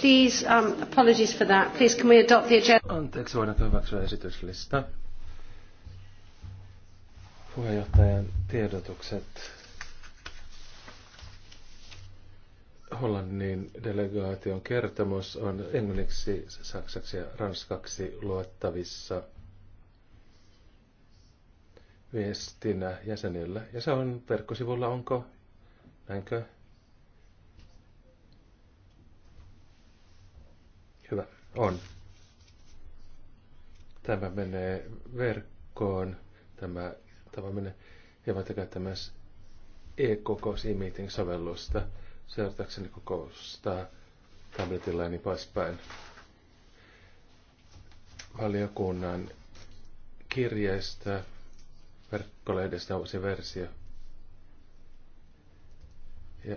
Please, um, apologies for that. Please, can we adopt the agenda? Anteeksi, voidaanko hyväksyä esityslista? Puheenjohtajan tiedotukset. Hollannin delegaation kertomus on englanniksi, saksaksi ja ranskaksi luettavissa viestinä jäsenille. Ja se on verkkosivulla, onko? Näinkö? Hyvä, on. Tämä menee verkkoon. Tämä, tämä menee hieman käyttämään e-kokous e-meeting-sovellusta seuratakseni kokousta tabletilla ja niin poispäin. Valiokunnan kirjeestä, verkkolehdestä uusi versio. Ja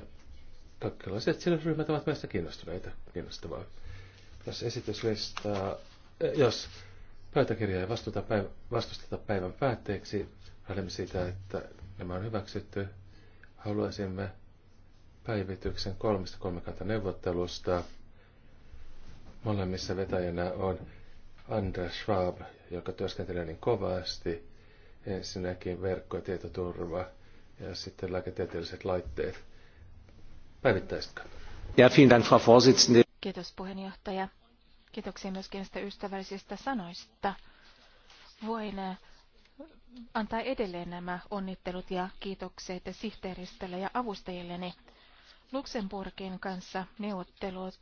kaikenlaiset ryhmät ovat meistä kiinnostuneita. Kiinnostavaa. Jos esityslistaa, eh, jos pöytäkirja ei vastuta vastusteta päivän päätteeksi, lähdemme siitä, että nämä on hyväksytty. Haluaisimme päivityksen kolmesta kolmikanta neuvottelusta. Molemmissa vetäjänä on Anders Schwab, joka työskentelee niin kovasti. Ensinnäkin verkko- ja tietoturva ja sitten lääketieteelliset laitteet. Päivittäisitkö? Ja, vielen Dank, Frau Vorsitzende. Kiitos puheenjohtaja. Kiitoksia myöskin näistä ystävällisistä sanoista. Voin äh, antaa edelleen nämä onnittelut ja kiitokset sihteeristölle ja avustajilleni. Luxemburgin kanssa neuvottelut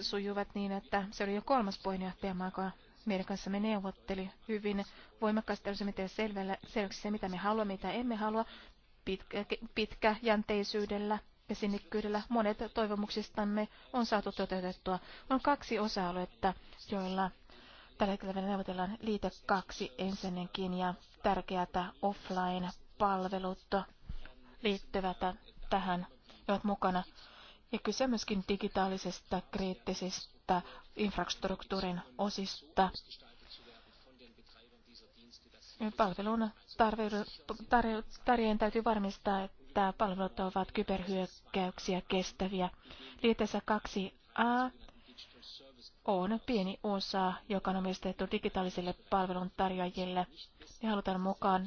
sujuvat niin, että se oli jo kolmas puheenjohtajamaa, joka meidän kanssamme neuvotteli hyvin voimakkaasti. olisimme tehdä selväksi se, mitä me haluamme, mitä emme halua pitkä, pitkäjänteisyydellä ja sinnikkyydellä monet toivomuksistamme on saatu toteutettua. On kaksi osa-aluetta, joilla tällä hetkellä vielä neuvotellaan liite kaksi ensinnäkin ja tärkeät offline-palvelut liittyvät tähän ja ovat mukana. Ja kyse myöskin digitaalisesta kriittisistä infrastruktuurin osista. Palvelun tarjoajien täytyy varmistaa, että että palvelut ovat kyberhyökkäyksiä kestäviä. Liitteessä 2a on pieni osa, joka on omistettu digitaalisille palveluntarjoajille. Me halutaan mukaan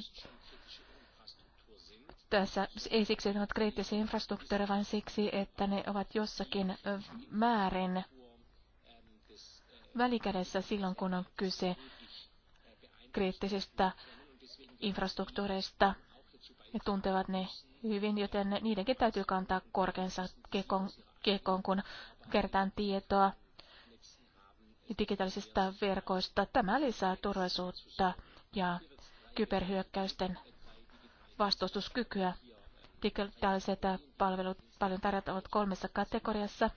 tässä ei siksi, että ne ovat kriittisiä infrastruktuureja, vaan siksi, että ne ovat jossakin määrin välikädessä silloin, kun on kyse kriittisistä infrastruktuureista ja tuntevat ne hyvin, joten niidenkin täytyy kantaa korkensa kekoon, kekoon kun kertaan tietoa digitaalisista verkoista. Tämä lisää turvallisuutta ja kyberhyökkäysten vastustuskykyä. Digitaaliset palvelut paljon tarjottavat kolmessa kategoriassa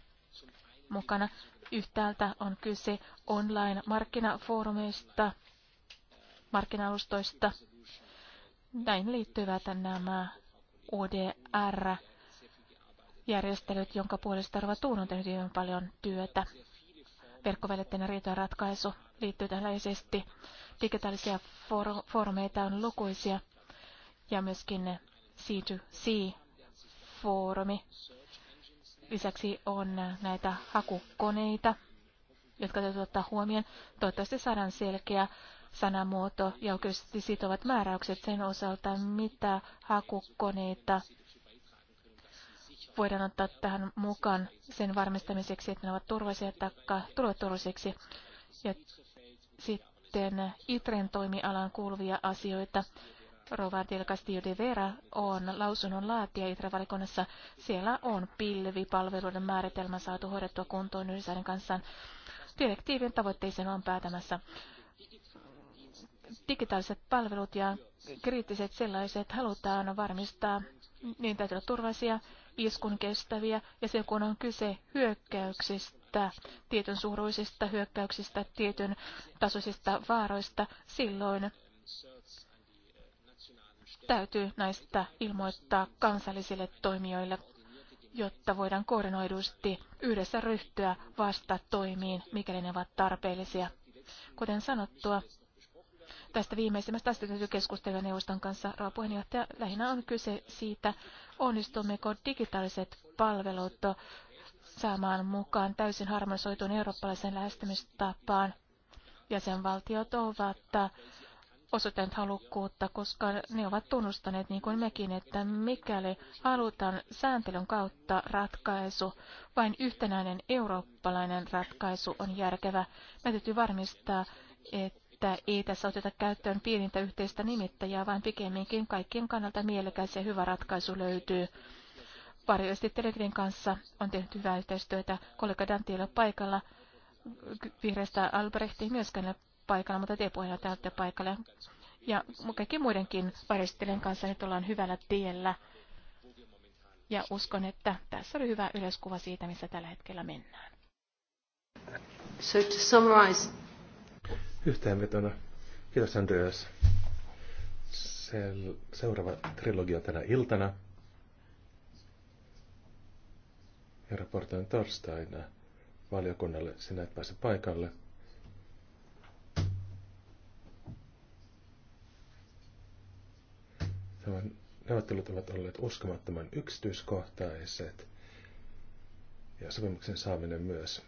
mukana. Yhtäältä on kyse online-markkinafoorumeista, markkina-alustoista, näin liittyvät nämä ODR-järjestelyt, jonka puolesta Rova Tuun on tehnyt hyvin paljon työtä. Verkkovälitteinen riitojen ratkaisu liittyy tällaisesti läheisesti. Digitaalisia foorumeita on lukuisia ja myöskin C2C-foorumi. Lisäksi on näitä hakukoneita, jotka täytyy ottaa huomioon. Toivottavasti saadaan selkeä sanamuoto ja oikeasti sitovat määräykset sen osalta, mitä hakukoneita voidaan ottaa tähän mukaan sen varmistamiseksi, että ne ovat turvallisia tai tulevat Ja sitten ITREn toimialan kuuluvia asioita. Rova Castillo de Vera on lausunnon laatija ITRE-valikonnassa. Siellä on pilvipalveluiden määritelmä saatu hoidettua kuntoon yhdessä kanssa. Direktiivin tavoitteeseen on päätämässä digitaaliset palvelut ja kriittiset sellaiset halutaan varmistaa, niin täytyy olla turvallisia, iskun kestäviä ja se kun on kyse hyökkäyksistä, tietyn suuruisista hyökkäyksistä, tietyn tasoisista vaaroista, silloin täytyy näistä ilmoittaa kansallisille toimijoille, jotta voidaan koordinoidusti yhdessä ryhtyä vasta toimiin, mikäli ne ovat tarpeellisia. Kuten sanottua, Tästä viimeisimmästä tästä täytyy keskustella neuvoston kanssa. Rauha puheenjohtaja, lähinnä on kyse siitä, onnistummeko digitaaliset palvelut saamaan mukaan täysin harmonisoituun eurooppalaisen lähestymistapaan. Jäsenvaltiot ovat osoittaneet halukkuutta, koska ne ovat tunnustaneet, niin kuin mekin, että mikäli halutaan sääntelyn kautta ratkaisu, vain yhtenäinen eurooppalainen ratkaisu on järkevä. Me täytyy varmistaa, että että ei tässä oteta käyttöön pienintä yhteistä nimittäjää, vaan pikemminkin kaikkien kannalta mielekäs ja hyvä ratkaisu löytyy. Varjoisesti Telegrin kanssa on tehty hyvää yhteistyötä. Kollega Dantti ei ole paikalla. Vihreästä Albrecht ei myöskään ole paikalla, mutta te täältä olette paikalla. Ja kaikki muidenkin varjostelijan kanssa nyt ollaan hyvällä tiellä. Ja uskon, että tässä oli hyvä yleiskuva siitä, missä tällä hetkellä mennään. So to summarize yhteenvetona. Kiitos Andreas. Seuraava trilogia tänä iltana. Ja raportoin torstaina valiokunnalle. Sinä et pääse paikalle. Nämä neuvottelut ovat olleet uskomattoman yksityiskohtaiset ja sopimuksen saaminen myös.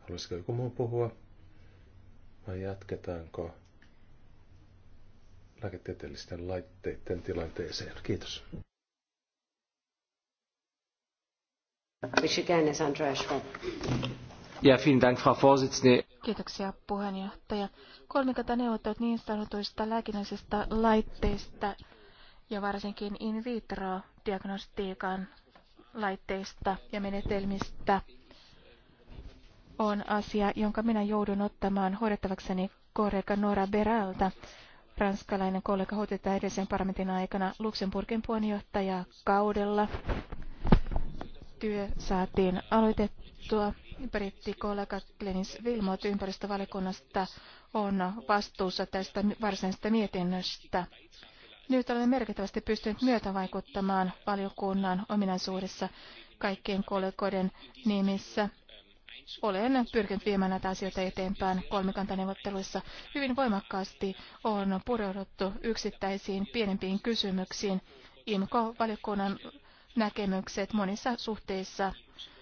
Haluaisiko joku muu puhua? vai jatketaanko lääketieteellisten laitteiden tilanteeseen? Kiitos. Ja, Dank, Kiitoksia puheenjohtaja. neuvottelut niin sanotuista lääkinnällisistä laitteista ja varsinkin in vitro-diagnostiikan laitteista ja menetelmistä – on asia, jonka minä joudun ottamaan hoidettavakseni kollega Nora Beralta. Ranskalainen kollega hoiti edellisen parlamentin aikana Luxemburgin puheenjohtaja kaudella. Työ saatiin aloitettua. Brittikollega Glenis Wilmot ympäristövalikunnasta on vastuussa tästä varsinaisesta mietinnöstä. Nyt olen merkittävästi pystynyt myötävaikuttamaan valiokunnan ominaisuudessa kaikkien kollegoiden nimissä olen pyrkinyt viemään näitä asioita eteenpäin kolmikantaneuvotteluissa. Hyvin voimakkaasti on pureuduttu yksittäisiin pienempiin kysymyksiin. IMKO-valiokunnan näkemykset monissa suhteissa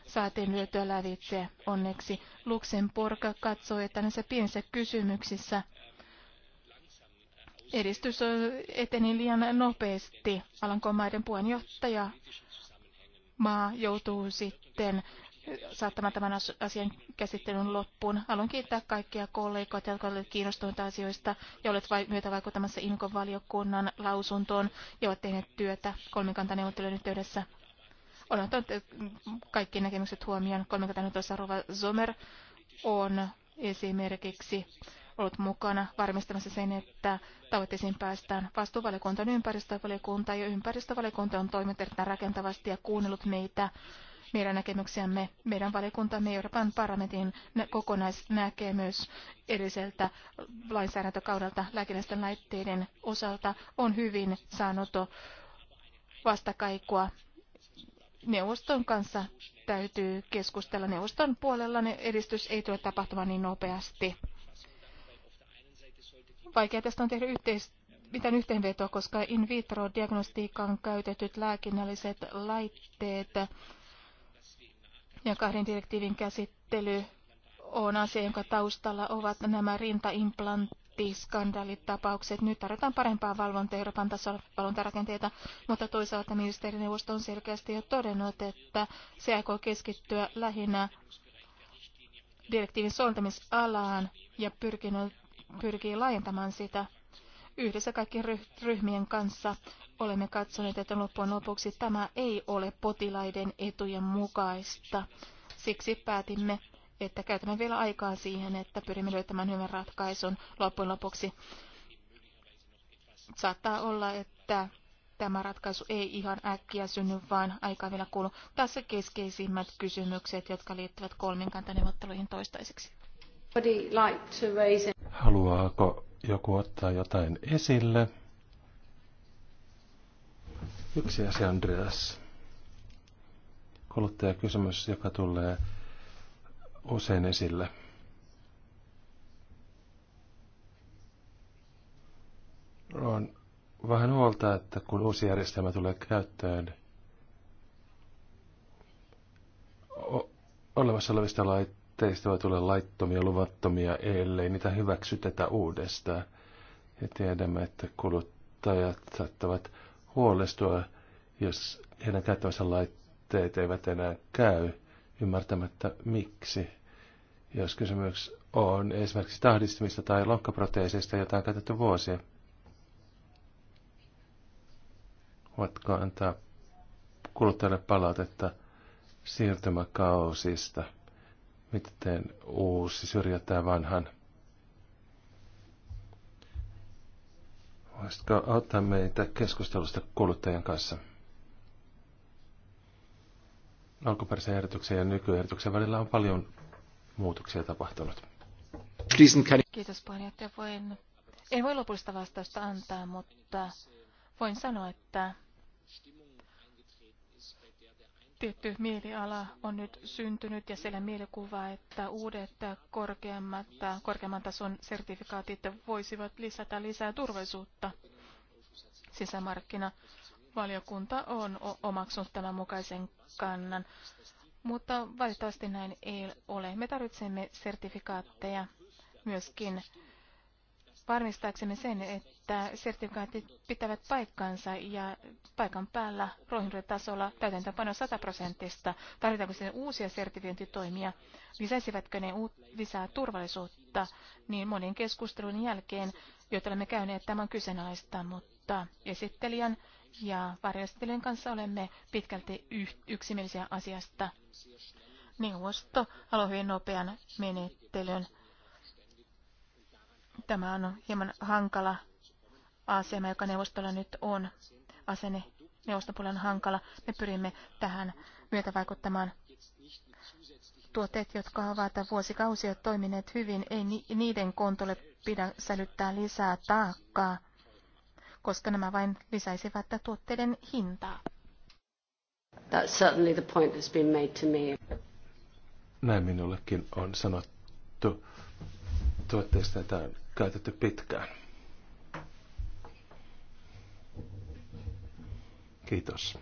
saatiin lyötyä lävitse onneksi. Luxemburg katsoi, että näissä pienissä kysymyksissä edistys eteni liian nopeasti. Alankomaiden puheenjohtaja maa joutuu sitten saattamaan tämän asian käsittelyn loppuun. Haluan kiittää kaikkia kollegoita, jotka olivat kiinnostuneita asioista ja olet vai, myötä vaikuttamassa Inkon valiokunnan lausuntoon ja ovat tehneet työtä kolmikantaneuvottelujen yhteydessä. Olen ottanut eh, kaikki näkemykset huomioon. Kolmikantaneuvottelussa Rova Zomer on esimerkiksi ollut mukana varmistamassa sen, että tavoitteisiin päästään. Vastuuvaliokunta on ympäristövaliokunta ja ympäristövaliokunta on toiminut erittäin rakentavasti ja kuunnellut meitä meidän näkemyksiämme, meidän valiokuntamme Euroopan parlamentin kokonaisnäkemys edelliseltä lainsäädäntökaudelta lääkinnäisten laitteiden osalta on hyvin saanut vastakaikua neuvoston kanssa täytyy keskustella. Neuvoston puolella ne edistys ei tule tapahtumaan niin nopeasti. Vaikea tästä on tehdä yhteis- mitään yhteenvetoa, koska in vitro-diagnostiikkaan käytetyt lääkinnälliset laitteet ja kahden direktiivin käsittely on asia, jonka taustalla ovat nämä rintaimplanttiskandaalitapaukset. Nyt tarvitaan parempaa valvontaa Euroopan tasolla valvontarakenteita, mutta toisaalta ministerineuvosto on selkeästi jo todennut, että se aikoo keskittyä lähinnä direktiivin soltamisalaan ja pyrkii laajentamaan sitä yhdessä kaikkien ryhmien kanssa olemme katsoneet, että loppujen lopuksi tämä ei ole potilaiden etujen mukaista. Siksi päätimme, että käytämme vielä aikaa siihen, että pyrimme löytämään hyvän ratkaisun loppujen lopuksi. Saattaa olla, että tämä ratkaisu ei ihan äkkiä synny, vaan aikaa vielä kuulu. Tässä keskeisimmät kysymykset, jotka liittyvät kolminkantaneuvotteluihin toistaiseksi. Haluaako joku ottaa jotain esille? Yksi asia, Andreas. Kuluttajakysymys, joka tulee usein esille. On vähän huolta, että kun uusi järjestelmä tulee käyttöön, olemassa olevista laitteista voi tulla laittomia, luvattomia, ellei niitä hyväksytetä uudestaan. Ja tiedämme, että kuluttajat saattavat huolestua, jos heidän käyttämänsä laitteet eivät enää käy, ymmärtämättä miksi. Jos kysymys on esimerkiksi tahdistimista tai lonkkaproteeseista, jota on käytetty vuosia. Voitko antaa kuluttajalle palautetta siirtymäkausista? Miten uusi syrjättää vanhan? Voisitko auttaa meitä keskustelusta kuluttajan kanssa? Alkuperäisen ehdotuksen ja nykyehdotuksen välillä on paljon muutoksia tapahtunut. Kiitos puheenjohtaja. Voin, en voi lopullista vastausta antaa, mutta voin sanoa, että tietty mieliala on nyt syntynyt ja siellä mielikuva, että uudet korkeammat, korkeamman tason sertifikaatit voisivat lisätä lisää turvallisuutta. Sisämarkkina valiokunta on omaksunut tämän mukaisen kannan, mutta valitettavasti näin ei ole. Me tarvitsemme sertifikaatteja myöskin varmistaaksemme sen, että sertifikaatit pitävät paikkansa ja paikan päällä ruohonjuuritasolla täytäntöönpano 100 prosentista Tarvitaanko sinne uusia sertifiointitoimia? Lisäisivätkö ne lisää turvallisuutta? Niin monien keskustelun jälkeen, joita olemme käyneet tämän kyseenalaista, mutta esittelijän ja varjostelijan kanssa olemme pitkälti yksimielisiä asiasta. Neuvosto haluaa hyvin nopean menettelyn Tämä on hieman hankala asema, joka neuvostolla nyt on. Asenne neuvostopuolella on hankala. Me pyrimme tähän myötävaikuttamaan tuotteet, jotka ovat vuosikausia toimineet hyvin, ei niiden kontolle pidä sälyttää lisää taakkaa, koska nämä vain lisäisivät tuotteiden hintaa. That's certainly the point that's been made to me. Näin minullekin on sanottu tuotteista, että käytetty pitkään. Kiitos.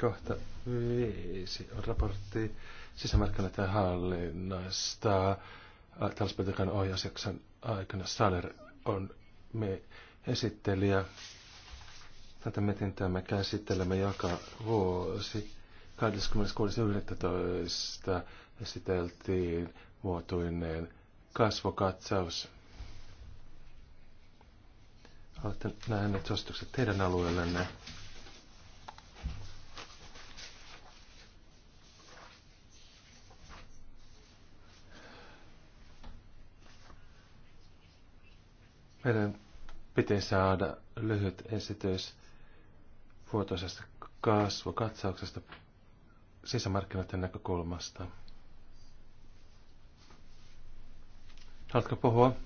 Kohta viisi on raportti sisämarkkinoiden hallinnasta. Äh, Talouspolitiikan ohjausjakson aikana Saler on me esittelijä. Tätä metintää me käsittelemme joka vuosi. 26.11. esiteltiin vuotuinen kasvokatsaus. Olette nähneet suositukset teidän alueellenne. Meidän piti saada lyhyt esitys vuotoisesta kasvokatsauksesta sisämarkkinoiden näkökulmasta. Haluatko puhua?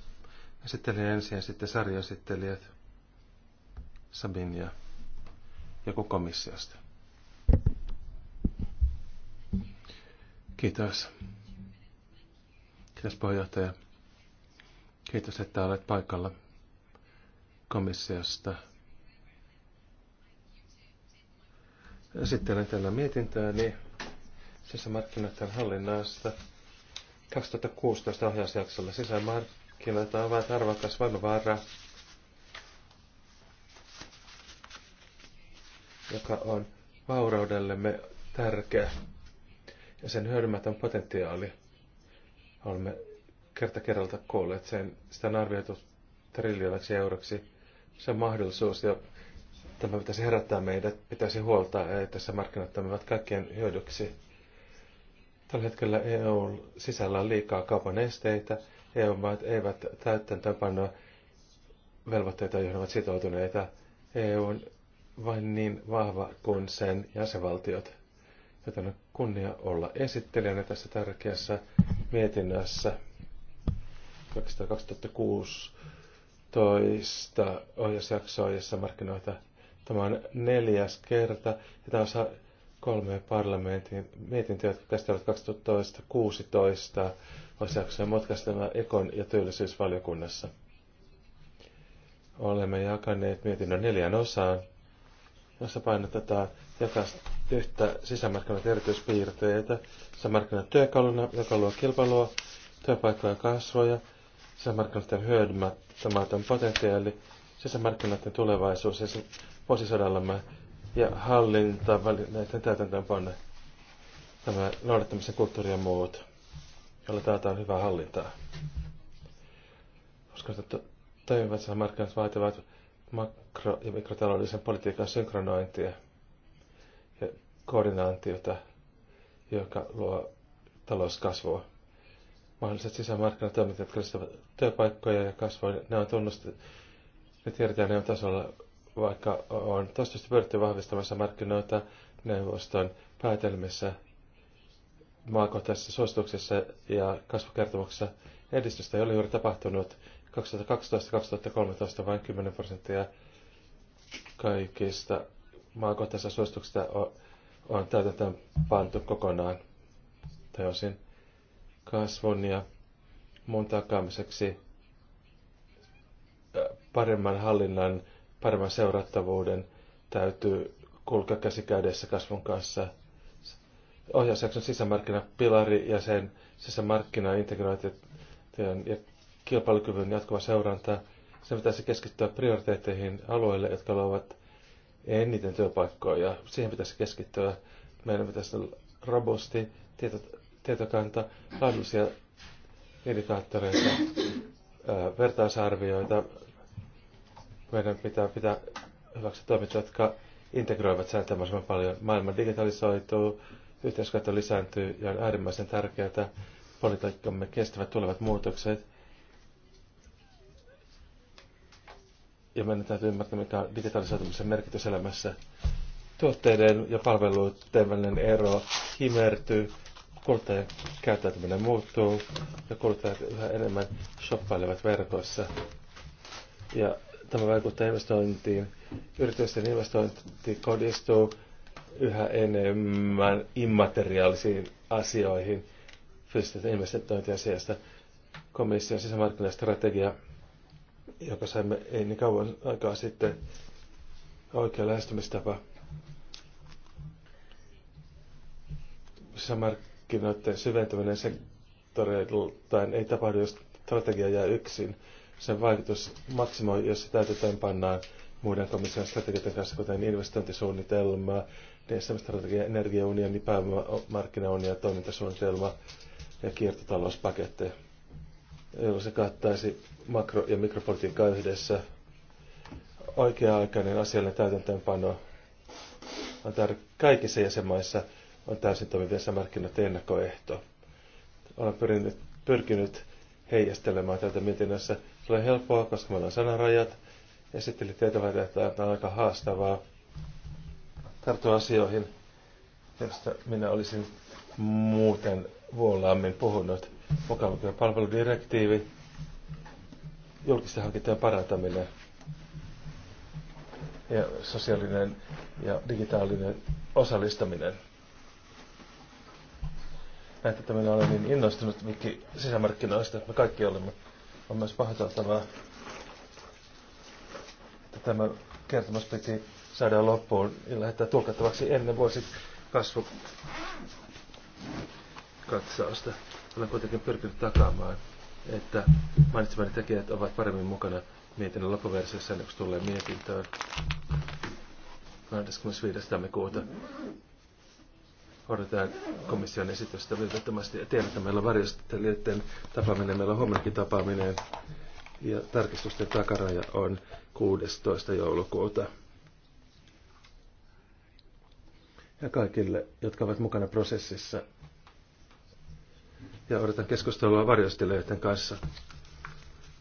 Esittelijä ensin ja sitten sarjaesittelijät. Sabin ja joku komissiosta. Kiitos. Kiitos puheenjohtaja. Kiitos, että olet paikalla komissiosta. Esittelen tällä mietintöäni sisämarkkinoiden hallinnasta. 2016 ohjausjaksolla sisämarkkinat ovat arvokas voimavara, joka on vauraudellemme tärkeä ja sen hyödymätön potentiaali. Olemme kerta kerralta kuulleet sen, sitä on arvioitu triljoonaksi euroksi. Se on mahdollisuus ja tämä pitäisi herättää meidät, pitäisi huoltaa, että tässä markkinat toimivat kaikkien hyödyksi Tällä hetkellä EUn sisällä on liikaa kaupan esteitä. EU-maat eivät täyttäntöönpanna velvoitteita, joihin ovat sitoutuneita. EU on vain niin vahva kuin sen jäsenvaltiot. Joten on kunnia olla esittelijänä tässä tärkeässä mietinnössä 2016 ohjausjaksoa, jossa markkinoita. Tämä on neljäs kerta ja tämä on kolme parlamentin mietintöä, jotka käsittelevät 2016 osakseen motkastella Ekon ja työllisyysvaliokunnassa. Olemme jakaneet mietinnön neljään osaan, jossa painotetaan jakaa yhtä sisämarkkinat erityispiirteitä, sisämarkkinat työkaluna, joka luo kilpailua, työpaikkoja kasvoja, sisämarkkinoiden hyödymättömätön potentiaali, sisämarkkinoiden tulevaisuus ja vuosisadallamme ja hallinta hallintavälineiden täytäntöönpanne. Tämä noudattamisen kulttuuri ja muut, jolla taataan hyvää hallintaa. Koska että toimivat markkinat vaativat makro- ja mikrotaloudellisen politiikan synkronointia ja koordinaatiota, joka luo talouskasvua. Mahdolliset sisämarkkinatoimintat lisättävät työpaikkoja ja kasvua. ne on tunnustettu. Ne tiedetään ne on tasolla vaikka on toistaiseksi pyritty vahvistamassa markkinoita neuvoston päätelmissä, maakohtaisessa suosituksessa ja kasvukertomuksessa edistystä ei ole juuri tapahtunut. 2012-2013 vain 10 prosenttia kaikista maakohtaisista suosituksista on, on täytäntöön pantu kokonaan tai osin kasvun ja muun takaamiseksi paremman hallinnan paremman seurattavuuden täytyy kulkea käsi kädessä kasvun kanssa. Ohjausjakson sisämarkkinapilari ja sen sisämarkkinaintegraation ja kilpailukyvyn jatkuva seuranta. Sen pitäisi keskittyä prioriteetteihin alueille, jotka luovat eniten työpaikkoja. Siihen pitäisi keskittyä. Meidän pitäisi olla robusti, tieto, tietokanta, laadullisia indikaattoreita, vertaisarvioita, meidän pitää pitää hyväksi toimintaa, jotka integroivat sääntöä mahdollisimman paljon. Maailma digitalisoituu, yhteiskunta lisääntyy ja on äärimmäisen tärkeää, että politiikkamme kestävät tulevat muutokset. Ja meidän täytyy ymmärtää, mikä on digitalisoitumisen merkitys elämässä. Tuotteiden ja palveluiden välinen ero himertyy, kuluttajien käyttäytyminen muuttuu ja kuluttajat yhä enemmän shoppailevat verkoissa Ja Tämä vaikuttaa investointiin. Yritysten investointi kohdistuu yhä enemmän immateriaalisiin asioihin fyysisten investointiasiasta. Komission sisämarkkinastrategia, joka saimme ei niin kauan aikaa sitten, oikea lähestymistapa sisämarkkinoiden syventäminen sektoreiltaan ei tapahdu, jos strategia jää yksin sen vaikutus maksimoi, jos se täytetään pannaan muiden komission strategioiden kanssa, kuten investointisuunnitelma, DSM-strategia, energiaunioni, pääomamarkkinaunioni ja toimintasuunnitelma ja kiertotalouspaketti, jolloin se kattaisi makro- ja mikropolitiikkaa yhdessä. Oikea-aikainen asiallinen täytäntöönpano on tär- kaikissa jäsenmaissa on täysin toimivissa markkinat ennakkoehto. Olen pyrkinyt, pyrkinyt heijastelemaan tätä mietinnössä se oli helppoa, koska meillä on sanarajat. Esittelijät tietävät, että on aika haastavaa tarttua asioihin, joista minä olisin muuten vuolaammin puhunut. Mukaan palveludirektiivi, julkisten hankintojen parantaminen ja sosiaalinen ja digitaalinen osallistaminen. Näette, että minä olen niin innostunut Mikki sisämarkkinoista, me kaikki olemme. On myös pahoiteltavaa, että tämä kertomus piti saada loppuun ja lähettää tulkattavaksi ennen vuosi kasvu katsausta. Olen kuitenkin pyrkinyt takaamaan, että mainitsemani tekijät ovat paremmin mukana mietinnön loppuversiossa ennen kuin tulee mietintöön 25. tammikuuta odotetaan komission esitystä vilpittömästi. Ja tiedän, että meillä on varjostelijoiden tapaaminen, meillä on huomenkin tapaaminen. Ja tarkistusten takaraja on 16. joulukuuta. Ja kaikille, jotka ovat mukana prosessissa. Ja odotan keskustelua varjostelijoiden kanssa.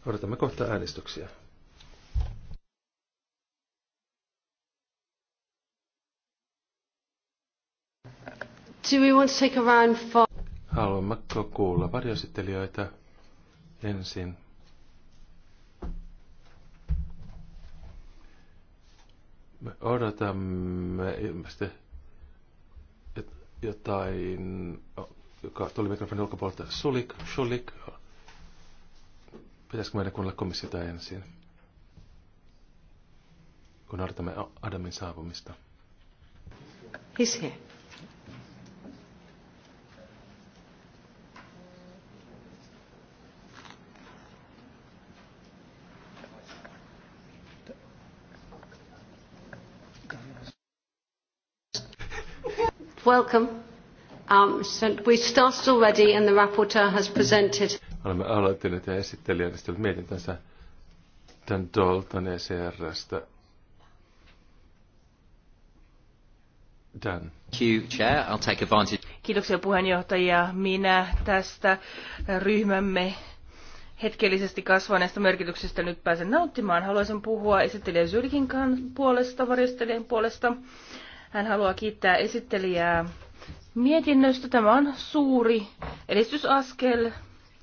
Odotamme kohta äänestyksiä. Do we want to take a round for... Haluammeko kuulla varjosittelijoita ensin? Me odotamme ilmeisesti jotain, joka tuli mikrofonin ulkopuolelta. Sulik, Sulik. Pitäisikö meidän kuunnella komissiota ensin? Kun odotamme Adamin saapumista. He's here. Welcome. Um, so we started already and the rapporteur has presented. Olemme aloittaneet ja esittelijä esitellyt mietintänsä tämän Dalton ECRstä. Dan. Kiitoksia puheenjohtaja. Minä tästä ryhmämme hetkellisesti kasvaneesta merkityksestä nyt pääsen nauttimaan. Haluaisin puhua esittelijä Sylkin puolesta, varjostelijan puolesta. Hän haluaa kiittää esittelijää mietinnöstä. Tämä on suuri edistysaskel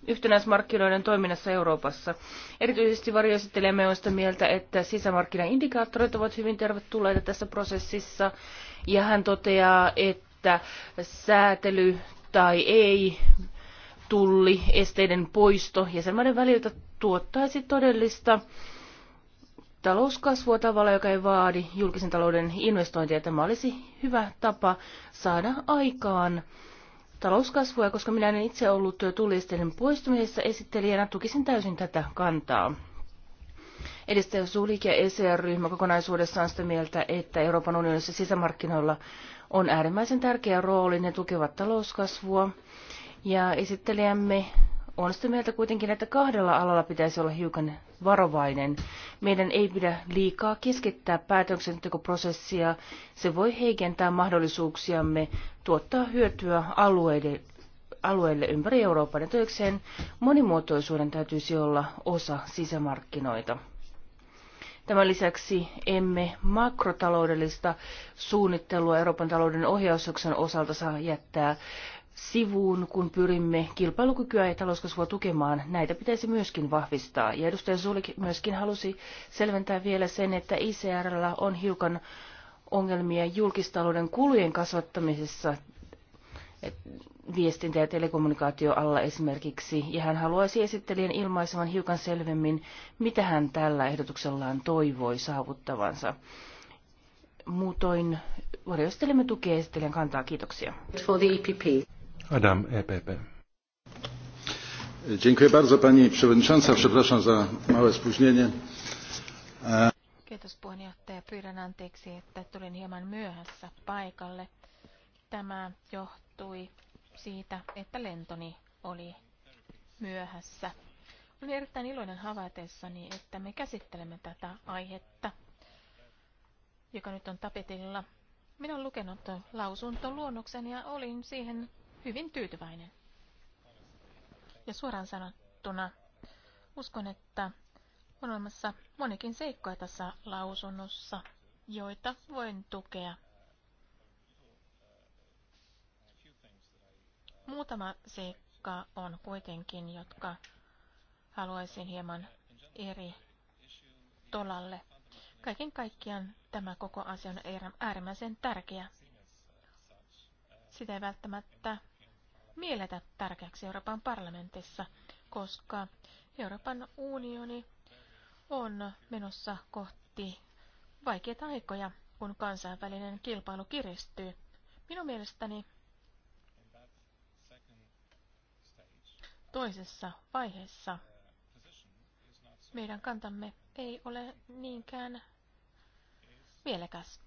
yhtenäismarkkinoiden toiminnassa Euroopassa. Erityisesti varjoesittelijämme on sitä mieltä, että sisämarkkinaindikaattorit ovat hyvin tervetulleita tässä prosessissa, ja hän toteaa, että säätely tai ei tulli esteiden poisto jäsenmaiden väliltä tuottaisi todellista talouskasvua tavalla, joka ei vaadi julkisen talouden investointia. Tämä olisi hyvä tapa saada aikaan talouskasvua, koska minä en itse ollut tulisteiden poistumisessa esittelijänä, tukisin täysin tätä kantaa. Edistäjä Sulik ja ECR-ryhmä kokonaisuudessaan on sitä mieltä, että Euroopan unionissa sisämarkkinoilla on äärimmäisen tärkeä rooli, ne tukevat talouskasvua. Ja esittelijämme on sitä mieltä kuitenkin, että kahdella alalla pitäisi olla hiukan varovainen. Meidän ei pidä liikaa keskittää päätöksentekoprosessia. Se voi heikentää mahdollisuuksiamme tuottaa hyötyä alueiden, alueille ympäri Euroopan. Ja monimuotoisuuden täytyisi olla osa sisämarkkinoita. Tämän lisäksi emme makrotaloudellista suunnittelua Euroopan talouden ohjausjakson osalta saa jättää sivuun, kun pyrimme kilpailukykyä ja talouskasvua tukemaan. Näitä pitäisi myöskin vahvistaa. Ja edustaja Zulik myöskin halusi selventää vielä sen, että ICRllä on hiukan ongelmia julkistalouden kulujen kasvattamisessa viestintä- ja telekommunikaatioalla esimerkiksi, ja hän haluaisi esittelijän ilmaisevan hiukan selvemmin, mitä hän tällä ehdotuksellaan toivoi saavuttavansa. Muutoin varjostelemme tukea esittelijän kantaa. Kiitoksia. For the EPP. Adam EPP. Dziękuję bardzo pani przewodnicząca. Przepraszam za małe spóźnienie. Kiitos puheenjohtaja. Pyydän anteeksi, että tulin hieman myöhässä paikalle. Tämä johtui siitä, että lentoni oli myöhässä. Olen erittäin iloinen havaitessani, että me käsittelemme tätä aihetta, joka nyt on tapetilla. Minä olen lukenut lausuntoluonnoksen ja olin siihen hyvin tyytyväinen. Ja suoraan sanottuna uskon, että on olemassa monikin seikkoja tässä lausunnossa, joita voin tukea. Muutama seikka on kuitenkin, jotka haluaisin hieman eri tolalle. Kaiken kaikkiaan tämä koko asia on äärimmäisen tärkeä. Sitä ei välttämättä mielletä tärkeäksi Euroopan parlamentissa, koska Euroopan unioni on menossa kohti vaikeita aikoja, kun kansainvälinen kilpailu kiristyy. Minun mielestäni toisessa vaiheessa meidän kantamme ei ole niinkään mielekäs.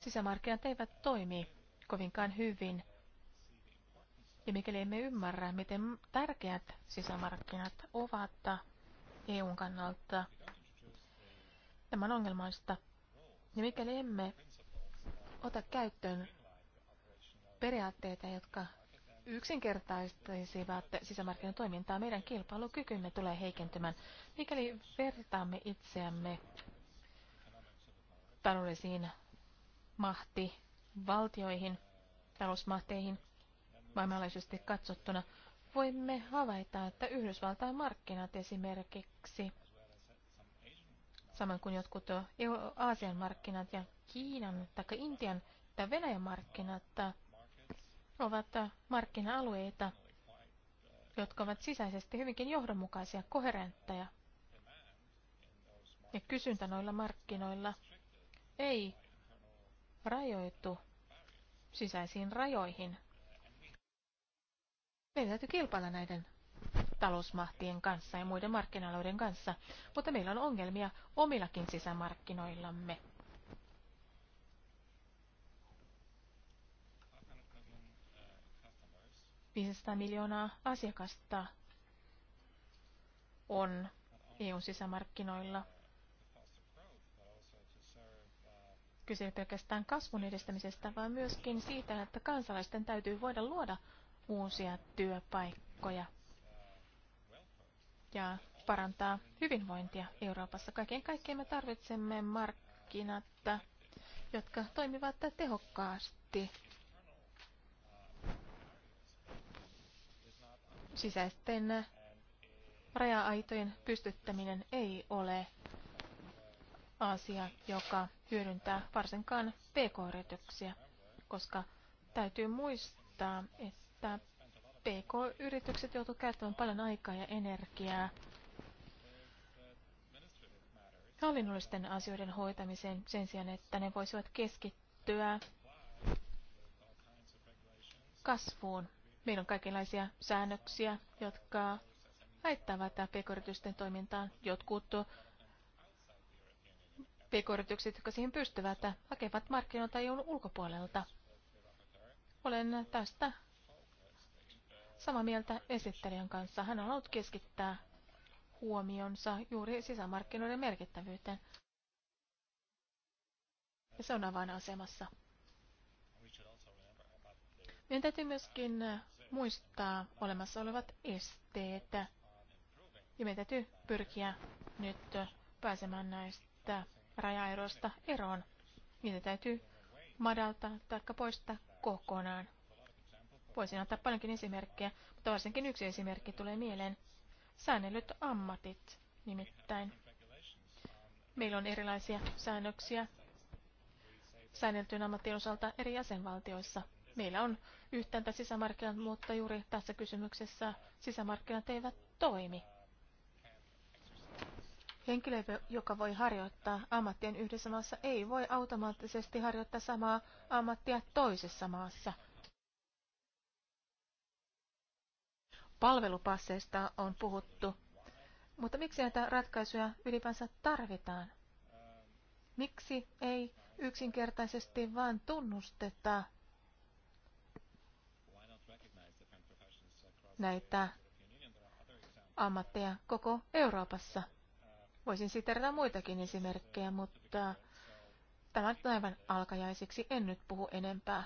Sisämarkkinat eivät toimi kovinkaan hyvin. Ja mikäli emme ymmärrä, miten tärkeät sisämarkkinat ovat EUn kannalta, tämä on ongelmaista. Ja mikäli emme ota käyttöön periaatteita, jotka yksinkertaistaisivat sisämarkkinan toimintaa, meidän kilpailukykymme tulee heikentymään. Mikäli vertaamme itseämme taloudellisiin mahti valtioihin, talousmahteihin maailmanlaajuisesti katsottuna, voimme havaita, että Yhdysvaltain markkinat esimerkiksi, samoin kuin jotkut Aasian markkinat ja Kiinan tai Intian tai Venäjän markkinat, ovat markkina-alueita, jotka ovat sisäisesti hyvinkin johdonmukaisia, koherentteja. Ja kysyntä noilla markkinoilla ei rajoittu sisäisiin rajoihin. Meidän täytyy kilpailla näiden talousmahtien kanssa ja muiden markkinaloiden kanssa, mutta meillä on ongelmia omillakin sisämarkkinoillamme. Viisisataa miljoonaa asiakasta on eu sisämarkkinoilla kyse pelkästään kasvun edistämisestä, vaan myöskin siitä, että kansalaisten täytyy voida luoda uusia työpaikkoja ja parantaa hyvinvointia Euroopassa. Kaiken kaikkiaan me tarvitsemme markkinat, jotka toimivat tehokkaasti. Sisäisten raja-aitojen pystyttäminen ei ole asia, joka hyödyntää varsinkaan pk-yrityksiä, koska täytyy muistaa, että pk-yritykset joutuvat käyttämään paljon aikaa ja energiaa hallinnollisten asioiden hoitamiseen sen sijaan, että ne voisivat keskittyä kasvuun. Meillä on kaikenlaisia säännöksiä, jotka haittavat pk-yritysten toimintaan. Jotkut pk-yritykset, jotka siihen pystyvät, hakevat markkinoilta EUn ulkopuolelta. Olen tästä samaa mieltä esittelijän kanssa. Hän on ollut keskittää huomionsa juuri sisämarkkinoiden merkittävyyteen. Ja se on avainasemassa. Meidän täytyy myöskin muistaa olemassa olevat esteet. Ja meidän täytyy pyrkiä nyt pääsemään näistä rajaerosta eroon. Niitä täytyy madaltaa tai poistaa kokonaan. Voisin antaa paljonkin esimerkkejä, mutta varsinkin yksi esimerkki tulee mieleen. Säännellyt ammatit nimittäin. Meillä on erilaisia säännöksiä säänneltyyn ammattien osalta eri jäsenvaltioissa. Meillä on yhtäntä sisämarkkinat, mutta juuri tässä kysymyksessä sisämarkkinat eivät toimi. Henkilö, joka voi harjoittaa ammattien yhdessä maassa, ei voi automaattisesti harjoittaa samaa ammattia toisessa maassa. Palvelupasseista on puhuttu, mutta miksi näitä ratkaisuja ylipäänsä tarvitaan? Miksi ei yksinkertaisesti vain tunnusteta näitä ammatteja koko Euroopassa? Voisin siterata muitakin esimerkkejä, mutta tämän päivän alkajaisiksi en nyt puhu enempää.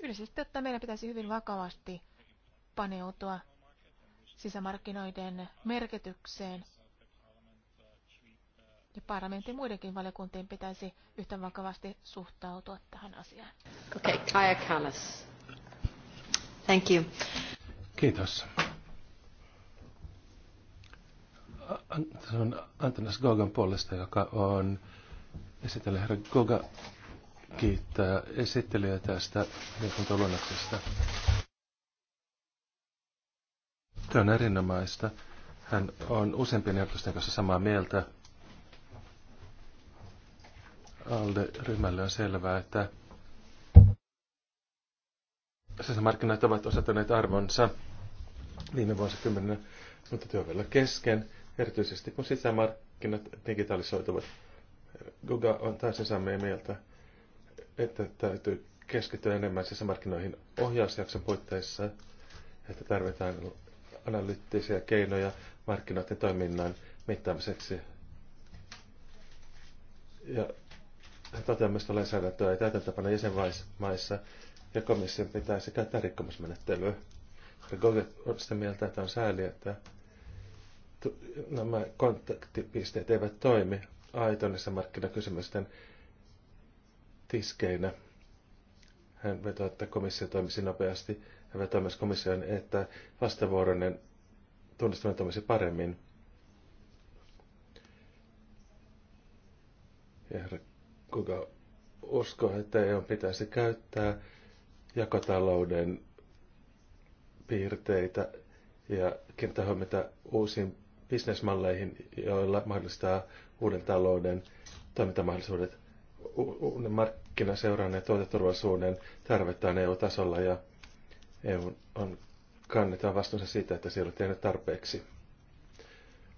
Yleisesti että meidän pitäisi hyvin vakavasti paneutua sisämarkkinoiden merkitykseen. Ja parlamentin muidenkin valiokuntien pitäisi yhtä vakavasti suhtautua tähän asiaan. Okay, Kaja Kallas. Thank you. Kiitos. Se on Antanas Gogan puolesta, joka on esitellä herra Goga kiittää esittelyä tästä liikuntaluonnoksesta. Tämä on erinomaista. Hän on useimpien ehdotusten kanssa samaa mieltä. ALDE-ryhmälle on selvää, että sisämarkkinat ovat osoittaneet arvonsa viime vuosikymmenenä, mutta työ vielä kesken, erityisesti kun sisämarkkinat digitalisoituvat. Google on täysin samaa mieltä, että täytyy keskittyä enemmän sisämarkkinoihin ohjausjakson puitteissa, että tarvitaan analyyttisiä keinoja markkinoiden toiminnan mittaamiseksi. Ja toteamista lainsäädäntöä ei täytäntöpana jäsenmaissa, ja komission pitäisi käyttää rikkomusmenettelyä. Goget on sitä mieltä, että on sääli, että nämä kontaktipisteet eivät toimi aitonissa markkinakysymysten tiskeinä. Hän vetoi, että komissio toimisi nopeasti. Hän vetoi myös komission, että vastavuoroinen tunnistaminen toimisi paremmin. Ja herra, kuka uskoo, että EU pitäisi käyttää jakotalouden piirteitä ja kiinnittää huomiota uusiin bisnesmalleihin, joilla mahdollistaa uuden talouden toimintamahdollisuudet, uuden markkinaseuran ja tuoteturvallisuuden tarvetaan EU-tasolla ja EU on kannetaan vastuunsa siitä, että se ei ole tehnyt tarpeeksi.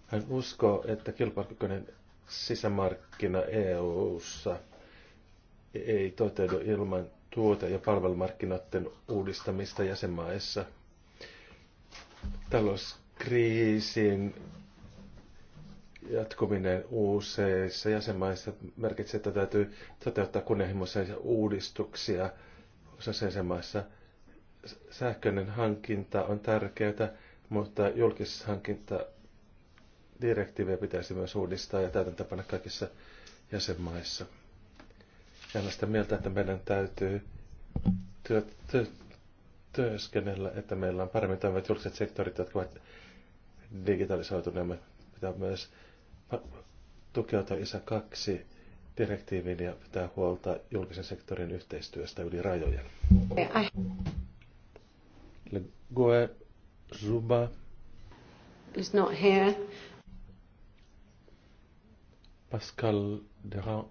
Hän uskoo, että kilpailukykyinen sisämarkkina EU:ssa ei toteudu ilman tuote- ja palvelumarkkinoiden uudistamista jäsenmaissa – talouskriisin jatkuminen useissa jäsenmaissa merkitsee, että täytyy toteuttaa kunnianhimoisia uudistuksia osassa jäsenmaissa. Sähköinen hankinta on tärkeää, mutta julkishankinta direktiivejä pitäisi myös uudistaa ja täytäntöpanna kaikissa jäsenmaissa. Ja sitä mieltä, että meidän täytyy työt, työt, työskennellä, että meillä on paremmin toimivat julkiset sektorit, jotka ovat digitalisoituneet. Me Pitää myös tukeutua isä kaksi direktiiviin ja pitää huolta julkisen sektorin yhteistyöstä yli rajojen. Le Goe Zuba. Is not here. Pascal Durand.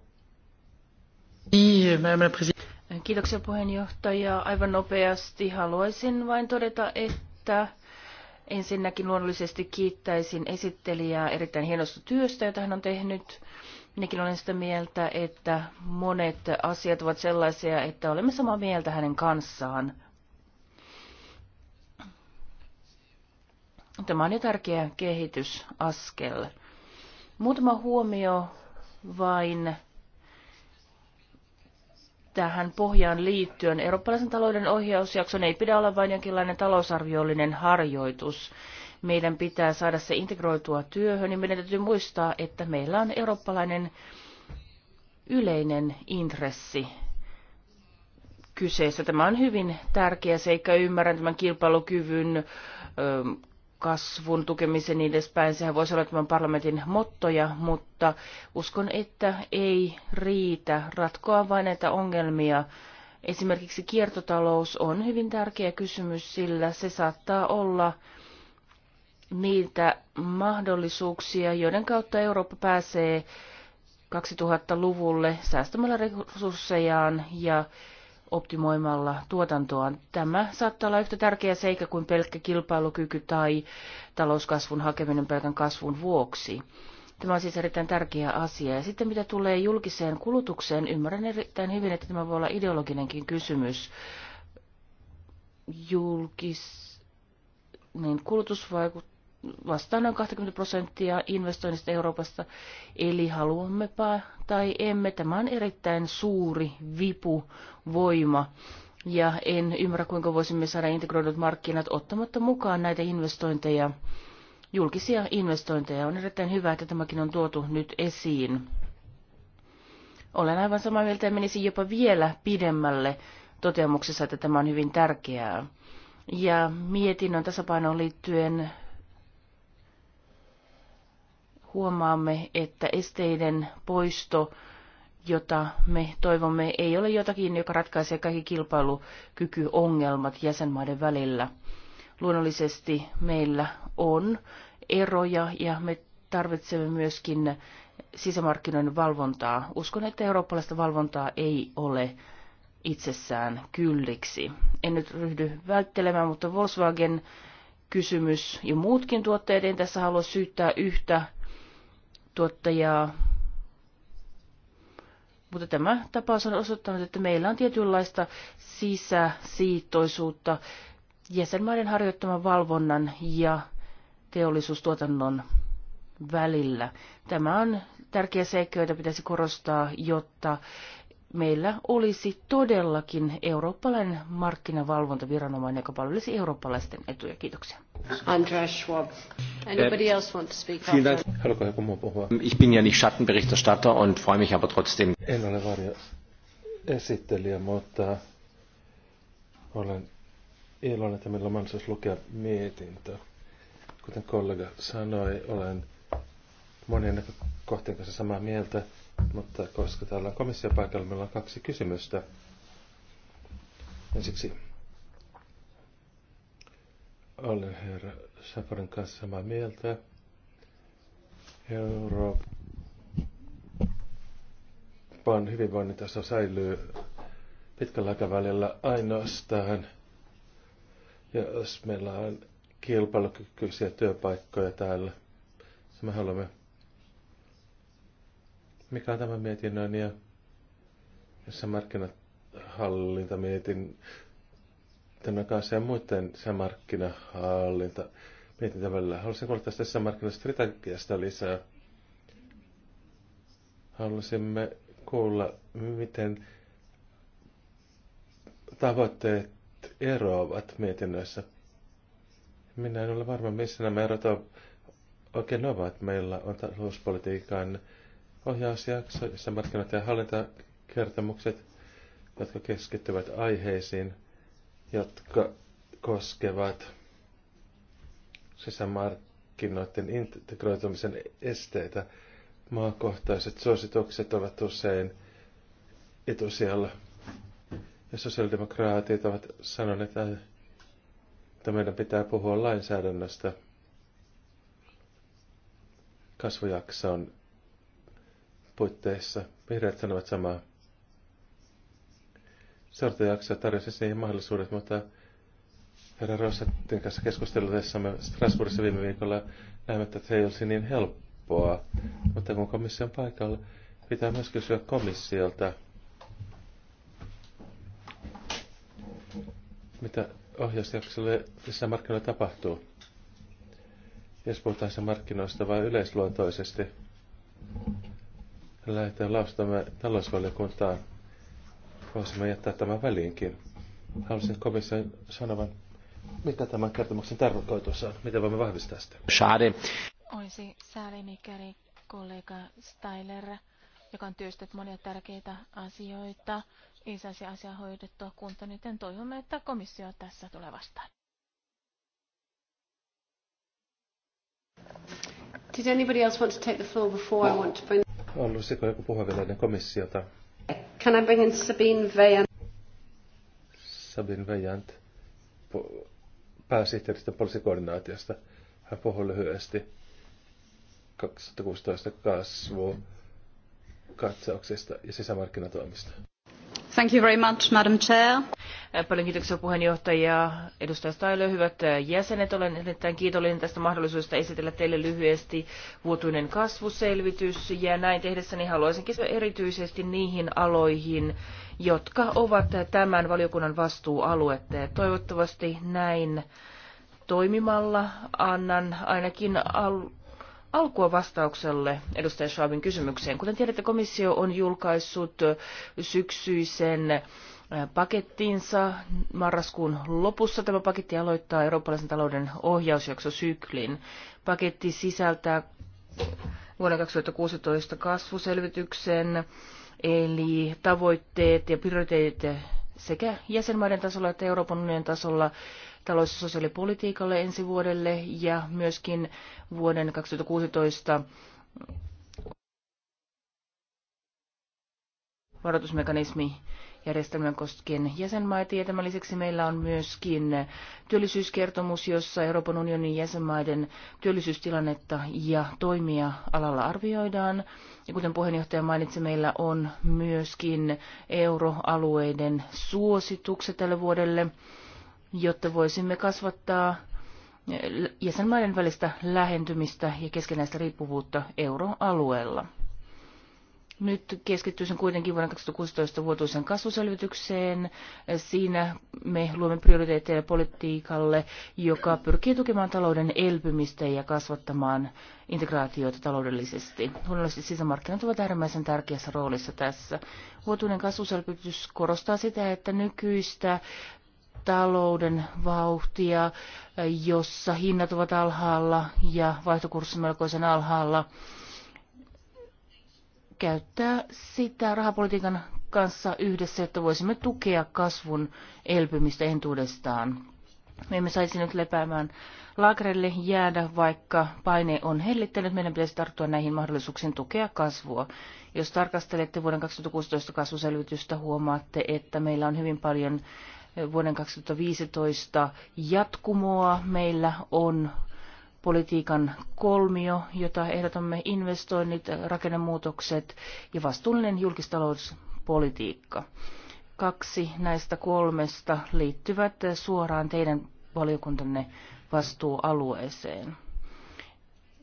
Oui, madame la présidente. Kiitoksia puheenjohtaja. Aivan nopeasti haluaisin vain todeta, että ensinnäkin luonnollisesti kiittäisin esittelijää erittäin hienosta työstä, jota hän on tehnyt. Minäkin olen sitä mieltä, että monet asiat ovat sellaisia, että olemme samaa mieltä hänen kanssaan. Tämä on jo tärkeä kehitysaskel. Muutama huomio vain tähän pohjaan liittyen. Eurooppalaisen talouden ohjausjakson ei pidä olla vain jonkinlainen talousarviollinen harjoitus. Meidän pitää saada se integroitua työhön niin meidän täytyy muistaa, että meillä on eurooppalainen yleinen intressi kyseessä. Tämä on hyvin tärkeä seikka. Ymmärrän tämän kilpailukyvyn kasvun tukemisen niin edespäin. Sehän voisi olla tämän parlamentin mottoja, mutta uskon, että ei riitä ratkoa vain näitä ongelmia. Esimerkiksi kiertotalous on hyvin tärkeä kysymys, sillä se saattaa olla niitä mahdollisuuksia, joiden kautta Eurooppa pääsee 2000-luvulle säästämällä resurssejaan ja optimoimalla tuotantoa Tämä saattaa olla yhtä tärkeä seikka kuin pelkkä kilpailukyky tai talouskasvun hakeminen pelkän kasvun vuoksi. Tämä on siis erittäin tärkeä asia. Ja sitten mitä tulee julkiseen kulutukseen, ymmärrän erittäin hyvin, että tämä voi olla ideologinenkin kysymys. Julkis, niin kulutus vaikuttaa Vastaan noin 20 prosenttia investoinnista Euroopassa, eli haluammepa tai emme. Tämä on erittäin suuri vipuvoima. Ja en ymmärrä, kuinka voisimme saada integroidut markkinat ottamatta mukaan näitä investointeja, julkisia investointeja. On erittäin hyvä, että tämäkin on tuotu nyt esiin. Olen aivan samaa mieltä ja menisin jopa vielä pidemmälle toteamuksessa, että tämä on hyvin tärkeää. Ja mietinnön tasapainoon liittyen huomaamme, että esteiden poisto, jota me toivomme, ei ole jotakin, joka ratkaisee kaikki kilpailukykyongelmat jäsenmaiden välillä. Luonnollisesti meillä on eroja ja me tarvitsemme myöskin sisämarkkinoiden valvontaa. Uskon, että eurooppalaista valvontaa ei ole itsessään kylliksi. En nyt ryhdy välttelemään, mutta Volkswagen kysymys ja muutkin tuotteet, en tässä halua syyttää yhtä tuottajaa. Mutta tämä tapaus on osoittanut, että meillä on tietynlaista sisäsiittoisuutta jäsenmaiden harjoittaman valvonnan ja teollisuustuotannon välillä. Tämä on tärkeä seikka, jota pitäisi korostaa, jotta meillä olisi todellakin eurooppalainen markkinavalvontaviranomainen, joka palvelisi eurooppalaisten etuja. Kiitoksia. Andreas Schwab. Anybody else want to speak? Haluatko joku muu puhua? Ich bin ja nicht Schattenberichterstatter und freue mich aber trotzdem. En ole varjo esittelijä, mutta olen iloinen, että meillä on mahdollisuus lukea mietintö. Kuten kollega sanoi, olen monien kohtien kanssa samaa mieltä. Mutta koska täällä on komissiopaikalla, meillä on kaksi kysymystä. Ensiksi olen herra Safarin kanssa samaa mieltä. Euroopan hyvinvoinnin taso säilyy pitkällä aikavälillä ainoastaan, jos meillä on kilpailukykyisiä työpaikkoja täällä. Se me haluamme mikä on tämä mietinnön ja jossa markkinahallinta mietin tämän kanssa ja muiden markkinahallinta mietin välillä. Haluaisin kuulla tästä markkinastrategiasta lisää. Haluaisimme kuulla, miten tavoitteet eroavat mietinnöissä. Minä en ole varma, missä nämä erot oikein ovat. Meillä on talouspolitiikan ohjausjakso, jossa markkinat ja hallintakertomukset, jotka keskittyvät aiheisiin, jotka koskevat sisämarkkinoiden integroitumisen esteitä. Maakohtaiset suositukset ovat usein etusijalla. Ja sosiaalidemokraatit ovat sanoneet, että meidän pitää puhua lainsäädännöstä kasvujakson puitteissa. Vihreät sanovat samaa. jaksoa tarjosi siihen mahdollisuudet, mutta herra Rosettin kanssa keskustellessamme Strasbourgissa viime viikolla näemme, että se ei olisi niin helppoa. Mutta kun komission paikalla pitää myös kysyä komissiolta, mitä ohjausjaksolle tässä markkinoilla tapahtuu. Jos puhutaan sen markkinoista vai yleisluontoisesti lähdetään laustamme talousvaliokuntaan. Voisimme jättää tämän väliinkin. Haluaisin komission sanovan, mitä tämän kertomuksen tarkoitus on, miten voimme vahvistaa sitä. Schade. Olisi sääli, mikäli kollega Steiler, joka on työstänyt monia tärkeitä asioita, ei saisi asiaa hoidettua kuntoon, joten toivomme, että komissio tässä tulee vastaan. Did anybody else want to take the floor before I want to bring... Olisiko joku puhua vielä ennen komissiota? Can I bring in Sabine Vejant? Sabine Vejant pääsihteeristä poliisikoordinaatiosta. Hän puhui lyhyesti 2016 kasvu katsauksista ja sisämarkkinatoimista. Madam Paljon kiitoksia puheenjohtaja edustaja Stailo. Hyvät jäsenet, olen erittäin kiitollinen tästä mahdollisuudesta esitellä teille lyhyesti vuotuinen kasvuselvitys. Ja näin tehdessäni haluaisin keskittyä erityisesti niihin aloihin, jotka ovat tämän valiokunnan vastuualuetta. Toivottavasti näin toimimalla annan ainakin al- alkua vastaukselle edustaja Schwabin kysymykseen. Kuten tiedätte, komissio on julkaissut syksyisen pakettinsa marraskuun lopussa. Tämä paketti aloittaa eurooppalaisen talouden ohjausjaksosyklin. Paketti sisältää vuonna 2016 kasvuselvityksen, eli tavoitteet ja prioriteetit sekä jäsenmaiden tasolla että Euroopan unionin tasolla talous- ja sosiaalipolitiikalle ensi vuodelle ja myöskin vuoden 2016 varoitusmekanismi järjestelmän koskien jäsenmaita. Ja tämän lisäksi meillä on myöskin työllisyyskertomus, jossa Euroopan unionin jäsenmaiden työllisyystilannetta ja toimia alalla arvioidaan. Ja kuten puheenjohtaja mainitsi, meillä on myöskin euroalueiden suositukset tälle vuodelle jotta voisimme kasvattaa jäsenmaiden välistä lähentymistä ja keskenäistä riippuvuutta euroalueella. Nyt keskittyisin kuitenkin vuonna 2016 vuotuisen kasvuselvitykseen. Siinä me luomme prioriteetteja politiikalle, joka pyrkii tukemaan talouden elpymistä ja kasvattamaan integraatiota taloudellisesti. Luonnollisesti sisämarkkinat ovat äärimmäisen tärkeässä roolissa tässä. Vuotuinen kasvuselvitys korostaa sitä, että nykyistä talouden vauhtia, jossa hinnat ovat alhaalla ja vaihtokurssi melkoisen alhaalla, käyttää sitä rahapolitiikan kanssa yhdessä, että voisimme tukea kasvun elpymistä entuudestaan. Me emme saisi nyt lepäämään laakerille jäädä, vaikka paine on hellittänyt. Meidän pitäisi tarttua näihin mahdollisuuksiin tukea kasvua. Jos tarkastelette vuoden 2016 kasvuselvitystä, huomaatte, että meillä on hyvin paljon vuoden 2015 jatkumoa. Meillä on politiikan kolmio, jota ehdotamme investoinnit, rakennemuutokset ja vastuullinen julkistalouspolitiikka. Kaksi näistä kolmesta liittyvät suoraan teidän valiokuntanne vastuualueeseen.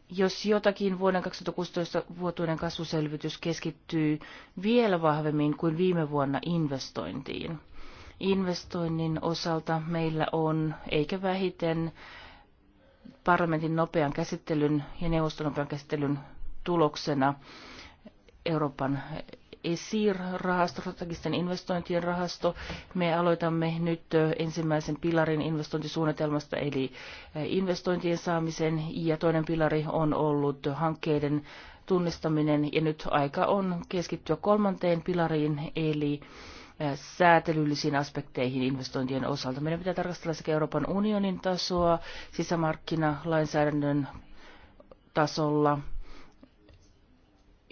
Jos jotakin vuoden 2016 vuotuinen kasvuselvitys keskittyy vielä vahvemmin kuin viime vuonna investointiin – investoinnin osalta meillä on, eikä vähiten parlamentin nopean käsittelyn ja neuvoston nopean käsittelyn tuloksena Euroopan ESIR-rahasto, strategisten investointien rahasto. Me aloitamme nyt ensimmäisen pilarin investointisuunnitelmasta, eli investointien saamisen, ja toinen pilari on ollut hankkeiden tunnistaminen, ja nyt aika on keskittyä kolmanteen pilariin, eli säätelyllisiin aspekteihin investointien osalta. Meidän pitää tarkastella sekä Euroopan unionin tasoa, sisämarkkinalainsäädännön tasolla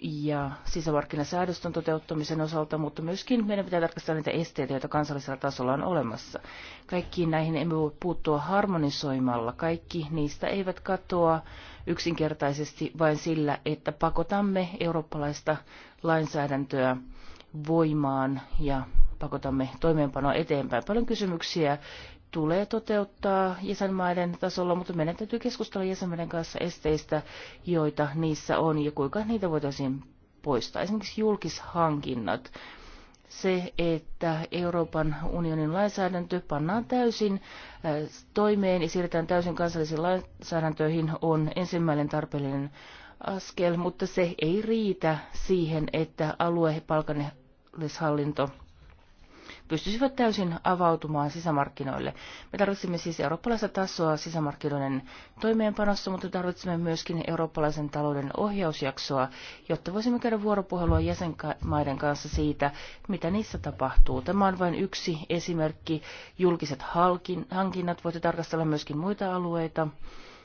ja sisämarkkinasäädöstön toteuttamisen osalta, mutta myöskin meidän pitää tarkastella niitä esteitä, joita kansallisella tasolla on olemassa. Kaikkiin näihin emme voi puuttua harmonisoimalla. Kaikki niistä eivät katoa yksinkertaisesti vain sillä, että pakotamme eurooppalaista lainsäädäntöä voimaan ja pakotamme toimeenpanoa eteenpäin. Paljon kysymyksiä tulee toteuttaa jäsenmaiden tasolla, mutta meidän täytyy keskustella jäsenmaiden kanssa esteistä, joita niissä on ja kuinka niitä voitaisiin poistaa. Esimerkiksi julkishankinnat. Se, että Euroopan unionin lainsäädäntö pannaan täysin äh, toimeen ja siirretään täysin kansallisiin lainsäädäntöihin, on ensimmäinen tarpeellinen askel, mutta se ei riitä siihen, että alue- ja palkanneshallinto pystyisivät täysin avautumaan sisämarkkinoille. Me tarvitsemme siis eurooppalaista tasoa sisämarkkinoiden toimeenpanossa, mutta tarvitsemme myöskin eurooppalaisen talouden ohjausjaksoa, jotta voisimme käydä vuoropuhelua jäsenmaiden kanssa siitä, mitä niissä tapahtuu. Tämä on vain yksi esimerkki. Julkiset hankinnat voitte tarkastella myöskin muita alueita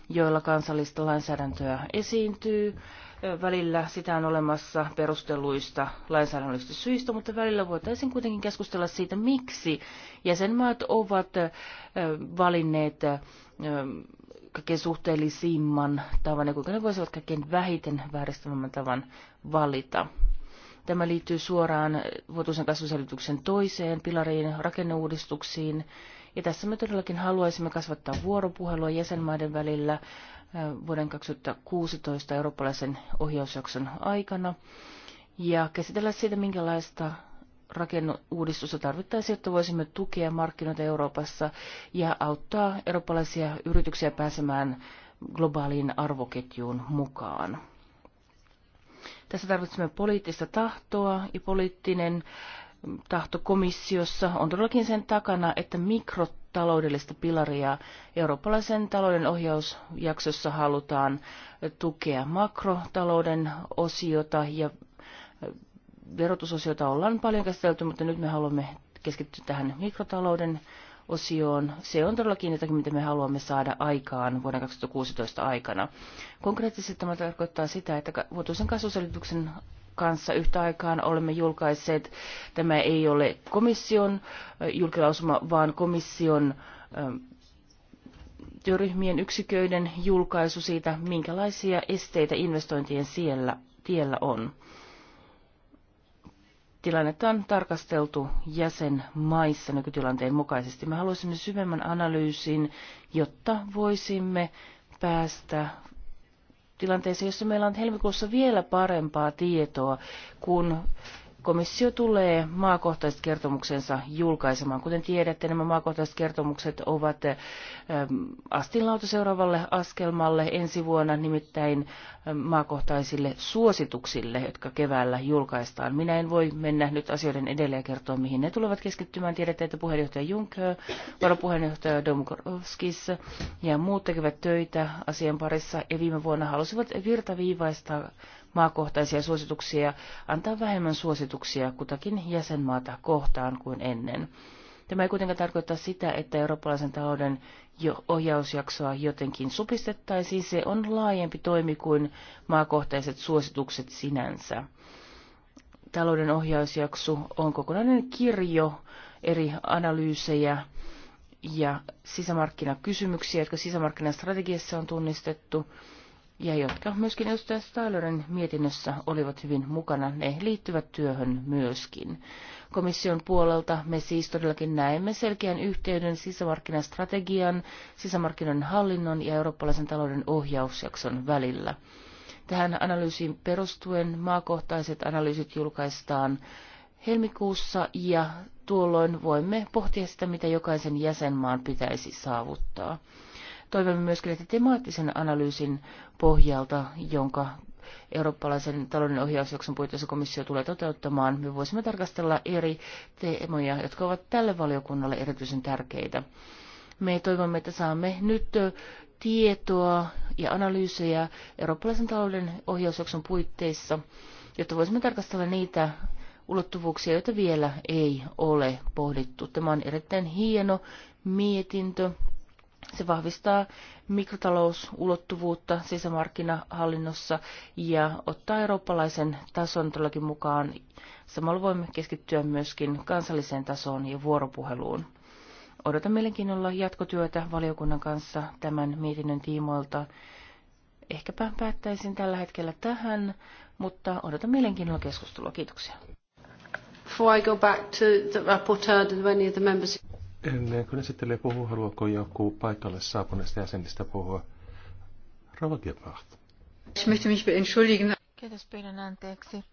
joilla kansallista lainsäädäntöä esiintyy. Välillä sitä on olemassa perustelluista lainsäädännöllisistä syistä, mutta välillä voitaisiin kuitenkin keskustella siitä, miksi jäsenmaat ovat valinneet kaikkein suhteellisimman tavan ja kuinka ne voisivat kaikkein vähiten vääristävämmän tavan valita. Tämä liittyy suoraan vuotuisen kasvuselityksen toiseen pilariin, rakenneuudistuksiin ja tässä me todellakin haluaisimme kasvattaa vuoropuhelua jäsenmaiden välillä vuoden 2016 eurooppalaisen ohjausjakson aikana ja käsitellä siitä, minkälaista rakennuudistusta tarvittaisiin, jotta voisimme tukea markkinoita Euroopassa ja auttaa eurooppalaisia yrityksiä pääsemään globaaliin arvoketjuun mukaan. Tässä tarvitsemme poliittista tahtoa ja poliittinen tahto komissiossa on todellakin sen takana, että mikrotaloudellista pilaria eurooppalaisen talouden ohjausjaksossa halutaan tukea makrotalouden osiota ja äh, verotusosiota ollaan paljon käsitelty, mutta nyt me haluamme keskittyä tähän mikrotalouden osioon. Se on todellakin jotakin, mitä me haluamme saada aikaan vuoden 2016 aikana. Konkreettisesti tämä tarkoittaa sitä, että vuotuisen kasvuselityksen kanssa yhtä aikaan olemme julkaisseet. Tämä ei ole komission julkilausuma, vaan komission työryhmien yksiköiden julkaisu siitä, minkälaisia esteitä investointien siellä, tiellä on. Tilannetta on tarkasteltu jäsenmaissa nykytilanteen mukaisesti. Me haluaisimme syvemmän analyysin, jotta voisimme päästä tilanteeseen, jossa meillä on helmikuussa vielä parempaa tietoa, kuin Komissio tulee maakohtaiset kertomuksensa julkaisemaan. Kuten tiedätte, nämä maakohtaiset kertomukset ovat eh, astinlauta seuraavalle askelmalle ensi vuonna, nimittäin eh, maakohtaisille suosituksille, jotka keväällä julkaistaan. Minä en voi mennä nyt asioiden edelleen ja kertoa, mihin ne tulevat keskittymään. Tiedätte, että puheenjohtaja Juncker, varapuheenjohtaja Domkovskis ja muut tekevät töitä asian parissa ja viime vuonna halusivat virtaviivaistaa maakohtaisia suosituksia, antaa vähemmän suosituksia kutakin jäsenmaata kohtaan kuin ennen. Tämä ei kuitenkaan tarkoita sitä, että eurooppalaisen talouden jo ohjausjaksoa jotenkin supistettaisiin. Se on laajempi toimi kuin maakohtaiset suositukset sinänsä. Talouden ohjausjakso on kokonainen kirjo eri analyysejä ja sisämarkkinakysymyksiä, jotka sisämarkkinastrategiassa on tunnistettu ja jotka myöskin edustaja Stylerin mietinnössä olivat hyvin mukana, ne liittyvät työhön myöskin. Komission puolelta me siis todellakin näemme selkeän yhteyden sisämarkkinastrategian, sisämarkkinoiden hallinnon ja eurooppalaisen talouden ohjausjakson välillä. Tähän analyysiin perustuen maakohtaiset analyysit julkaistaan helmikuussa ja tuolloin voimme pohtia sitä, mitä jokaisen jäsenmaan pitäisi saavuttaa. Toivomme myöskin, että temaattisen analyysin pohjalta, jonka eurooppalaisen talouden ohjausjakson puitteissa komissio tulee toteuttamaan, me voisimme tarkastella eri teemoja, jotka ovat tälle valiokunnalle erityisen tärkeitä. Me toivomme, että saamme nyt tietoa ja analyysejä eurooppalaisen talouden ohjausjakson puitteissa, jotta voisimme tarkastella niitä ulottuvuuksia, joita vielä ei ole pohdittu. Tämä on erittäin hieno mietintö. Se vahvistaa mikrotalousulottuvuutta sisämarkkinahallinnossa ja ottaa eurooppalaisen tason todellakin mukaan. Samalla voimme keskittyä myöskin kansalliseen tasoon ja vuoropuheluun. Odotan mielenkiinnolla jatkotyötä valiokunnan kanssa tämän mietinnön tiimoilta. Ehkäpä päättäisin tällä hetkellä tähän, mutta odotan mielenkiinnolla keskustelua. Kiitoksia. Before I go back to the rapporteur, any of the members... Ennen kuin esittelee puhua, haluatko joku paikalle saapuneesta jäsenistä puhua? Rava Gebhardt. Kiitos, pyydän anteeksi.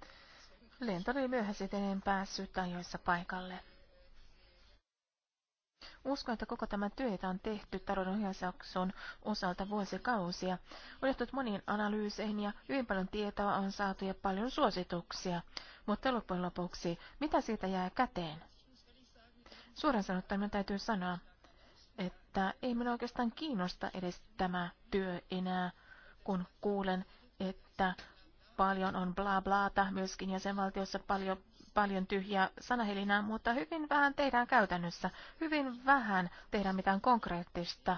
Lento oli myöhässä, en päässyt ajoissa paikalle. Uskon, että koko tämä työ, on tehty taloudenohjausjakson osalta vuosikausia, on johtunut moniin analyyseihin ja hyvin paljon tietoa on saatu ja paljon suosituksia. Mutta loppujen lopuksi, mitä siitä jää käteen? Suoraan sanottuna minun täytyy sanoa, että ei minua oikeastaan kiinnosta edes tämä työ enää, kun kuulen, että paljon on bla blaata myöskin jäsenvaltiossa paljon, paljon tyhjää sanahelinää, mutta hyvin vähän tehdään käytännössä, hyvin vähän tehdään mitään konkreettista.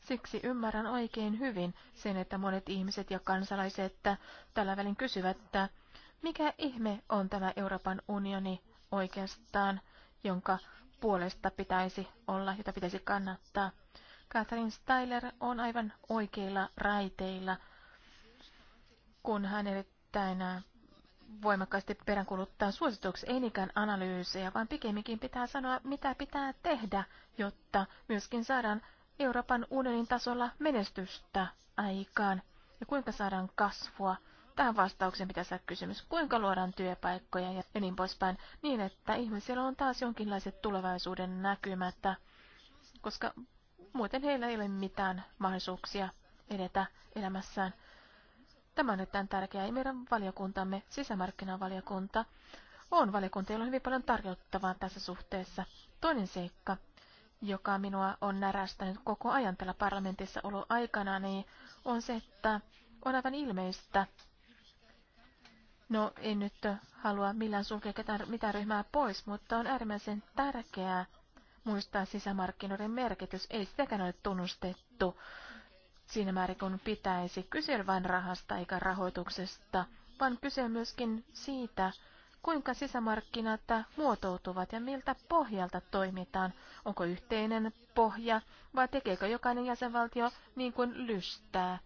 Siksi ymmärrän oikein hyvin sen, että monet ihmiset ja kansalaiset tällä välin kysyvät, että mikä ihme on tämä Euroopan unioni oikeastaan, jonka puolesta pitäisi olla, jota pitäisi kannattaa. Catherine Styler on aivan oikeilla raiteilla, kun hän erittäin äh, voimakkaasti peräänkuluttaa suosituksia, ei niinkään analyysejä, vaan pikemminkin pitää sanoa, mitä pitää tehdä, jotta myöskin saadaan Euroopan unionin tasolla menestystä aikaan ja kuinka saadaan kasvua – tähän vastauksen pitäisi saada kysymys, kuinka luodaan työpaikkoja ja niin poispäin, niin että ihmisillä on taas jonkinlaiset tulevaisuuden näkymät, koska muuten heillä ei ole mitään mahdollisuuksia edetä elämässään. Tämä on nyt tämän tärkeää, ja meidän valiokuntamme, sisämarkkinavaliokunta, on valiokunta, jolla on hyvin paljon tarjottavaa tässä suhteessa. Toinen seikka, joka minua on närästänyt koko ajan täällä parlamentissa ollut aikana, niin on se, että on aivan ilmeistä, No, en nyt halua millään sulkea mitään ryhmää pois, mutta on äärimmäisen tärkeää muistaa sisämarkkinoiden merkitys. Ei sitäkään ole tunnustettu siinä määrin kun pitäisi. Kyse vain rahasta eikä rahoituksesta, vaan kyse myöskin siitä, kuinka sisämarkkinat muotoutuvat ja miltä pohjalta toimitaan. Onko yhteinen pohja vai tekeekö jokainen jäsenvaltio niin kuin lystää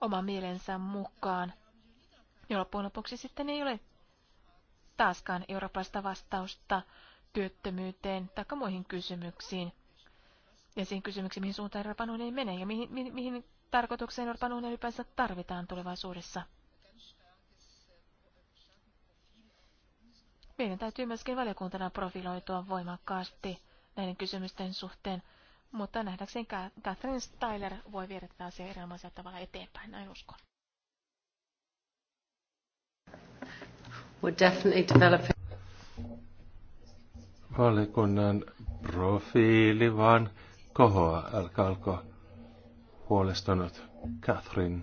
oma mielensä mukaan. Ja loppujen lopuksi sitten ei ole taaskaan eurooppalaista vastausta työttömyyteen tai muihin kysymyksiin. Ja siihen kysymykseen, mihin suuntaan Euroopan unioni menee ja mihin, mihin, mihin tarkoitukseen Euroopan unioni ylipäänsä tarvitaan tulevaisuudessa. Meidän täytyy myöskin valiokuntana profiloitua voimakkaasti näiden kysymysten suhteen, mutta nähdäkseni Catherine Styler voi viedä tätä asiaa erinomaisella tavalla eteenpäin, näin uskon. We're definitely developing. Valikunnan profiili vaan kohoa, älkää alko huolestunut Catherine.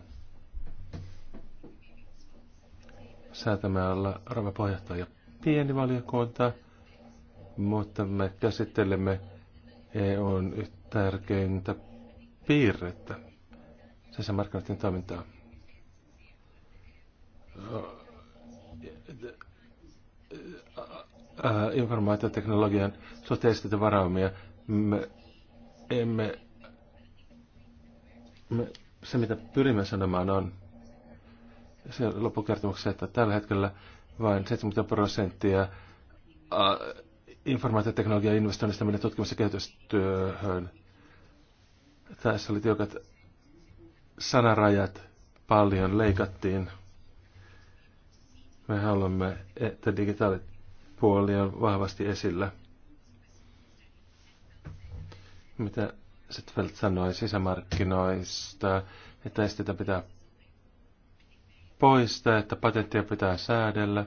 Säätämällä rouva puheenjohtaja pieni valiokunta, mutta me käsittelemme EUn tärkeintä piirrettä, sisämarkkinoiden toimintaa Äh, informaatioteknologian suhteellisesti varaumia. Me emme, me, se mitä pyrimme sanomaan on se loppukertomuksessa, että tällä hetkellä vain 70 prosenttia äh, informaatioteknologian investoinnista menee tutkimus- ja kehitystyöhön. Tässä oli tiukat sanarajat, paljon leikattiin. Me haluamme, että digitaalit puoli on vahvasti esillä. Mitä Sitfeld sanoi sisämarkkinoista, että esteitä pitää poistaa, että patenttia pitää säädellä.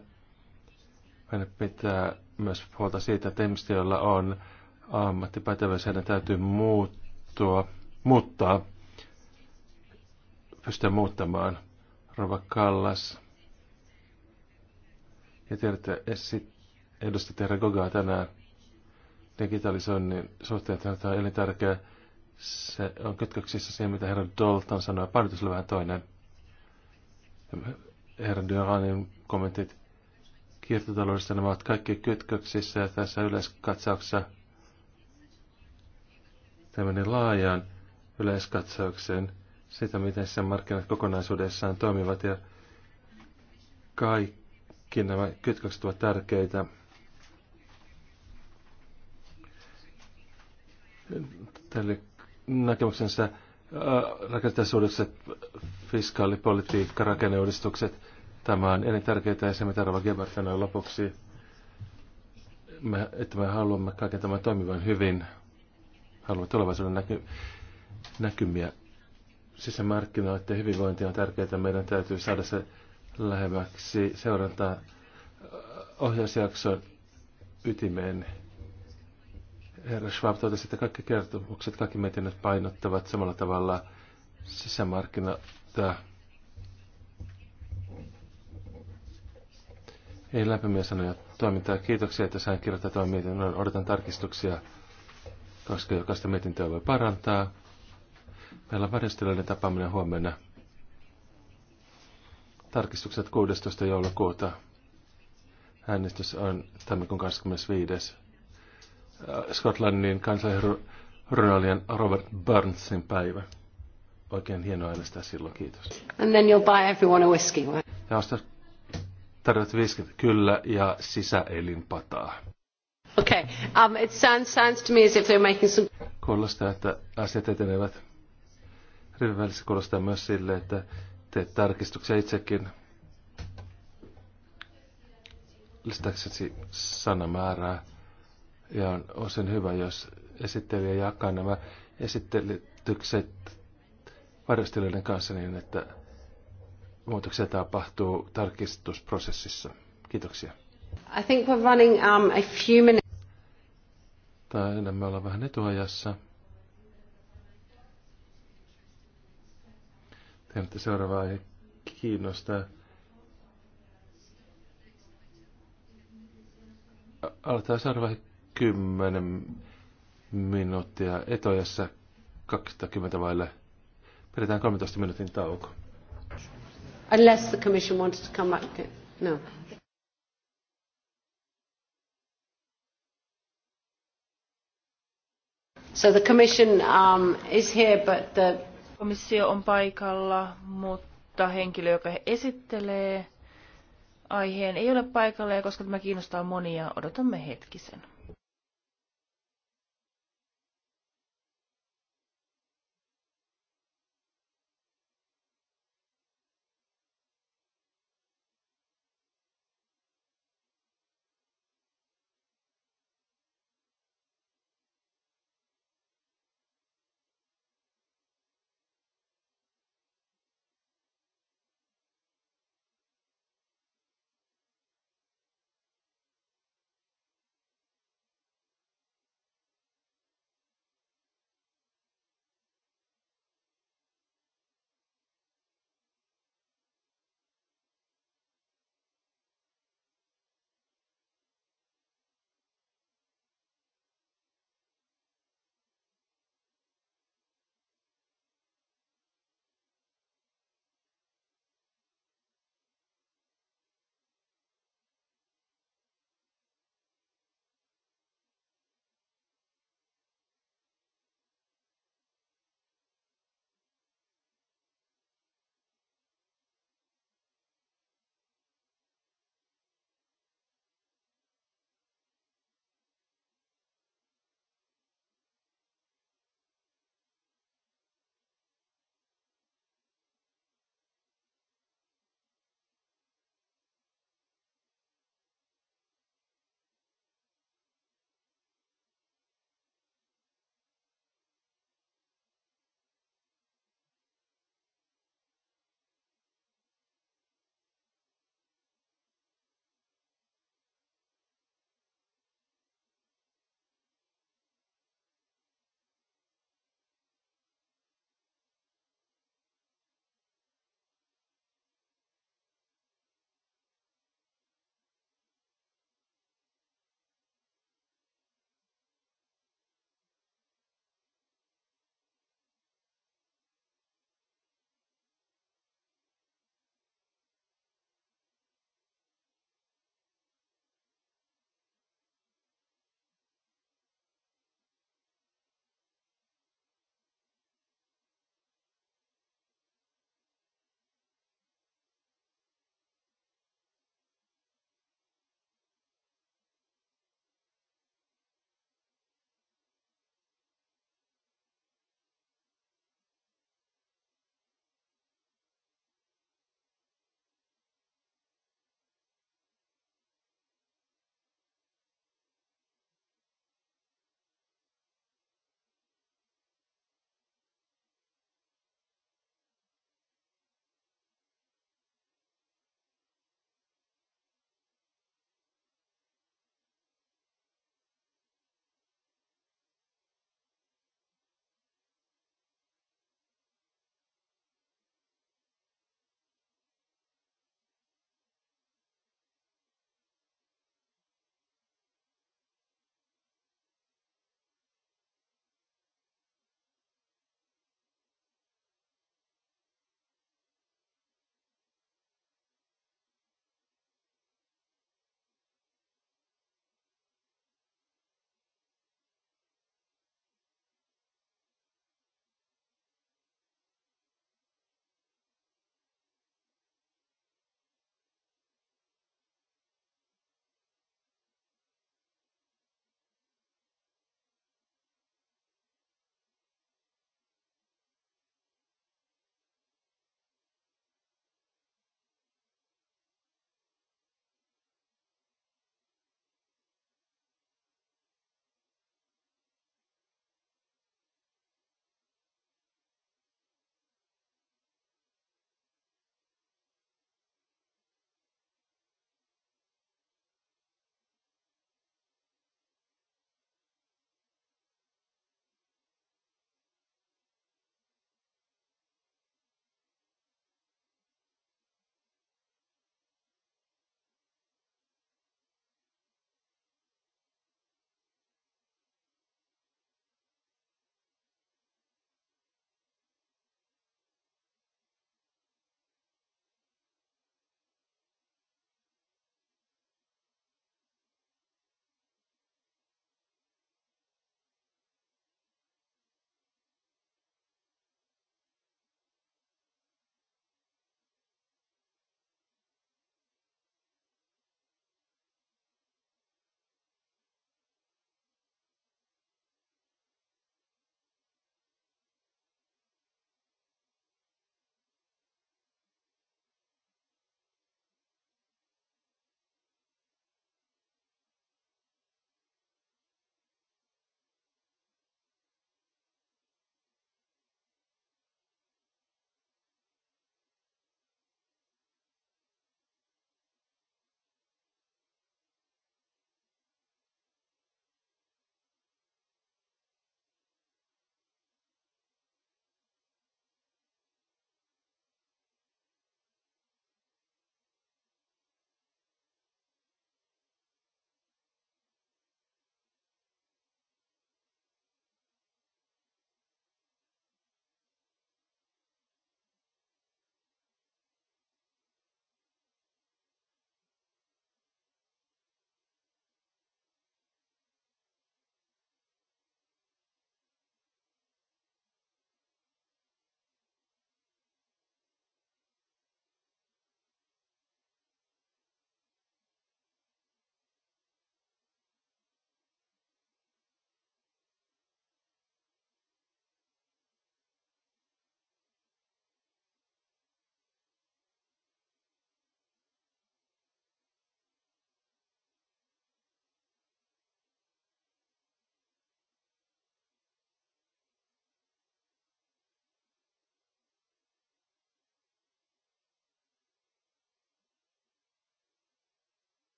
Meidän pitää myös huolta siitä, että ihmiset, joilla on ammattipätevyys, heidän täytyy muuttua, muuttaa, pystyä muuttamaan. Rova Kallas. Ja tiedätte, esit edusti Terra Gogaa tänään. Digitalisoinnin suhteen tämä on elintärkeä. Se on kytköksissä siihen, mitä herra Dalton sanoi. Painotus oli vähän toinen. Herra Duranin kommentit kiertotaloudesta, nämä ovat kaikki kytköksissä ja tässä yleiskatsauksessa tämmöinen laajaan yleiskatsaukseen sitä, miten sen markkinat kokonaisuudessaan toimivat ja kaikki nämä kytkökset ovat tärkeitä. tälle näkemyksensä äh, rakenteellisuudekset, fiskaalipolitiikka, rakenneuudistukset. Tämä on tärkeää ja se, mitä Rava Geber sanoi lopuksi, me, että me haluamme kaiken tämän toimivan hyvin, haluamme tulevaisuuden näky, näkymiä sisämarkkinoiden hyvinvointi on tärkeää. Meidän täytyy saada se lähemmäksi seurantaa äh, ohjausjakson ytimeen Herra Schwab totesi, että kaikki kertomukset, kaikki mietinnöt painottavat samalla tavalla sisämarkkinoita. Ei lämpimiä sanoja toimintaa. Kiitoksia, että sain kirjoittaa tämän mietinnön. Odotan tarkistuksia, koska jokaista mietintöä voi parantaa. Meillä on varjostelijoiden tapaaminen huomenna. Tarkistukset 16. joulukuuta. Äänestys on tammikuun 25. Äh, Skotlannin kansanherraalien Robert Burnsin päivä. Oikein hienoa äänestää silloin, kiitos. And then you'll buy everyone a whiskey, right? Ja ostat tarjot viiskit, kyllä, ja sisäelinpataa. Okay, um, it sounds, sounds to me as if they're making some... Kuulostaa, että asiat etenevät. Rivin välissä kuulostaa myös sille, että teet tarkistuksia itsekin. Lisätäksesi sanamäärää ja on osin hyvä, jos esittelijä jakaa nämä esittelytykset varjostelijoiden kanssa niin, että muutoksia tapahtuu tarkistusprosessissa. Kiitoksia. I think we're running um, a few minutes. me olla vähän etuajassa. Tiedän, että seuraava aihe kiinnostaa. Aloitetaan seuraava aihe 10 minuuttia etojassa 20 vaille. Pidetään 13 minuutin tauko. Unless the commission wants to come back. No. So the commission um, is here, but the... Komissio on paikalla, mutta henkilö, joka he esittelee aiheen, ei ole paikalla ja koska tämä kiinnostaa monia, odotamme hetkisen.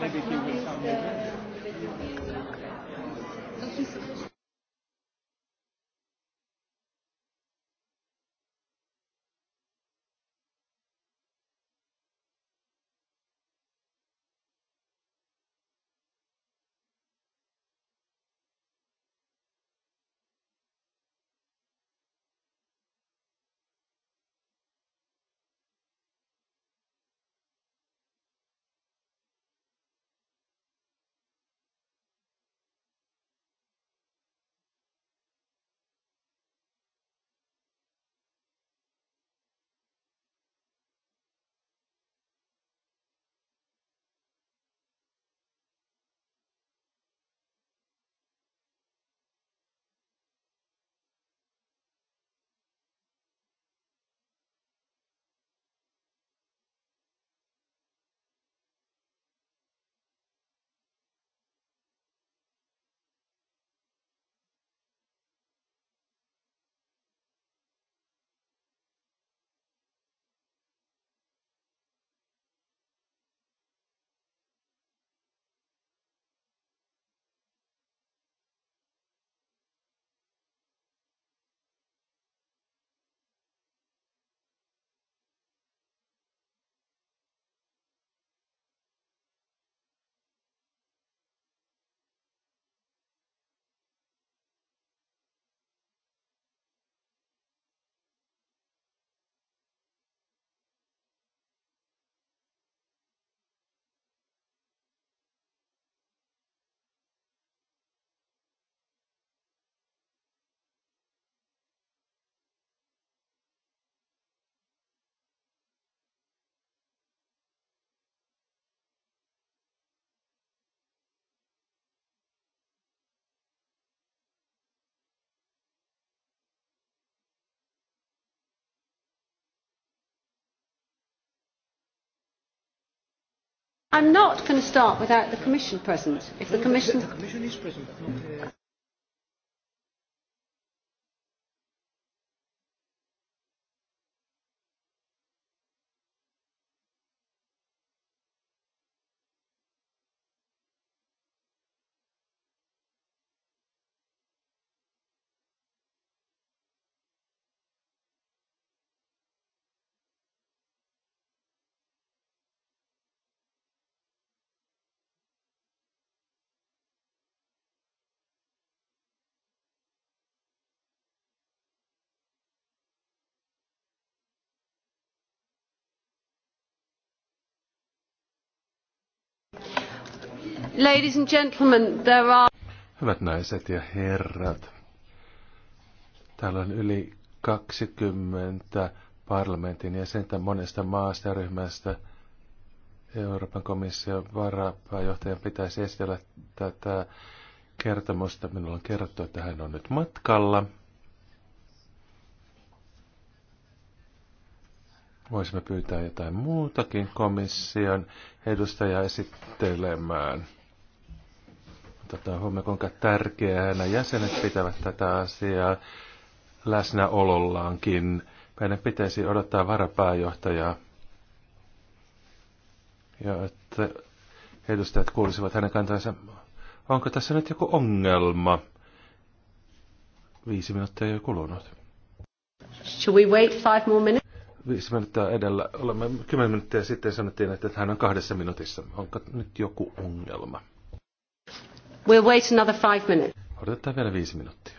Maybe he will come later. I'm not going to start without the Commission present. If the Commission... is present. Ladies and gentlemen, there are... Hyvät naiset ja herrat, täällä on yli 20 parlamentin jäsentä monesta maasta ja ryhmästä. Euroopan komission varapääjohtajan pitäisi esitellä tätä kertomusta. Minulla on kerrottu, että hän on nyt matkalla. Voisimme pyytää jotain muutakin komission edustajaa esittelemään ottaa huomioon, kuinka tärkeänä jäsenet pitävät tätä asiaa läsnäolollaankin. Meidän pitäisi odottaa varapääjohtajaa, Ja että edustajat kuulisivat hänen kantansa. Onko tässä nyt joku ongelma? Viisi minuuttia jo kulunut. Should we wait five more minutes? Viisi minuuttia edellä. Olemme kymmenen minuuttia sitten sanottiin, että hän on kahdessa minuutissa. Onko nyt joku ongelma? We'll wait another five minutes. Odotetaan vielä viisi minuuttia.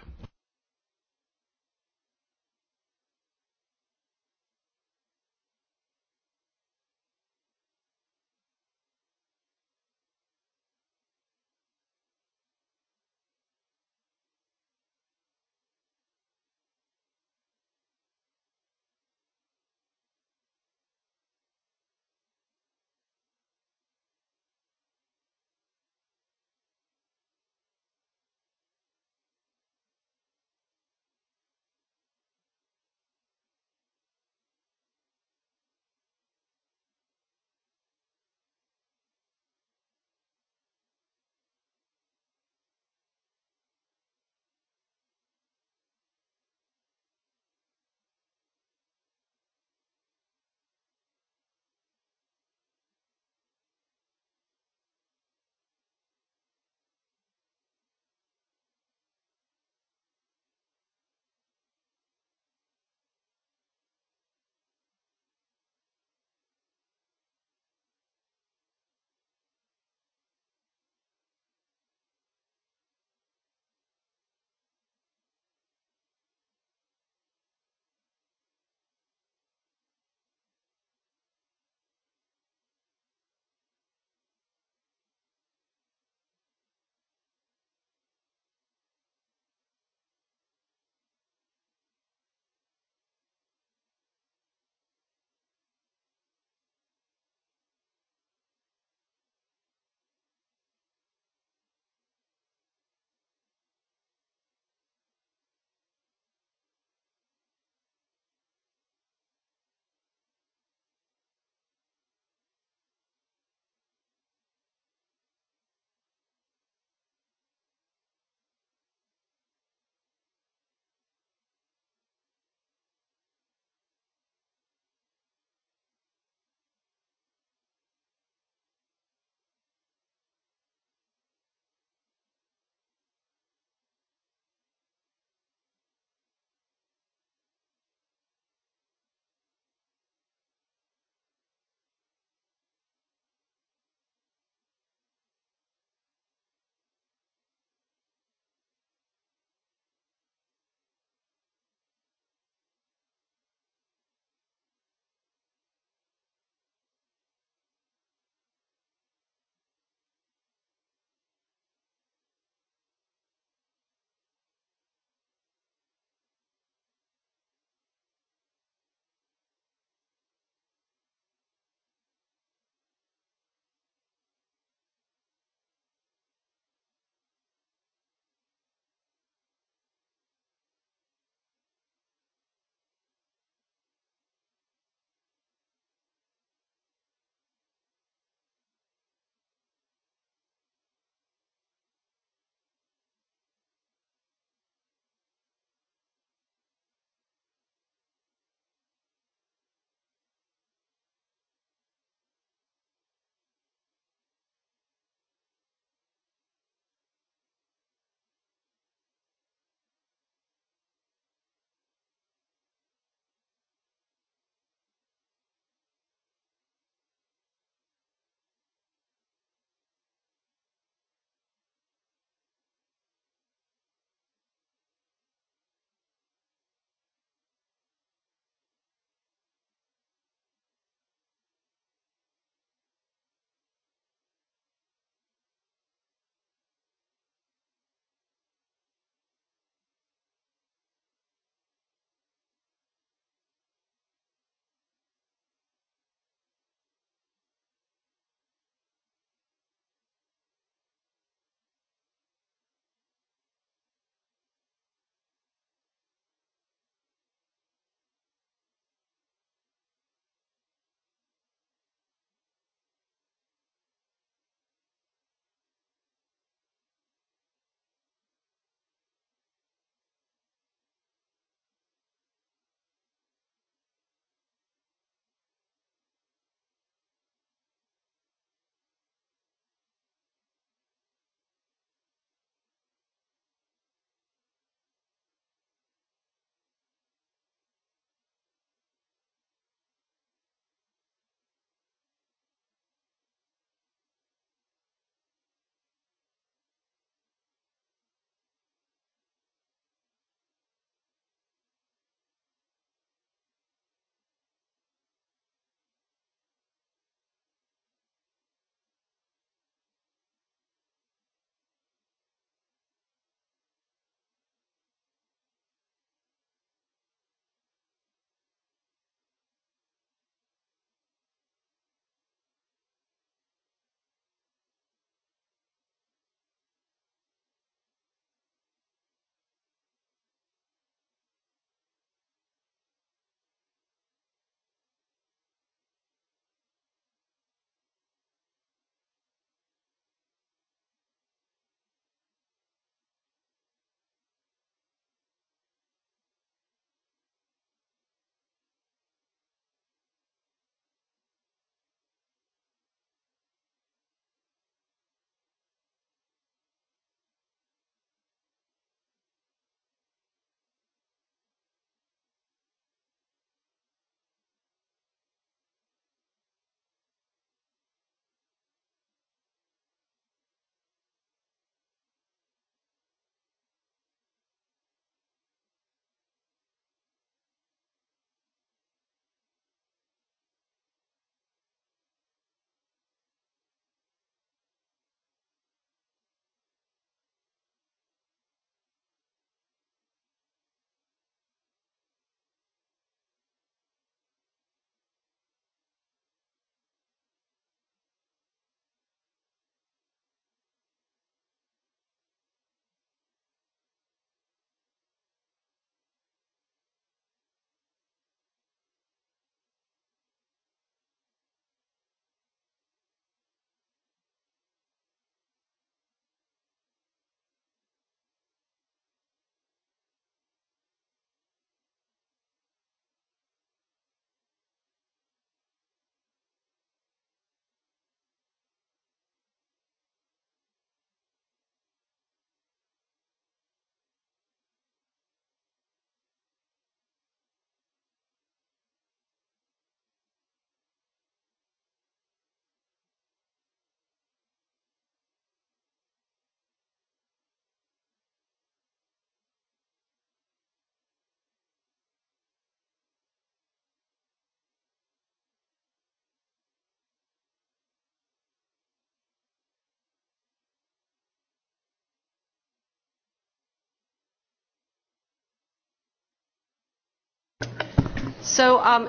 Um,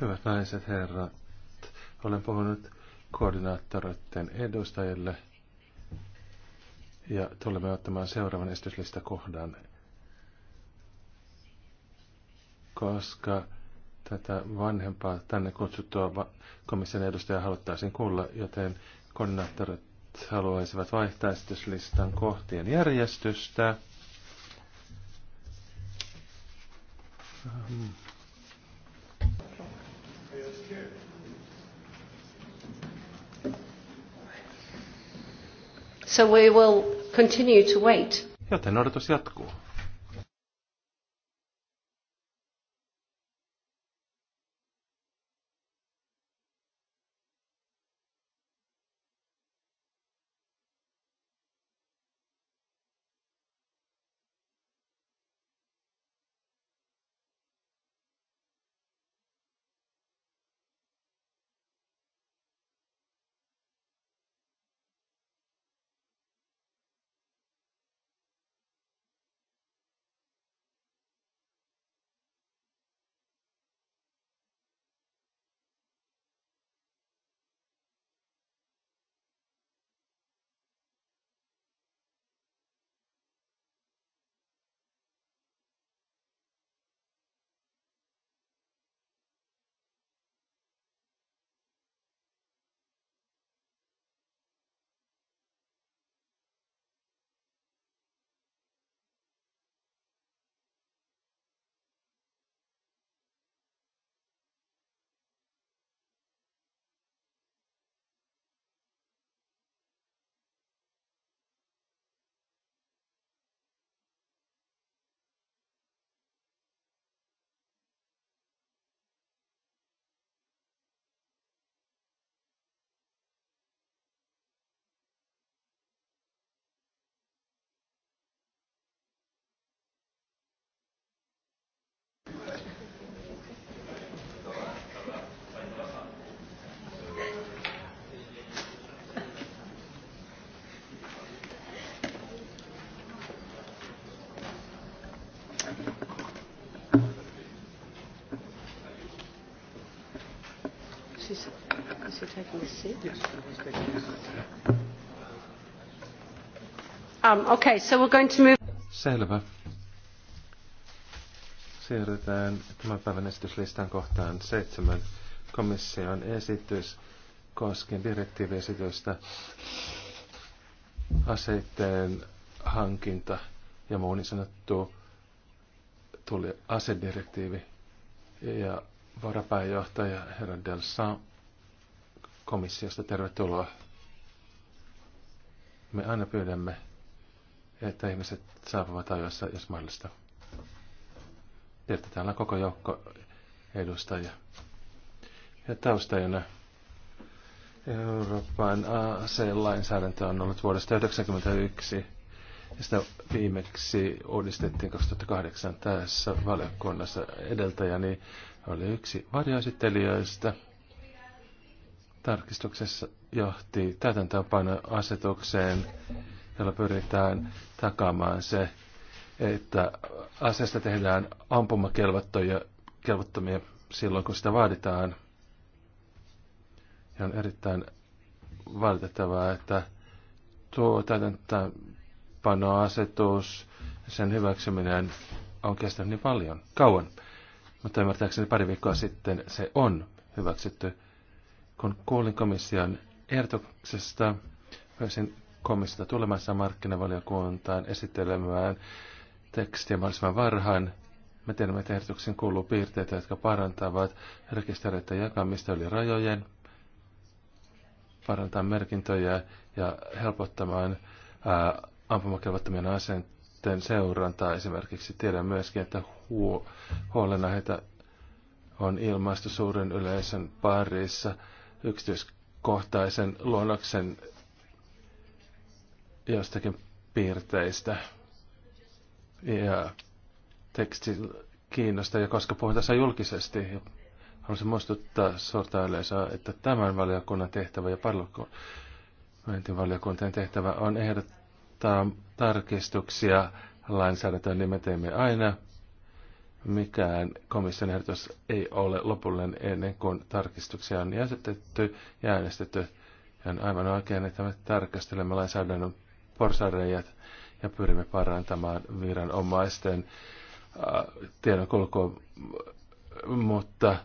Hyvät naiset herrat, olen puhunut koordinaattoreiden edustajille ja tulemme ottamaan seuraavan esityslistakohdan, koska tätä vanhempaa tänne kutsuttua komission edustajaa haluttaisiin kuulla, joten koordinaattorit haluaisivat vaihtaa esityslistan kohtien järjestystä. So we will continue to wait. Joten odotus jatkuu. was it taking seat? Um, okay, so we're going to move... Selvä. Siirrytään tämän päivän esityslistan kohtaan seitsemän komission esitys koskien direktiiviesitystä aseiden hankinta ja muun niin sanottu tuli asedirektiivi ja varapääjohtaja herra Delsa komissiosta. Tervetuloa. Me aina pyydämme, että ihmiset saapuvat ajoissa, jos mahdollista. Tietysti täällä on koko joukko edustajia. Ja taustajana Euroopan aselainsäädäntö on ollut vuodesta 1991 ja sitä viimeksi uudistettiin 2008 tässä valiokunnassa. Edeltäjäni oli yksi varjoesittelijöistä – tarkistuksessa johti täytäntöönpanoasetukseen, jolla pyritään takaamaan se, että aseesta tehdään ampumakelvottomia silloin, kun sitä vaaditaan. Ja on erittäin valitettavaa, että tuo täytäntöönpanoasetus ja sen hyväksyminen on kestänyt niin paljon, kauan. Mutta ymmärtääkseni pari viikkoa sitten se on hyväksytty kun kuulin komission ehdotuksesta, pyysin komissiota tulemassa markkinavaliokuntaan esittelemään tekstiä mahdollisimman varhain. Me tiedämme, että ehdotuksen kuuluu piirteitä, jotka parantavat rekistereiden jakamista yli rajojen, parantaa merkintöjä ja helpottamaan ampumakelvottomien asenteen seurantaa esimerkiksi. Tiedän myöskin, että huo, heitä on ilmaistu suuren yleisön parissa – yksityiskohtaisen luonnoksen jostakin piirteistä. Ja tekstin kiinnosta, ja koska puhun tässä julkisesti, haluaisin muistuttaa suurta yleisöä, että tämän valiokunnan tehtävä ja parlamentin valiokuntien tehtävä on ehdottaa tarkistuksia lainsäädäntöön, niin me teemme aina – mikään komission ehdotus ei ole lopullinen ennen kuin tarkistuksia on jäsetetty ja äänestetty. Ja on aivan oikein, että me tarkastelemme lainsäädännön porsareijat ja pyrimme parantamaan viranomaisten äh, tiedon kulkua, mutta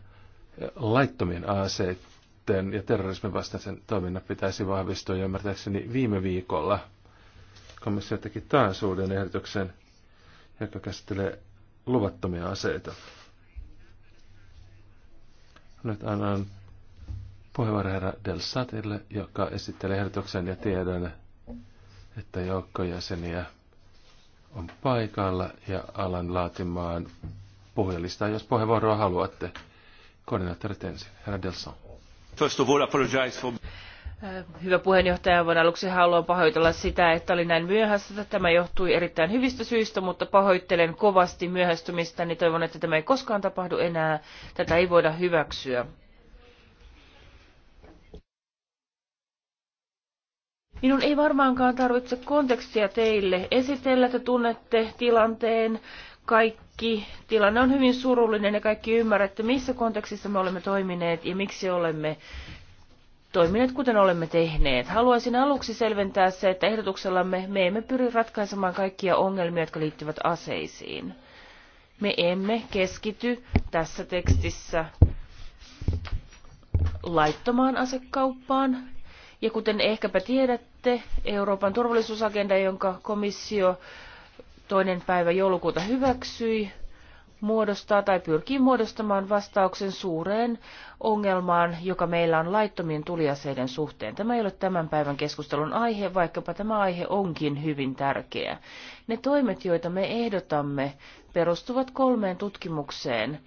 laittomien aseiden ja terrorismin vastaisen toiminnan pitäisi vahvistua. Ja ymmärtääkseni viime viikolla komissio teki taas uuden ehdotuksen, joka käsittelee luvattomia aseita. Nyt annan puheenvuoron herra Del Satille, joka esittelee ehdotuksen ja tiedän, että joukkojäseniä on paikalla ja alan laatimaan puhelista, jos puheenvuoroa haluatte. Koordinaattorit ensin. Herra Delson. First of all, apologize for... Hyvä puheenjohtaja, voin aluksi haluan pahoitella sitä, että oli näin myöhässä. Tämä johtui erittäin hyvistä syistä, mutta pahoittelen kovasti myöhästymistä, niin toivon, että tämä ei koskaan tapahdu enää. Tätä ei voida hyväksyä. Minun ei varmaankaan tarvitse kontekstia teille esitellä, että tunnette tilanteen. Kaikki tilanne on hyvin surullinen ja kaikki ymmärrätte, missä kontekstissa me olemme toimineet ja miksi olemme toimineet kuten olemme tehneet. Haluaisin aluksi selventää se, että ehdotuksellamme me emme pyri ratkaisemaan kaikkia ongelmia, jotka liittyvät aseisiin. Me emme keskity tässä tekstissä laittomaan asekauppaan. Ja kuten ehkäpä tiedätte, Euroopan turvallisuusagenda, jonka komissio toinen päivä joulukuuta hyväksyi, muodostaa tai pyrkii muodostamaan vastauksen suureen ongelmaan, joka meillä on laittomien tuliaseiden suhteen. Tämä ei ole tämän päivän keskustelun aihe, vaikkapa tämä aihe onkin hyvin tärkeä. Ne toimet, joita me ehdotamme, perustuvat kolmeen tutkimukseen.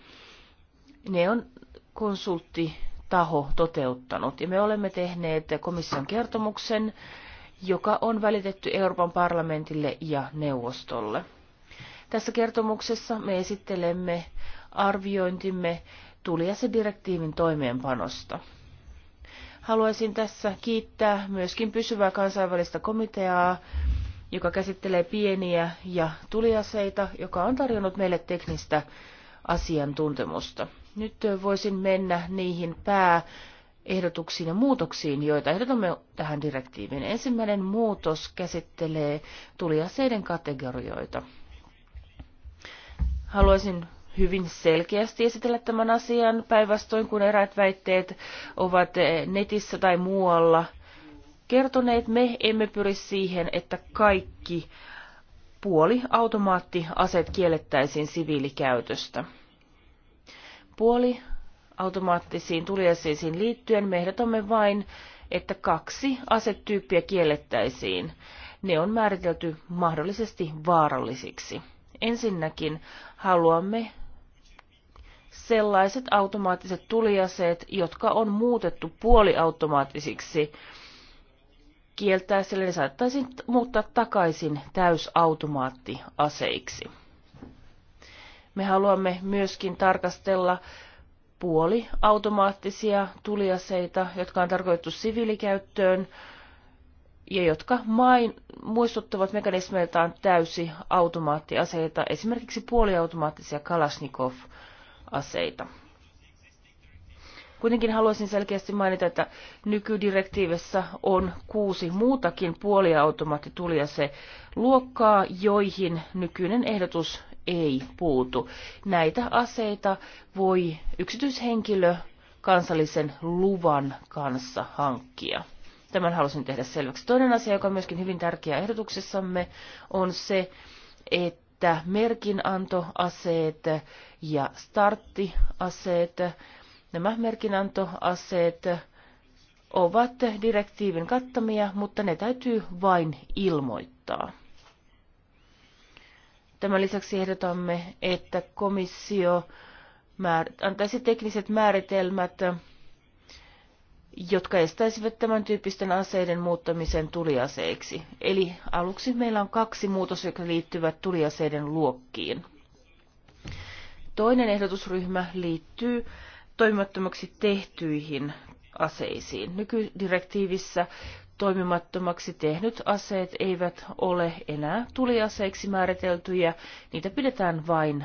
Ne on konsulttitaho toteuttanut ja me olemme tehneet komission kertomuksen, joka on välitetty Euroopan parlamentille ja neuvostolle. Tässä kertomuksessa me esittelemme arviointimme tuliasedirektiivin toimeenpanosta. Haluaisin tässä kiittää myöskin pysyvää kansainvälistä komiteaa, joka käsittelee pieniä ja tuliaseita, joka on tarjonnut meille teknistä asiantuntemusta. Nyt voisin mennä niihin pääehdotuksiin ja muutoksiin, joita ehdotamme tähän direktiiviin. Ensimmäinen muutos käsittelee tuliaseiden kategorioita. Haluaisin hyvin selkeästi esitellä tämän asian päinvastoin, kun eräät väitteet ovat netissä tai muualla kertoneet. Me emme pyri siihen, että kaikki puoli automaattiaseet kiellettäisiin siviilikäytöstä. Puoli automaattisiin tuliaseisiin liittyen me ehdotamme vain, että kaksi asetyyppiä kiellettäisiin. Ne on määritelty mahdollisesti vaarallisiksi. Ensinnäkin haluamme sellaiset automaattiset tuliaseet, jotka on muutettu puoliautomaattisiksi. Kieltää sille saattaisiin muuttaa takaisin täysautomaattiaseiksi. Me haluamme myöskin tarkastella puoliautomaattisia tuliaseita, jotka on tarkoitettu siviilikäyttöön, ja jotka main, muistuttavat mekanismeiltaan täysi automaattiaseita, esimerkiksi puoliautomaattisia Kalashnikov-aseita. Kuitenkin haluaisin selkeästi mainita, että nykydirektiivissä on kuusi muutakin puoliautomaattituliase luokkaa, joihin nykyinen ehdotus ei puutu. Näitä aseita voi yksityishenkilö kansallisen luvan kanssa hankkia. Tämän halusin tehdä selväksi. Toinen asia, joka on myöskin hyvin tärkeä ehdotuksessamme, on se, että merkinantoaseet ja starttiaseet, nämä merkinantoaseet ovat direktiivin kattamia, mutta ne täytyy vain ilmoittaa. Tämän lisäksi ehdotamme, että komissio määr- antaisi tekniset määritelmät jotka estäisivät tämän tyyppisten aseiden muuttamisen tuliaseiksi. Eli aluksi meillä on kaksi muutosta, jotka liittyvät tuliaseiden luokkiin. Toinen ehdotusryhmä liittyy toimimattomaksi tehtyihin aseisiin. Nykydirektiivissä toimimattomaksi tehnyt aseet eivät ole enää tuliaseiksi määriteltyjä, niitä pidetään vain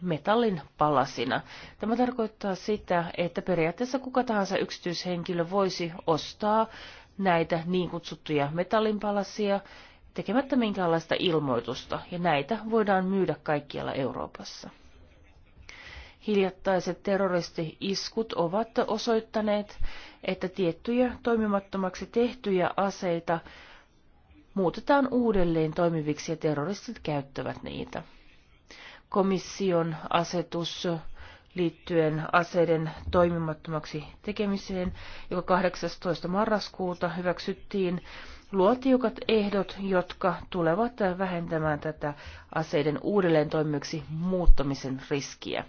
metallin palasina. Tämä tarkoittaa sitä, että periaatteessa kuka tahansa yksityishenkilö voisi ostaa näitä niin kutsuttuja palasia tekemättä minkäänlaista ilmoitusta, ja näitä voidaan myydä kaikkialla Euroopassa. Hiljattaiset terroristi-iskut ovat osoittaneet, että tiettyjä toimimattomaksi tehtyjä aseita muutetaan uudelleen toimiviksi ja terroristit käyttävät niitä komission asetus liittyen aseiden toimimattomaksi tekemiseen, joka 18. marraskuuta hyväksyttiin, luo tiukat ehdot, jotka tulevat vähentämään tätä aseiden uudelleen toimiksi muuttamisen riskiä.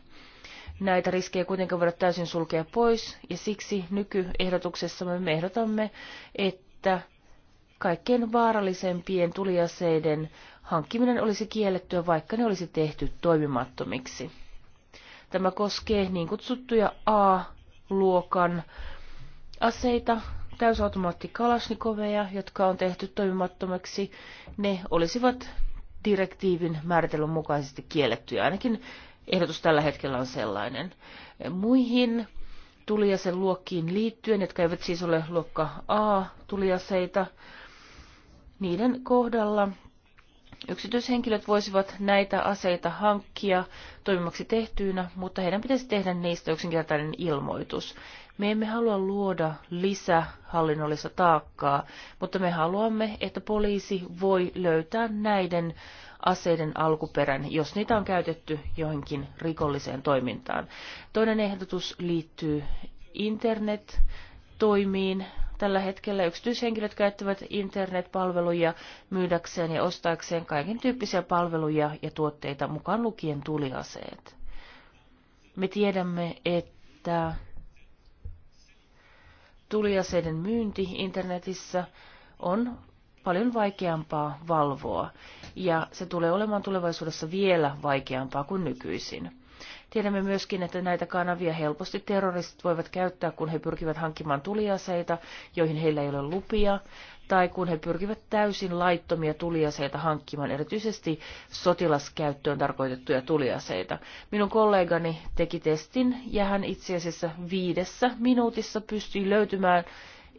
Näitä riskejä kuitenkin voida täysin sulkea pois, ja siksi nykyehdotuksessa me ehdotamme, että kaikkein vaarallisempien tuliaseiden hankkiminen olisi kiellettyä, vaikka ne olisi tehty toimimattomiksi. Tämä koskee niin kutsuttuja A-luokan aseita, täysautomaattikalasnikoveja, jotka on tehty toimimattomiksi, Ne olisivat direktiivin määritelmän mukaisesti kiellettyjä. Ainakin ehdotus tällä hetkellä on sellainen. Muihin tuliasen luokkiin liittyen, jotka eivät siis ole luokka A tuliaseita, niiden kohdalla Yksityishenkilöt voisivat näitä aseita hankkia toimimaksi tehtyinä, mutta heidän pitäisi tehdä niistä yksinkertainen ilmoitus. Me emme halua luoda lisähallinnollista taakkaa, mutta me haluamme, että poliisi voi löytää näiden aseiden alkuperän, jos niitä on käytetty johonkin rikolliseen toimintaan. Toinen ehdotus liittyy internet-toimiin. Tällä hetkellä yksityishenkilöt käyttävät internetpalveluja myydäkseen ja ostaakseen kaiken tyyppisiä palveluja ja tuotteita mukaan lukien tuliaseet. Me tiedämme, että tuliaseiden myynti internetissä on paljon vaikeampaa valvoa, ja se tulee olemaan tulevaisuudessa vielä vaikeampaa kuin nykyisin. Tiedämme myöskin, että näitä kanavia helposti terroristit voivat käyttää, kun he pyrkivät hankkimaan tuliaseita, joihin heillä ei ole lupia, tai kun he pyrkivät täysin laittomia tuliaseita hankkimaan, erityisesti sotilaskäyttöön tarkoitettuja tuliaseita. Minun kollegani teki testin, ja hän itse asiassa viidessä minuutissa pystyi löytymään,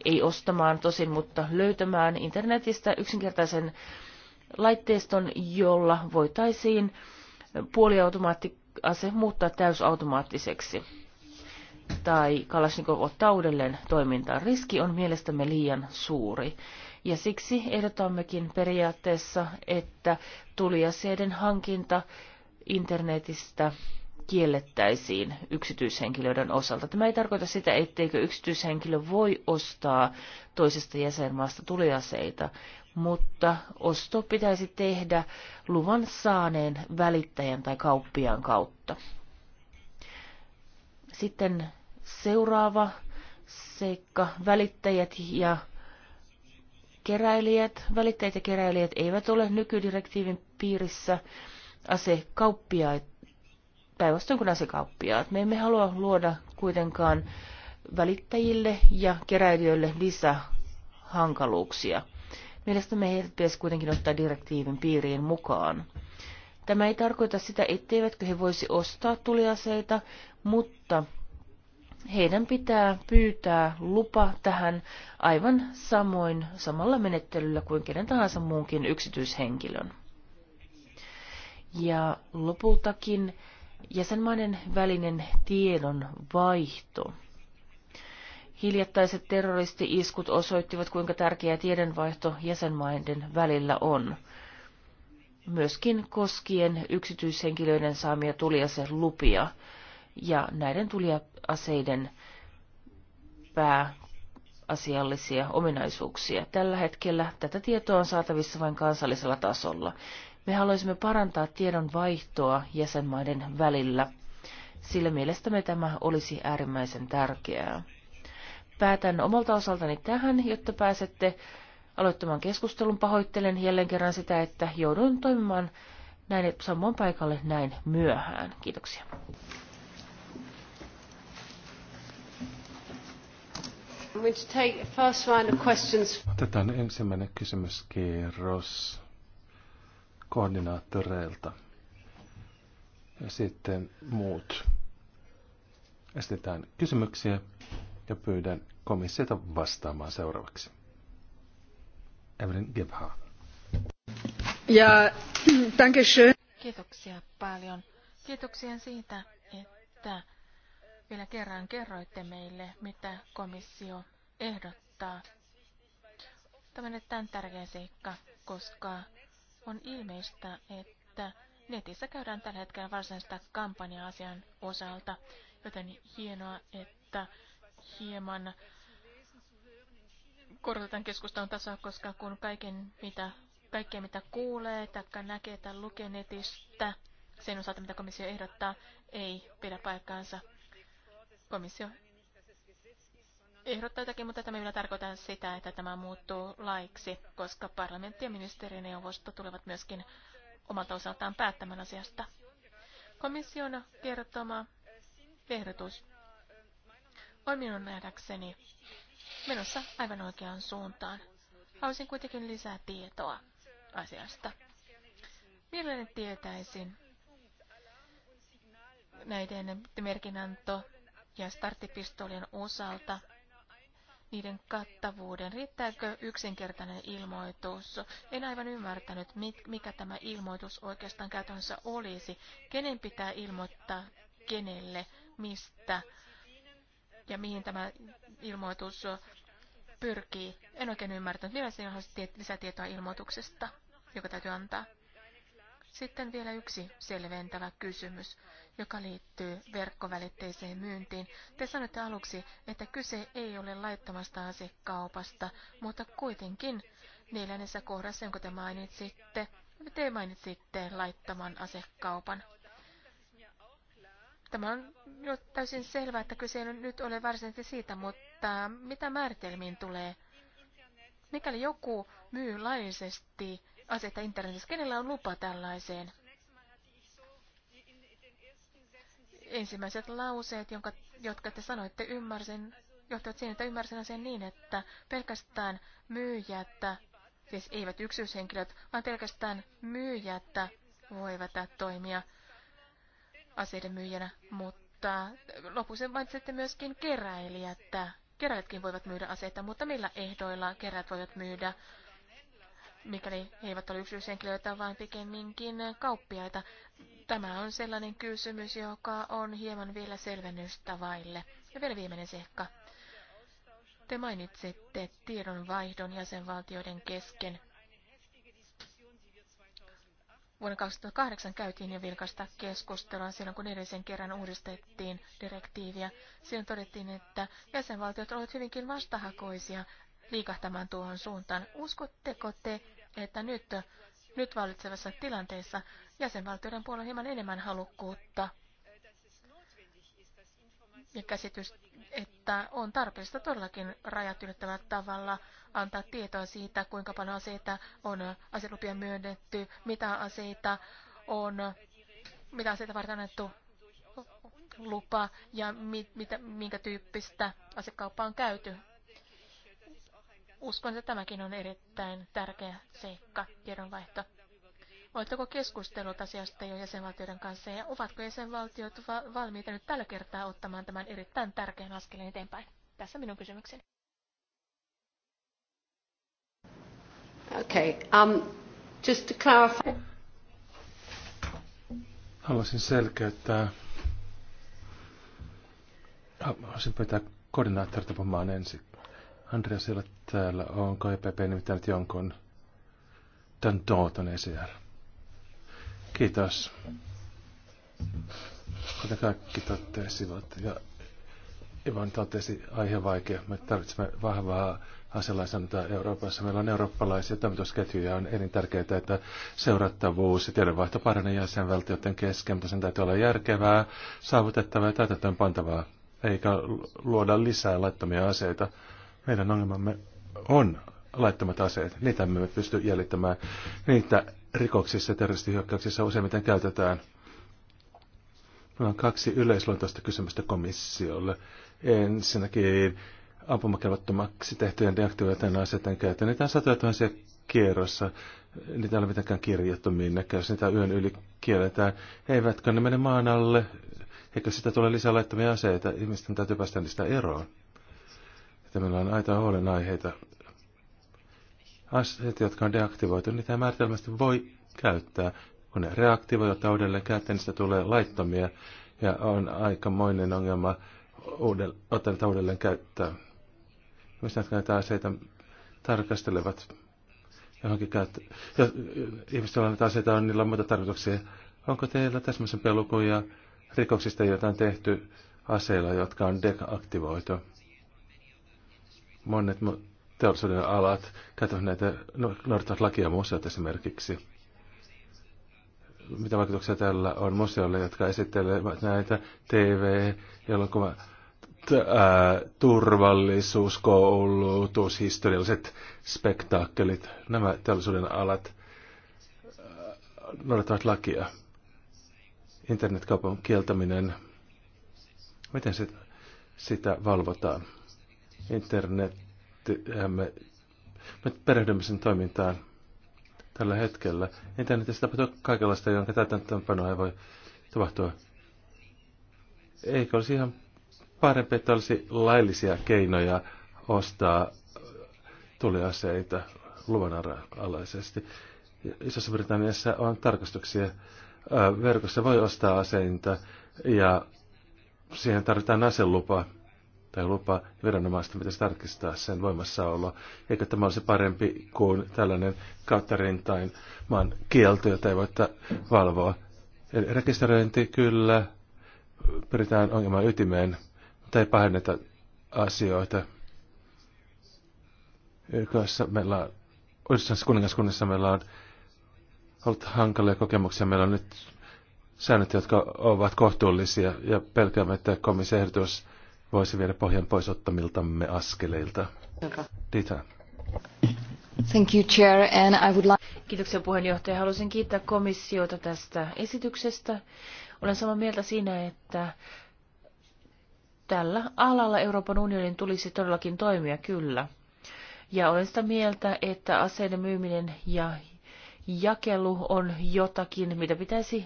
ei ostamaan tosin, mutta löytämään internetistä yksinkertaisen laitteiston, jolla voitaisiin puoliautomaatti ase muuttaa täysautomaattiseksi tai Kalashnikov ottaa uudelleen toimintaan. Riski on mielestämme liian suuri. Ja siksi ehdotammekin periaatteessa, että tuliaseiden hankinta internetistä kiellettäisiin yksityishenkilöiden osalta. Tämä ei tarkoita sitä, etteikö yksityishenkilö voi ostaa toisesta jäsenmaasta tuliaseita, mutta osto pitäisi tehdä luvan saaneen välittäjän tai kauppiaan kautta. Sitten seuraava seikka, välittäjät ja keräilijät. Välittäjät ja keräilijät eivät ole nykydirektiivin piirissä asekauppiaita päinvastoin kuin asekauppiaat. Me emme halua luoda kuitenkaan välittäjille ja keräilijöille lisähankaluuksia. Mielestämme heidät pitäisi kuitenkin ottaa direktiivin piiriin mukaan. Tämä ei tarkoita sitä, etteivätkö he voisi ostaa tuliaseita, mutta heidän pitää pyytää lupa tähän aivan samoin samalla menettelyllä kuin kenen tahansa muunkin yksityishenkilön. Ja lopultakin jäsenmaiden välinen tiedon vaihto. Hiljattaiset terroristi-iskut osoittivat, kuinka tärkeä tiedonvaihto jäsenmaiden välillä on. Myöskin koskien yksityishenkilöiden saamia tuliaselupia ja näiden tuliaseiden pääasiallisia ominaisuuksia. Tällä hetkellä tätä tietoa on saatavissa vain kansallisella tasolla. Me haluaisimme parantaa tiedon vaihtoa jäsenmaiden välillä, sillä mielestämme tämä olisi äärimmäisen tärkeää. Päätän omalta osaltani tähän, jotta pääsette aloittamaan keskustelun. Pahoittelen jälleen kerran sitä, että joudun toimimaan näin samoin paikalle näin myöhään. Kiitoksia. Otetaan ensimmäinen kysymys? kysymyskierros koordinaattoreilta. Ja sitten muut. Estetään kysymyksiä ja pyydän komissiota vastaamaan seuraavaksi. Evelyn Gebha. Ja, danke schön. Kiitoksia paljon. Kiitoksia siitä, että vielä kerran kerroitte meille, mitä komissio ehdottaa. Tämä on erittäin tärkeä seikka, koska on ilmeistä, että netissä käydään tällä hetkellä varsinaista kampanja-asian osalta, joten hienoa, että hieman korotetaan keskustelun tasoa, koska kun kaiken, mitä, kaikkea mitä kuulee tai näkee tai lukee netistä, sen osalta mitä komissio ehdottaa, ei pidä paikkaansa. Komissio ehdottaa jotakin, mutta tämä minä tarkoitan sitä, että tämä muuttuu laiksi, koska parlamentti ja ministerineuvosto tulevat myöskin omalta osaltaan päättämään asiasta. Komission kertoma ehdotus on minun nähdäkseni menossa aivan oikeaan suuntaan. Haluaisin kuitenkin lisää tietoa asiasta. Mielelläni tietäisin näiden merkinanto- ja starttipistolien osalta, niiden kattavuuden. Riittääkö yksinkertainen ilmoitus? En aivan ymmärtänyt, mikä tämä ilmoitus oikeastaan käytännössä olisi. Kenen pitää ilmoittaa kenelle, mistä ja mihin tämä ilmoitus pyrkii. En oikein ymmärtänyt, Vielä siinä on lisätietoa ilmoituksesta, joka täytyy antaa. Sitten vielä yksi selventävä kysymys joka liittyy verkkovälitteiseen myyntiin. Te sanoitte aluksi, että kyse ei ole laittomasta asekaupasta, mutta kuitenkin neljännessä kohdassa, jonka te mainitsitte, te mainitsitte laittoman asekaupan. Tämä on jo täysin selvää, että kyse ei nyt ole varsinaisesti siitä, mutta mitä määritelmiin tulee? Mikäli joku myy laillisesti asetta internetissä, kenellä on lupa tällaiseen? ensimmäiset lauseet, jonka, jotka te sanoitte, ymmärsin, johtavat siihen, että ymmärsin sen niin, että pelkästään myyjät, siis eivät yksityishenkilöt, vaan pelkästään myyjät voivat toimia aseiden myyjänä, mutta lopuksi mainitsette myöskin keräilijät. Keräilijätkin voivat myydä aseita, mutta millä ehdoilla kerät voivat myydä mikäli he eivät ole yksityishenkilöitä, vaan pikemminkin kauppiaita. Tämä on sellainen kysymys, joka on hieman vielä selvennystä vaille. Ja vielä viimeinen seikka. Te mainitsette tiedonvaihdon jäsenvaltioiden kesken. Vuonna 2008 käytiin jo vilkaista keskustelua silloin, kun edellisen kerran uudistettiin direktiiviä. Siinä todettiin, että jäsenvaltiot olivat hyvinkin vastahakoisia liikahtamaan tuohon suuntaan. Uskotteko te, että nyt, nyt vallitsevassa tilanteessa jäsenvaltioiden puolella on hieman enemmän halukkuutta ja käsitys, että on tarpeellista todellakin rajat ylittävällä tavalla antaa tietoa siitä, kuinka paljon aseita on aselupia myönnetty, mitä aseita on, mitä aseita varten annettu lupa ja mit, mitä, minkä tyyppistä asekauppaa on käyty Uskon, että tämäkin on erittäin tärkeä seikka, tiedonvaihto. Oletteko keskustellut asiasta jo jäsenvaltioiden kanssa ja ovatko jäsenvaltiot va- valmiita nyt tällä kertaa ottamaan tämän erittäin tärkeän askeleen eteenpäin? Tässä minun kysymykseni. Okay, um, just to clarify. Haluaisin selkeyttää. Haluaisin pyytää koordinaattoritapamaan ensin. Andreas ei ole täällä. Onko EPP nimittänyt jonkun tämän Tooton ECR? Kiitos. Kuten kaikki totesivat ja Ivan totesi, aihe vaikea. Me tarvitsemme vahvaa aselainsäädäntöä Euroopassa. Meillä on eurooppalaisia toimitusketjuja. On elintärkeää, että seurattavuus ja tiedonvaihto paranee jäsenvaltioiden kesken, mutta sen täytyy olla järkevää, saavutettavaa ja täytäntöön pantavaa, eikä luoda lisää laittomia aseita. Meidän ongelmamme on laittomat aseet. Niitä me pysty jäljittämään. Niitä rikoksissa ja terroristihyökkäyksissä useimmiten käytetään. Meillä on kaksi yleisluontoista kysymystä komissiolle. Ensinnäkin ampumakelvottomaksi tehtyjen deaktivoitujen aseiden käytön. Niitä on satoja tuhansia kierrossa. Niitä ei ole mitenkään kirjattu minnekään, jos niitä yön yli kielletään. Eivätkö ne mene maan alle? Eikö sitä tule lisää laittomia aseita? Ihmisten täytyy päästä niistä eroon että meillä on aita huolenaiheita. Aseet, jotka on deaktivoitu, niin niitä määritelmästi voi käyttää. Kun ne reaktivoidaan uudelleen käyttöön, niin tulee laittomia ja on aikamoinen ongelma uudelle, ottaa niitä uudelleen käyttöön. Mistä näitä aseita tarkastelevat johonkin käyttöön. Ja ihmiset, joilla näitä aseita on, niillä on muita tarkoituksia. Onko teillä täsmällisempiä pelukuja rikoksista, joita on tehty aseilla, jotka on deaktivoitu? Monet teollisuuden alat käyttävät näitä, no, noudattavat lakia museot esimerkiksi. Mitä vaikutuksia tällä on museoille, jotka esittelevät näitä TV, elokuva, ää, turvallisuus, koulutus, historialliset spektaakkelit, nämä teollisuuden alat noudattavat lakia. Internetkaupan kieltäminen, miten se, sitä valvotaan? internet, me, me perehdymme sen toimintaan tällä hetkellä. Internetissä tapahtuu kaikenlaista, jonka täytäntöönpanoa ei voi tapahtua. Eikö olisi ihan parempi, että olisi laillisia keinoja ostaa tuliaseita luvanalaisesti? Isossa Britanniassa on tarkastuksia. Verkossa voi ostaa aseita ja siihen tarvitaan aselupaa tai lupa viranomaista pitäisi tarkistaa sen voimassaolo. Eikö tämä olisi parempi kuin tällainen kattarintain maan kielto, jota ei voi valvoa? Eli rekisteröinti kyllä, pyritään ongelman ytimeen, mutta ei pahenneta asioita. YKssa meillä on, Yhdysvallassa kuningaskunnassa meillä on ollut hankalia kokemuksia. Meillä on nyt säännöt, jotka ovat kohtuullisia ja pelkäämme, että ehdotus voisi viedä pohjan pois ottamiltamme askeleilta. Dita. Thank you, Chair, and I would like... Kiitoksia puheenjohtaja. Haluaisin kiittää komissiota tästä esityksestä. Olen samaa mieltä siinä, että tällä alalla Euroopan unionin tulisi todellakin toimia kyllä. Ja olen sitä mieltä, että aseiden myyminen ja jakelu on jotakin, mitä pitäisi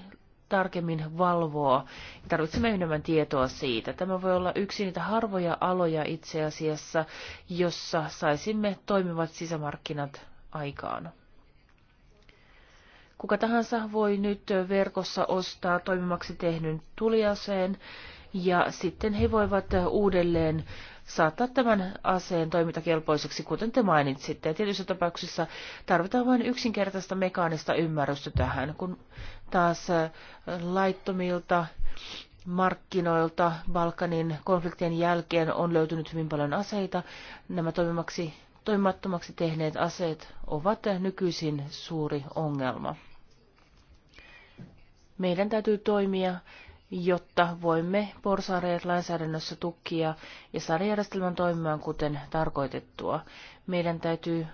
tarkemmin valvoa. Tarvitsemme enemmän tietoa siitä. Tämä voi olla yksi niitä harvoja aloja itse asiassa, jossa saisimme toimivat sisämarkkinat aikaan. Kuka tahansa voi nyt verkossa ostaa toimimaksi tehnyt tuliaseen ja sitten he voivat uudelleen saattaa tämän aseen toimintakelpoiseksi, kuten te mainitsitte. Ja tietyissä tapauksissa tarvitaan vain yksinkertaista mekaanista ymmärrystä tähän, kun taas äh, laittomilta markkinoilta Balkanin konfliktien jälkeen on löytynyt hyvin paljon aseita. Nämä toimimaksi, toimimattomaksi tehneet aseet ovat nykyisin suuri ongelma. Meidän täytyy toimia jotta voimme porsareet lainsäädännössä tukkia ja saada järjestelmän toimimaan kuten tarkoitettua. Meidän täytyy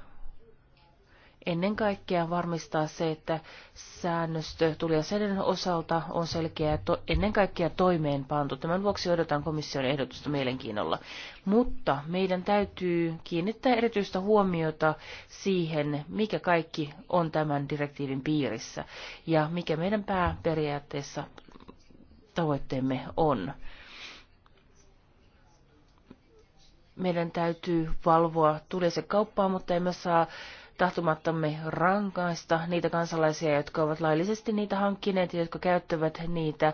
ennen kaikkea varmistaa se, että säännöstö tulijaseiden osalta on selkeä ja to- ennen kaikkea toimeenpantu. Tämän vuoksi odotan komission ehdotusta mielenkiinnolla. Mutta meidän täytyy kiinnittää erityistä huomiota siihen, mikä kaikki on tämän direktiivin piirissä ja mikä meidän pääperiaatteessa tavoitteemme on. Meidän täytyy valvoa tulisen kauppaa, mutta emme saa tahtomattamme rankaista niitä kansalaisia, jotka ovat laillisesti niitä hankkineet ja jotka käyttävät niitä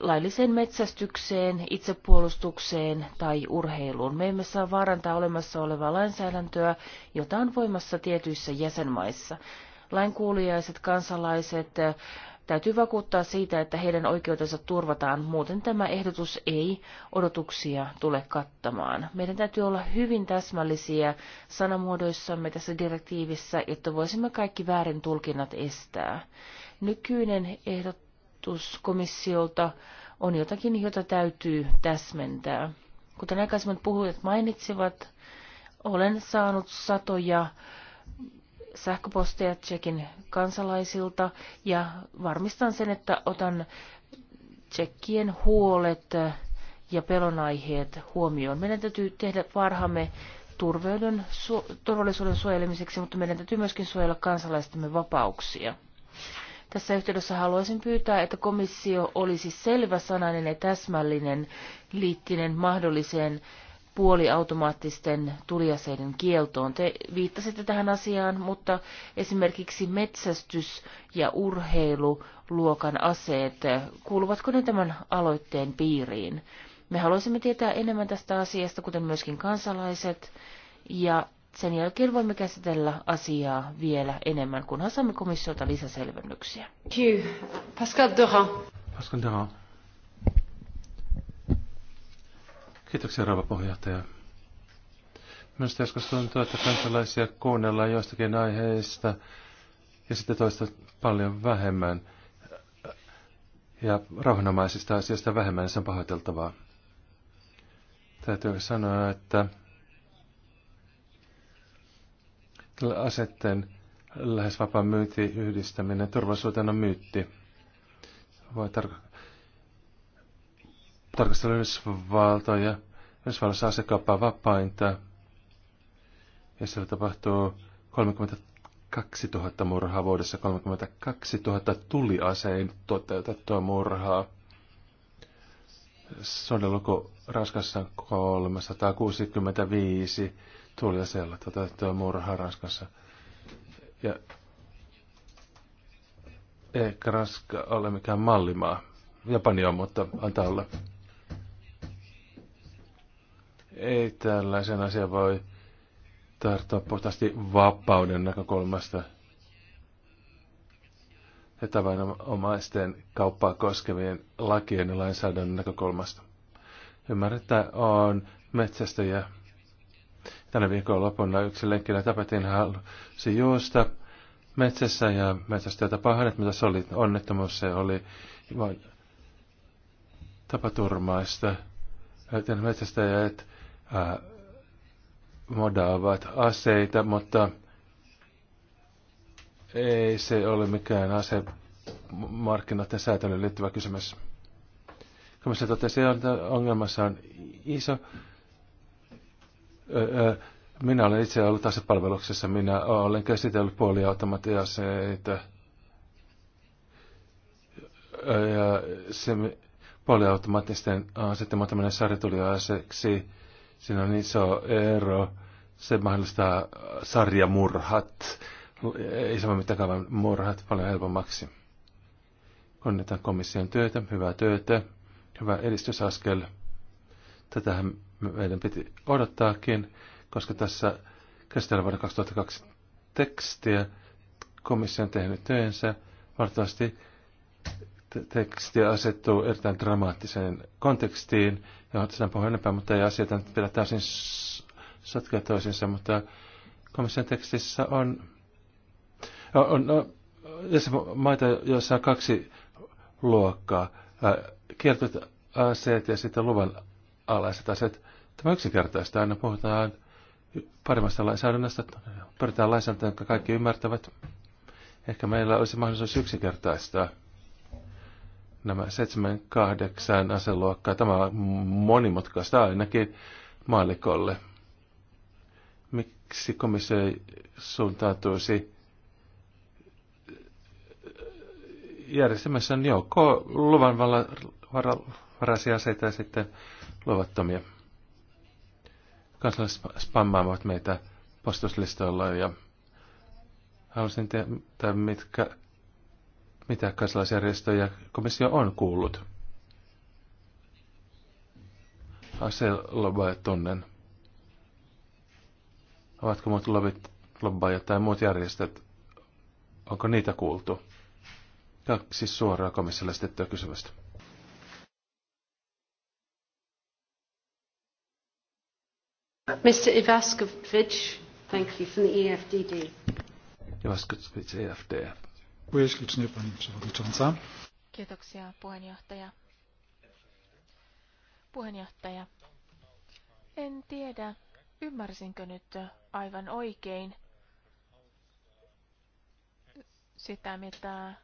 lailliseen metsästykseen, itsepuolustukseen tai urheiluun. Me emme saa vaarantaa olemassa olevaa lainsäädäntöä, jota on voimassa tietyissä jäsenmaissa. Lainkuulijaiset kansalaiset täytyy vakuuttaa siitä, että heidän oikeutensa turvataan, muuten tämä ehdotus ei odotuksia tule kattamaan. Meidän täytyy olla hyvin täsmällisiä sanamuodoissamme tässä direktiivissä, jotta voisimme kaikki väärin tulkinnat estää. Nykyinen ehdotus komissiolta on jotakin, jota täytyy täsmentää. Kuten aikaisemmat puhujat mainitsivat, olen saanut satoja sähköposteja Tsekin kansalaisilta ja varmistan sen, että otan Tsekkien huolet ja pelonaiheet huomioon. Meidän täytyy tehdä parhaamme turveuden, su- turvallisuuden suojelemiseksi, mutta meidän täytyy myöskin suojella kansalaistamme vapauksia. Tässä yhteydessä haluaisin pyytää, että komissio olisi selvä sanainen ja täsmällinen liittinen mahdolliseen puoliautomaattisten tuliaseiden kieltoon. Te viittasitte tähän asiaan, mutta esimerkiksi metsästys- ja urheiluluokan aseet, kuuluvatko ne tämän aloitteen piiriin? Me haluaisimme tietää enemmän tästä asiasta, kuten myöskin kansalaiset, ja sen jälkeen voimme käsitellä asiaa vielä enemmän, kunhan saamme komissiolta lisäselvennyksiä. Kiitos. Pascal Durand. Pascal Durand. Kiitoksia, Rauva puheenjohtaja. Minusta joskus tuntuu, että kansalaisia kuunnellaan joistakin aiheista ja sitten toista paljon vähemmän ja rauhanomaisista asioista vähemmän, se on pahoiteltavaa. Täytyy sanoa, että asetten lähes vapaa myynti yhdistäminen turvallisuutena on myytti. Voi tarkoittaa tarkastella Yhdysvaltoja. Yhdysvalloissa asekauppa on vapainta. Ja siellä tapahtuu 32 000 murhaa vuodessa, 32 000 tuliasein toteutettua murhaa. luku Ranskassa on 365 tuliaseella toteutettua murhaa Ranskassa. Ja ehkä Ranska ole mikään mallimaa. Japani on, mutta antaa olla. Ei tällaisen asian voi tarttua puhtaasti vapauden näkökulmasta ja tavanomaisten kauppaa koskevien lakien ja lainsäädännön näkökulmasta. Ymmärrettä on metsästäjä. Tänä lopuna yksi lenkkinä tapetin halusi juosta metsässä ja metsästäjältä pahanet, mitä se oli. Onnettomuus se oli vain tapaturmaista. Joten metsästäjät Äh, modaavat aseita, mutta ei se ole mikään markkinoiden säätelyyn liittyvä kysymys. se totesi, että ongelmassa on iso. Öö, minä olen itse ollut asepalveluksessa. Minä olen käsitellyt puoliautomaattiaseita. Ja se puoliautomaattisten aseiden muuttaminen sarjatuliaseksi Siinä on iso ero. Se mahdollistaa sarjamurhat, ei sama mittakaavan murhat, paljon helpommaksi. Onnetaan komission työtä, hyvää työtä, hyvä edistysaskel. Tätähän meidän piti odottaakin, koska tässä käsitellään vuonna 2002 tekstiä. Komissio on tehnyt työnsä. Valitettavasti tekstiä asettuu erittäin dramaattiseen kontekstiin, johon sinä puhun enempää, mutta ei asioita nyt vielä täysin sotkea toisiinsa, mutta komission tekstissä on, on, on maita, joissa on kaksi luokkaa. Kiertot aseet ja sitten luvan alaiset aseet. Tämä yksinkertaista aina puhutaan paremmasta lainsäädännöstä. Pyritään lainsäädäntöön, jonka kaikki ymmärtävät. Ehkä meillä olisi mahdollisuus yksinkertaistaa nämä 78 aseluokkaa. Tämä on monimutkaista ainakin maalikolle. Miksi komissio suuntautuisi järjestämässä on joukko luvanvaraisia aseita ja sitten luvattomia. Kansalaiset spammaavat meitä postuslistoilla ja halusin tietää, mitkä mitä kansalaisjärjestöjä komissio on kuullut. Aselobaajat tunnen. Ovatko muut lobit, lobbaajat tai muut järjestöt, onko niitä kuultu? Kaksi suoraa komissiolle esitettyä kysymystä. Mr. Ivaskovic, thank you from the EFDD. Ivaskovic, EFDD. Kiitoksia puheenjohtaja. Puheenjohtaja, en tiedä, ymmärsinkö nyt aivan oikein sitä, mitä,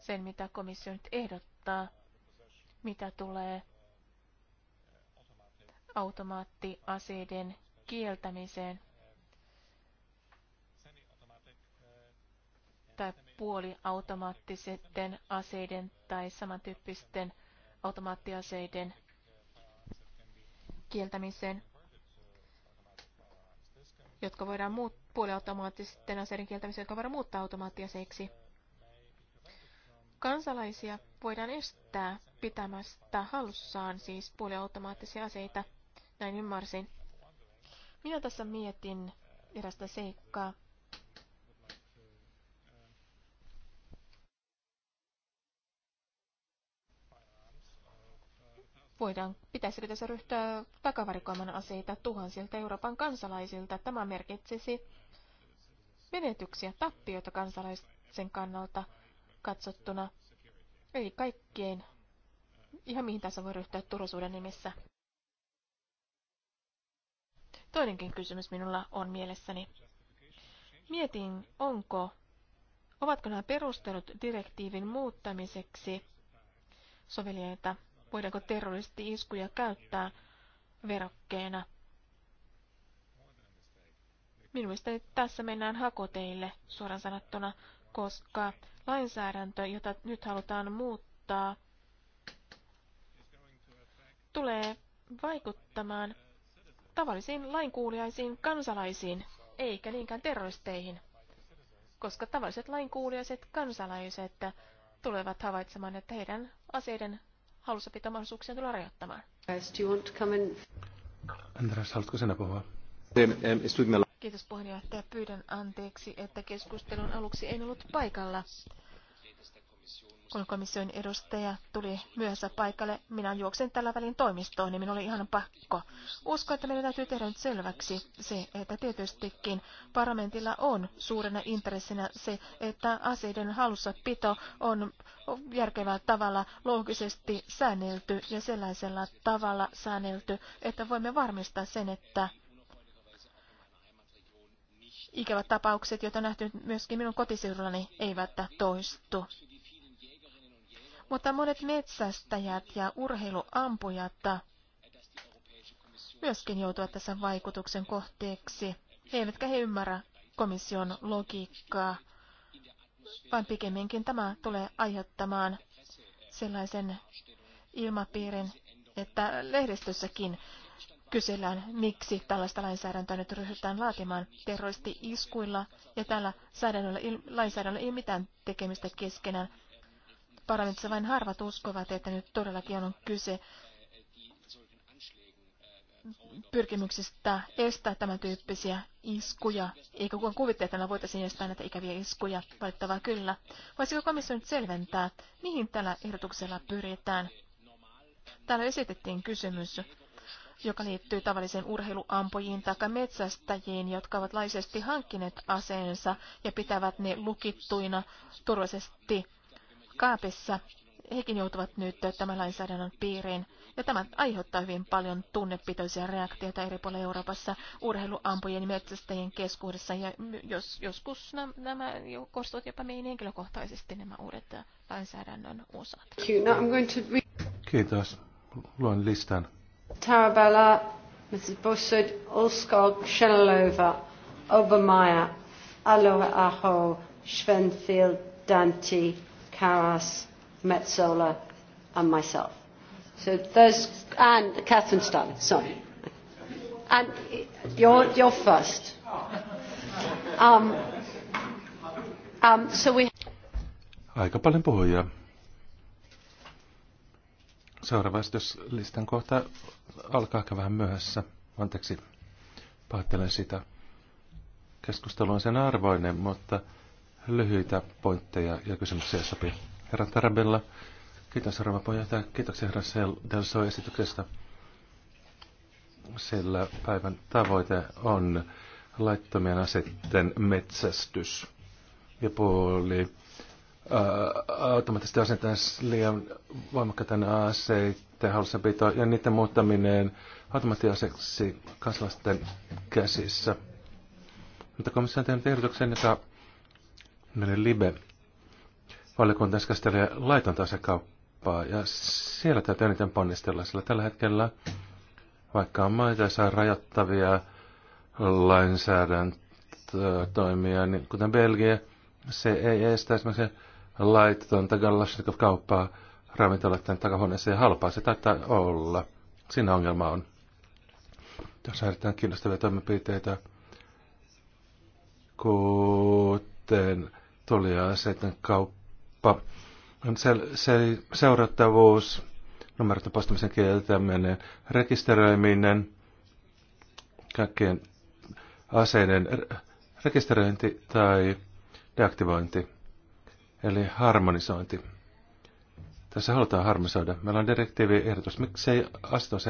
sen mitä komissio nyt ehdottaa, mitä tulee automaattiaseiden kieltämiseen tai puoliautomaattisten aseiden tai samantyyppisten automaattiaseiden kieltämiseen, jotka voidaan muut, puoliautomaattisten aseiden kieltämiseen, jotka voidaan muuttaa automaattiaseiksi. Kansalaisia voidaan estää pitämästä halussaan siis puoliautomaattisia aseita, näin ymmärsin. Minä tässä mietin erästä seikkaa. Voidaan, pitäisikö tässä ryhtyä takavarikoimaan aseita tuhansilta Euroopan kansalaisilta? Tämä merkitsisi menetyksiä, tappioita kansalaisen kannalta katsottuna. Eli kaikkien, ihan mihin tässä voi ryhtyä turvallisuuden nimissä. Toinenkin kysymys minulla on mielessäni. Mietin, onko, ovatko nämä perustelut direktiivin muuttamiseksi sovelijoita voidaanko terroristi-iskuja käyttää verokkeena. Minun mielestäni tässä mennään hakoteille suoraan sanottuna, koska lainsäädäntö, jota nyt halutaan muuttaa, tulee vaikuttamaan tavallisiin lainkuuliaisiin kansalaisiin, eikä niinkään terroristeihin, koska tavalliset lainkuuliaiset kansalaiset tulevat havaitsemaan, että heidän aseiden hallussapitomahdollisuuksia tulla rajoittamaan. Andreas, haluatko sinä puhua? Kiitos puheenjohtaja. Pyydän anteeksi, että keskustelun aluksi en ollut paikalla kun komission edustaja tuli myöhässä paikalle, minä juoksen tällä välin toimistoon, niin minulla oli ihan pakko. Uskon, että meidän täytyy tehdä nyt selväksi se, että tietystikin parlamentilla on suurena intressinä se, että aseiden hallussapito on järkevällä tavalla loogisesti säännelty ja sellaisella tavalla säännelty, että voimme varmistaa sen, että ikävät tapaukset, joita on nähty myöskin minun kotiseudullani, eivät toistu. Mutta monet metsästäjät ja urheiluampujat myöskin joutuvat tässä vaikutuksen kohteeksi. He eivätkä he ymmärrä komission logiikkaa, vaan pikemminkin tämä tulee aiheuttamaan sellaisen ilmapiirin, että lehdistössäkin kysellään, miksi tällaista lainsäädäntöä nyt ryhdytään laatimaan terroristi-iskuilla ja tällä lainsäädännöllä ei ole mitään tekemistä keskenään parlamentissa vain harvat uskovat, että nyt todellakin on kyse pyrkimyksistä estää tämän tyyppisiä iskuja. Eikä kukaan kuvittele, että voitaisiin estää näitä ikäviä iskuja, valittavaa kyllä. Voisiko komissio nyt selventää, mihin tällä ehdotuksella pyritään? Täällä esitettiin kysymys, joka liittyy tavalliseen urheiluampujiin tai metsästäjiin, jotka ovat laisesti hankkineet aseensa ja pitävät ne lukittuina turvallisesti kaapessa. Hekin joutuvat nyt tämän lainsäädännön piiriin, ja tämä aiheuttaa hyvin paljon tunnepitoisia reaktioita eri puolilla Euroopassa urheiluampujien ja metsästäjien keskuudessa, ja jos, joskus nämä, nämä koostuvat jopa meihin henkilökohtaisesti nämä uudet lainsäädännön osat. Kiitos. Luen listan. Tarabella, Mrs. Bussard, Ulskog, Shenalova, Obermeyer, Aloha Aho, Schwenfield, Dante, Karas, Metzola, and myself. So those, and Catherine Stein, sorry. And you're, you're first. Um, um, so we... Aika paljon puhujia. Seuraava listan kohta alkaa ehkä vähän myöhässä. Anteeksi, pahoittelen sitä. Keskustelu on sen arvoinen, mutta lyhyitä pointteja ja kysymyksiä sopii. Herra Tarabella, kiitos herra puheenjohtaja, kiitoksia herra Delso esityksestä. Sillä päivän tavoite on laittomien aseiden metsästys ja puoli äh, automaattisesti asentaa liian voimakkaita aseiden hallussapito ja niiden muuttaminen automaattiaseksi kansalaisten käsissä. Mutta komissio on tehnyt ehdotuksen, joka Mene Libe valiokunta käsittelee laitonta asekauppaa ja siellä täytyy eniten ponnistella, sillä tällä hetkellä vaikka on maita saa rajoittavia lainsäädäntötoimia, niin kuten Belgia, se ei estä esimerkiksi laitonta Galashnikov-kauppaa ravintoloiden ja halpaa. Se taitaa olla. Siinä ongelma on. Tässä erittäin kiinnostavia toimenpiteitä, kuten tuli ja aseiden kauppa. On se, se, seurattavuus, numeroiden postamisen kieltäminen, rekisteröiminen, kaikkien aseiden rekisteröinti tai deaktivointi, eli harmonisointi. Tässä halutaan harmonisoida. Meillä on direktiiviehdotus. Miksei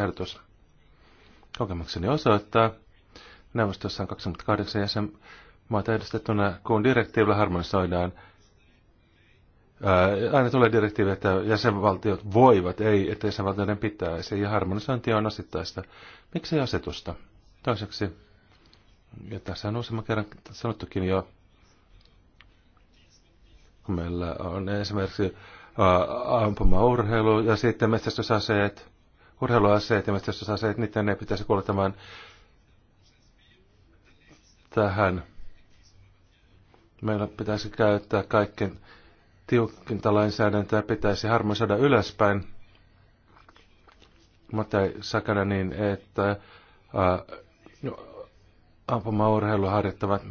ehdotus? Kokemukseni osoittaa. Neuvostossa on 28 jäsen, maata edustettuna, kun direktiivillä harmonisoidaan. Ää, aina tulee direktiivi, että jäsenvaltiot voivat, ei, että jäsenvaltioiden pitäisi, ja harmonisointi on osittaista. Miksi asetusta? Toiseksi, ja tässä on useamman kerran sanottukin jo, kun meillä on esimerkiksi ampumaurheilu ja sitten metsästysaseet, urheiluaseet ja metsästysaseet, niiden ei pitäisi kuulla tämän tähän Meillä pitäisi käyttää kaikkein tiukinta lainsäädäntöä, pitäisi harmonisoida ylöspäin. Mutta ei sakana niin, että no, ampumaurheilu harjoittavat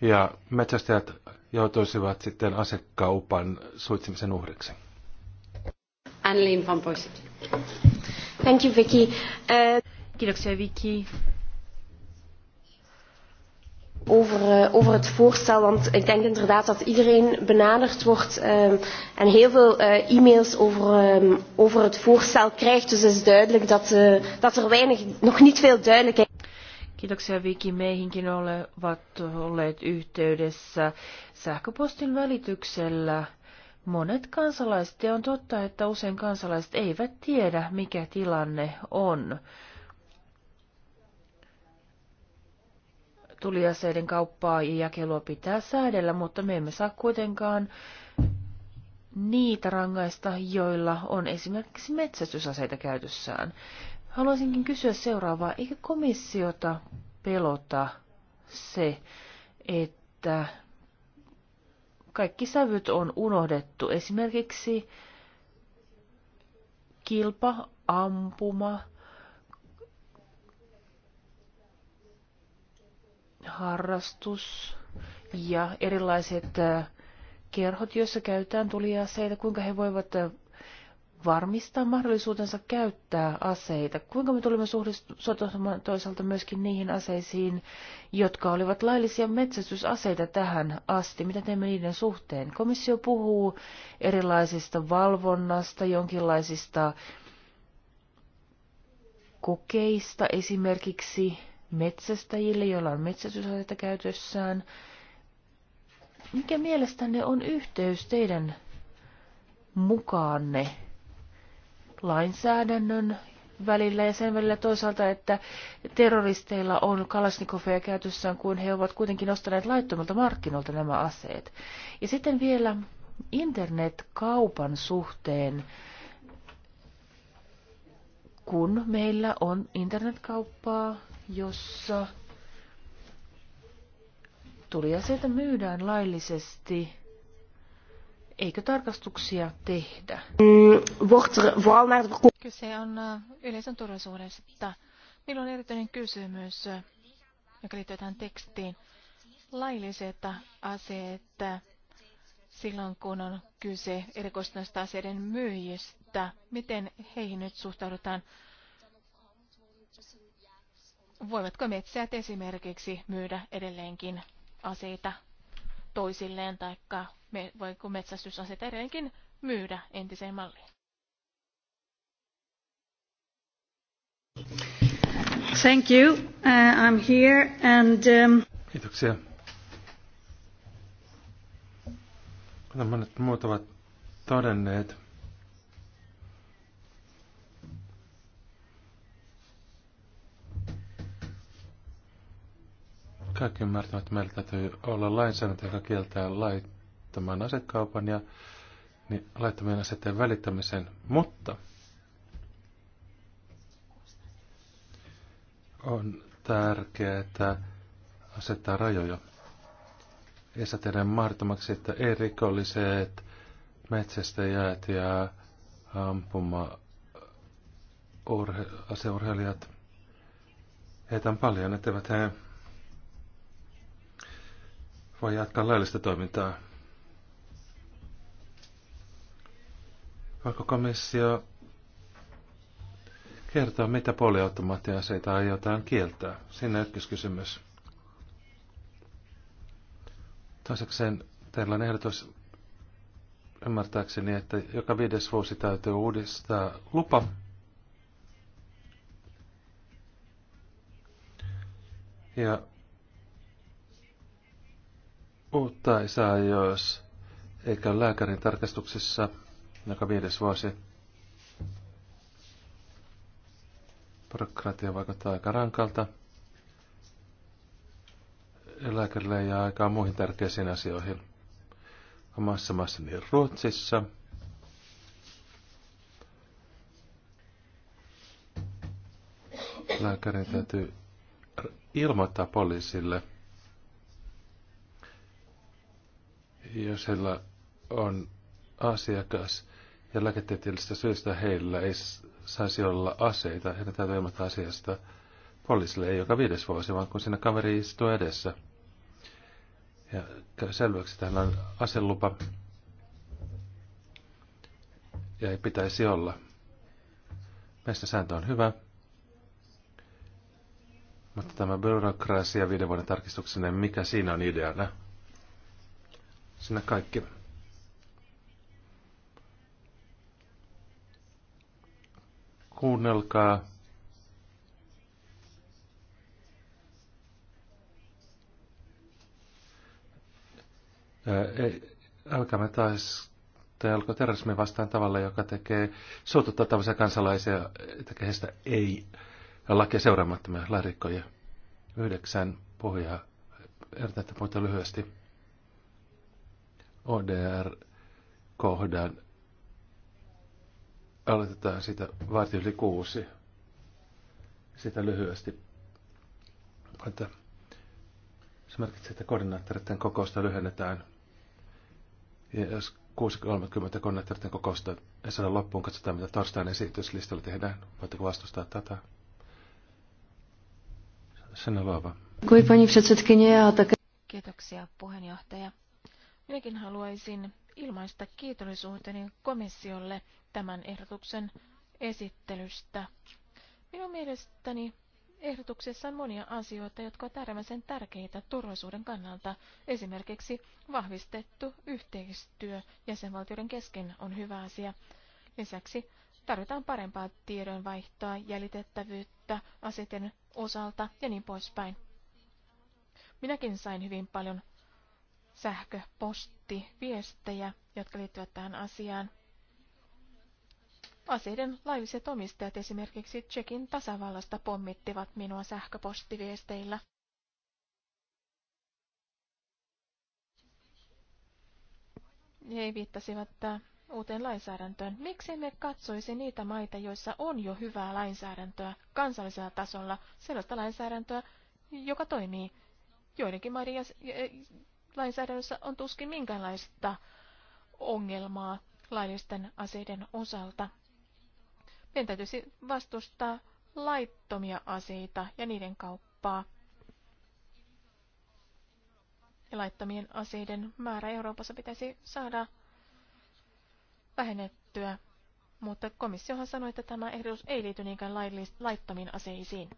ja metsästäjät joutuisivat sitten asekaupan suitsimisen uhriksi. Annelin van Thank you, Vicky. Uh... Kiitoksia, Vicky over, uh, over het voorstel, want ik denk inderdaad dat iedereen benaderd wordt um, en heel veel uh, e-mails over, um, over het voorstel krijgt. Dus het is duidelijk dat, uh, dat er weinig, nog niet veel duidelijkheid is. Kiitoksia Viki. Meihinkin ovat olleet yhteydessä sähköpostin välityksellä. Monet kansalaiset, ja on totta, että usein kansalaiset eivät tiedä, mikä tilanne on. tuliaseiden kauppaa ja jakelua pitää säädellä, mutta me emme saa kuitenkaan niitä rangaista, joilla on esimerkiksi metsästysaseita käytössään. Haluaisinkin kysyä seuraavaa. Eikö komissiota pelota se, että kaikki sävyt on unohdettu? Esimerkiksi kilpa, ampuma, harrastus ja erilaiset äh, kerhot, joissa käytetään tuliaseita, kuinka he voivat äh, varmistaa mahdollisuutensa käyttää aseita. Kuinka me tulimme suhtautumaan toisaalta myöskin niihin aseisiin, jotka olivat laillisia metsästysaseita tähän asti? Mitä teemme niiden suhteen? Komissio puhuu erilaisista valvonnasta, jonkinlaisista kokeista esimerkiksi metsästäjille, joilla on metsästysaseita käytössään. Mikä mielestänne on yhteys teidän mukaanne lainsäädännön välillä ja sen välillä toisaalta, että terroristeilla on kalasnikofeja käytössään, kun he ovat kuitenkin ostaneet laittomalta markkinoilta nämä aseet. Ja sitten vielä internetkaupan suhteen, kun meillä on internetkauppaa jossa tuliaseita myydään laillisesti, eikö tarkastuksia tehdä? Mm, er kyse on äh, yleisön turvallisuudesta. Minulla on erityinen kysymys, äh, joka liittyy tähän tekstiin. Lailliset aseet äh, silloin, kun on kyse erikoistuneista aseiden myyjistä. Miten heihin nyt suhtaudutaan? voivatko metsät esimerkiksi myydä edelleenkin aseita toisilleen, tai voiko metsästysaseita edelleenkin myydä entiseen malliin? Thank you. Uh, I'm here and... Um... Kiitoksia. Kuten monet muut ovat todenneet, kaikki ymmärtävät, että meillä täytyy olla lainsäädäntö, joka kieltää laittamaan asekaupan ja niin laittamien aseiden välittämisen, mutta on tärkeää, että asettaa rajoja. Ei saa tehdä mahdottomaksi, että ei-rikolliset, metsästäjät ja ampuma aseurheilijat, heitä on paljon, etteivät he voi jatkaa laillista toimintaa. Voiko komissio kertoa, mitä poliautomaattiaseita aiotaan kieltää? Siinä ykköskysymys. Toisekseen teillä on ehdotus ymmärtääkseni, että joka viides vuosi täytyy uudistaa lupa. Ja Uutta ei saa, jos ei käy lääkärin tarkastuksessa joka viides vuosi. Prokratia vaikuttaa aika rankalta. Lääkärille ei jää aikaa muihin tärkeisiin asioihin. Omassa maassani Ruotsissa lääkärin täytyy ilmoittaa poliisille – jos heillä on asiakas ja lääketieteellisestä syystä heillä ei saisi olla aseita, heidän täytyy ilmoittaa asiasta poliisille, ei joka viides vuosi, vaan kun siinä kaveri istuu edessä. Ja selväksi tähän on aselupa ja ei pitäisi olla. Meistä sääntö on hyvä, mutta tämä byrokraasia viiden vuoden tarkistuksena, mikä siinä on ideana? Sinne kaikki. Kuunnelkaa. Ei, taas taistelko terrorismia vastaan tavalla, joka tekee suututtaa tavallisia kansalaisia, tekee heistä ei lakia seuraamattomia lairikkoja. Yhdeksän pohjaa. erittäin että lyhyesti är kohdan Aloitetaan sitä vartin yli kuusi. Sitä lyhyesti. Että se merkitsee, että koordinaattoreiden kokousta lyhennetään. Ja jos 6.30 koordinaattoreiden kokousta ei saada loppuun, katsotaan mitä torstain esityslistalla tehdään. Voitteko vastustaa tätä? Sen on luova. Kiitoksia puheenjohtaja. Minäkin haluaisin ilmaista kiitollisuuteni komissiolle tämän ehdotuksen esittelystä. Minun mielestäni ehdotuksessa on monia asioita, jotka ovat äärimmäisen tärkeitä turvallisuuden kannalta. Esimerkiksi vahvistettu yhteistyö jäsenvaltioiden kesken on hyvä asia. Lisäksi tarvitaan parempaa tiedonvaihtoa, jäljitettävyyttä aseiden osalta ja niin poispäin. Minäkin sain hyvin paljon viestejä, jotka liittyvät tähän asiaan. Aseiden lailliset omistajat esimerkiksi Tsekin tasavallasta pommittivat minua sähköpostiviesteillä. He viittasivat äh, uuteen lainsäädäntöön. Miksi me katsoisi niitä maita, joissa on jo hyvää lainsäädäntöä kansallisella tasolla, sellaista lainsäädäntöä, joka toimii joidenkin maiden jäs- lainsäädännössä on tuskin minkäänlaista ongelmaa laillisten aseiden osalta. Meidän täytyisi vastustaa laittomia aseita ja niiden kauppaa. Ja laittomien aseiden määrä Euroopassa pitäisi saada vähennettyä, mutta komissiohan sanoi, että tämä ehdotus ei liity niinkään laittomiin aseisiin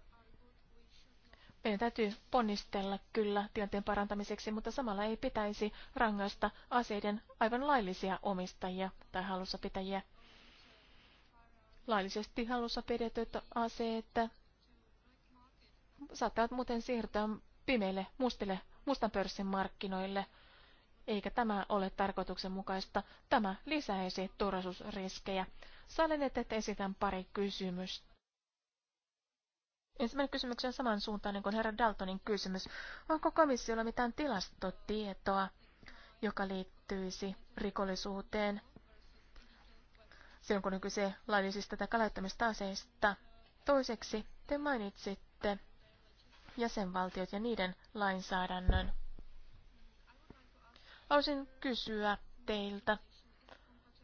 meidän täytyy ponnistella kyllä tilanteen parantamiseksi, mutta samalla ei pitäisi rangaista aseiden aivan laillisia omistajia tai pitäjiä. Laillisesti halussa pidetyt aseet saattavat muuten siirtyä pimeille mustille, mustan pörssin markkinoille, eikä tämä ole tarkoituksenmukaista. Tämä lisäisi turvallisuusriskejä. Sallin, että esitän pari kysymystä Ensimmäinen kysymys on samansuuntainen niin kuin herra Daltonin kysymys. Onko komissiolla mitään tilastotietoa, joka liittyisi rikollisuuteen silloin, kun on kyse laillisista tai kalaittamista aseista? Toiseksi te mainitsitte jäsenvaltiot ja niiden lainsäädännön. Haluaisin kysyä teiltä,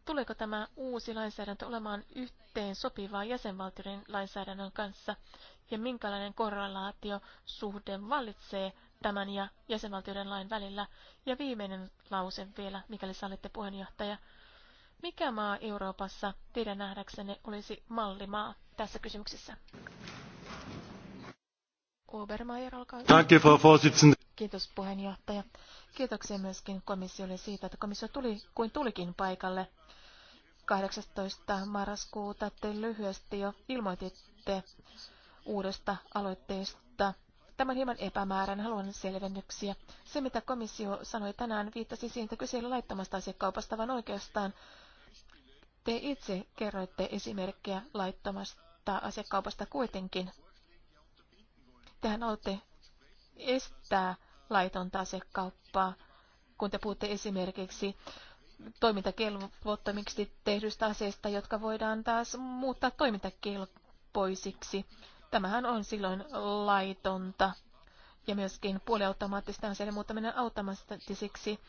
tuleeko tämä uusi lainsäädäntö olemaan yhteen sopivaa jäsenvaltioiden lainsäädännön kanssa? ja minkälainen korrelaatio suhde vallitsee tämän ja jäsenvaltioiden lain välillä. Ja viimeinen lause vielä, mikäli sallitte puheenjohtaja. Mikä maa Euroopassa teidän nähdäksenne olisi mallimaa tässä kysymyksessä? Obermeier, olkaa hyvä. Kiitos puheenjohtaja. Kiitoksia myöskin komissiolle siitä, että komissio tuli kuin tulikin paikalle. 18. marraskuuta te lyhyesti jo ilmoititte uudesta aloitteesta. Tämä on hieman epämäärän, haluan selvennyksiä. Se, mitä komissio sanoi tänään, viittasi siihen, että kyse ei ole laittomasta asiakaupasta, vaan oikeastaan te itse kerroitte esimerkkejä laittomasta asiakaupasta kuitenkin. Tehän olette estää laitonta asiakauppaa, kun te puhutte esimerkiksi toimintakelvottomiksi tehdyistä aseista, jotka voidaan taas muuttaa toimintakelpoisiksi. Tämähän on silloin laitonta ja myöskin puoliautomaattista aseiden muuttaminen automaattisiksi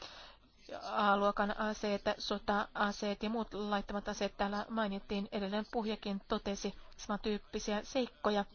A-luokan aseet, sota-aseet ja muut laittomat aseet täällä mainittiin. Edelleen puhjakin totesi samantyyppisiä seikkoja.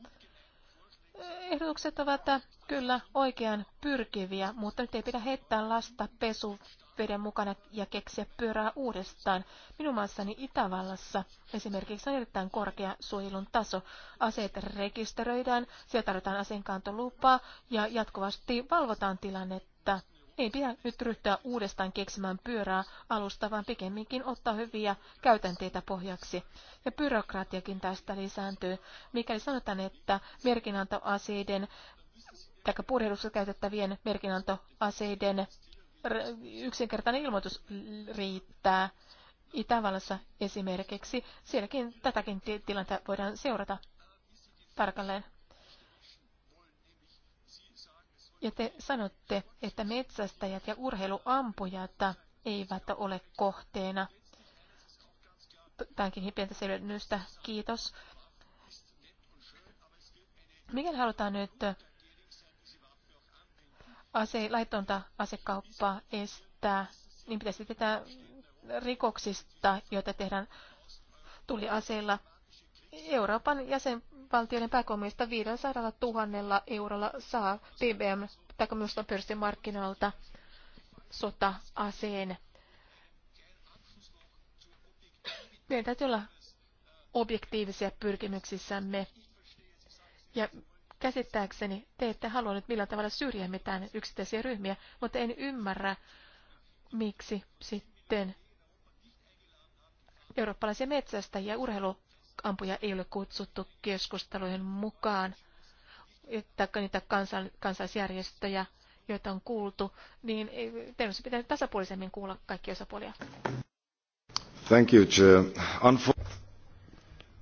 Ehdotukset ovat kyllä oikean pyrkiviä, mutta nyt ei pidä heittää lasta pesu, veden mukana ja keksiä pyörää uudestaan. Minun maassani Itävallassa esimerkiksi on erittäin korkea suojelun taso. Aseet rekisteröidään, siellä tarvitaan aseenkantolupaa ja jatkuvasti valvotaan tilannetta. Ei pidä nyt ryhtyä uudestaan keksimään pyörää alusta, vaan pikemminkin ottaa hyviä käytänteitä pohjaksi. Ja byrokratiakin tästä lisääntyy. Mikäli sanotaan, että merkinantoaseiden tai purjehdussa käytettävien merkinantoaseiden yksinkertainen ilmoitus riittää. Itävallassa esimerkiksi, sielläkin tätäkin tilannetta voidaan seurata tarkalleen. Ja te sanotte, että metsästäjät ja urheiluampujat eivät ole kohteena. Tämäkin pientä selvennystä. Kiitos. Mikäli halutaan nyt ase, laitonta asekauppaa estää, niin pitäisi tätä rikoksista, joita tehdään tuliaseilla. Euroopan jäsenvaltioiden pääkomista 500 000 eurolla saa PBM tai myös pörssimarkkinoilta sota-aseen. Meidän täytyy olla objektiivisia pyrkimyksissämme. Ja Käsittääkseni te ette halua nyt millään tavalla syrjiä mitään yksittäisiä ryhmiä, mutta en ymmärrä, miksi sitten eurooppalaisia metsästä ja urheiluampuja ei ole kutsuttu keskusteluihin mukaan, että niitä kansan, joita on kuultu, niin teidän olisi pitänyt tasapuolisemmin kuulla kaikki osapuolia. Thank you, Chair.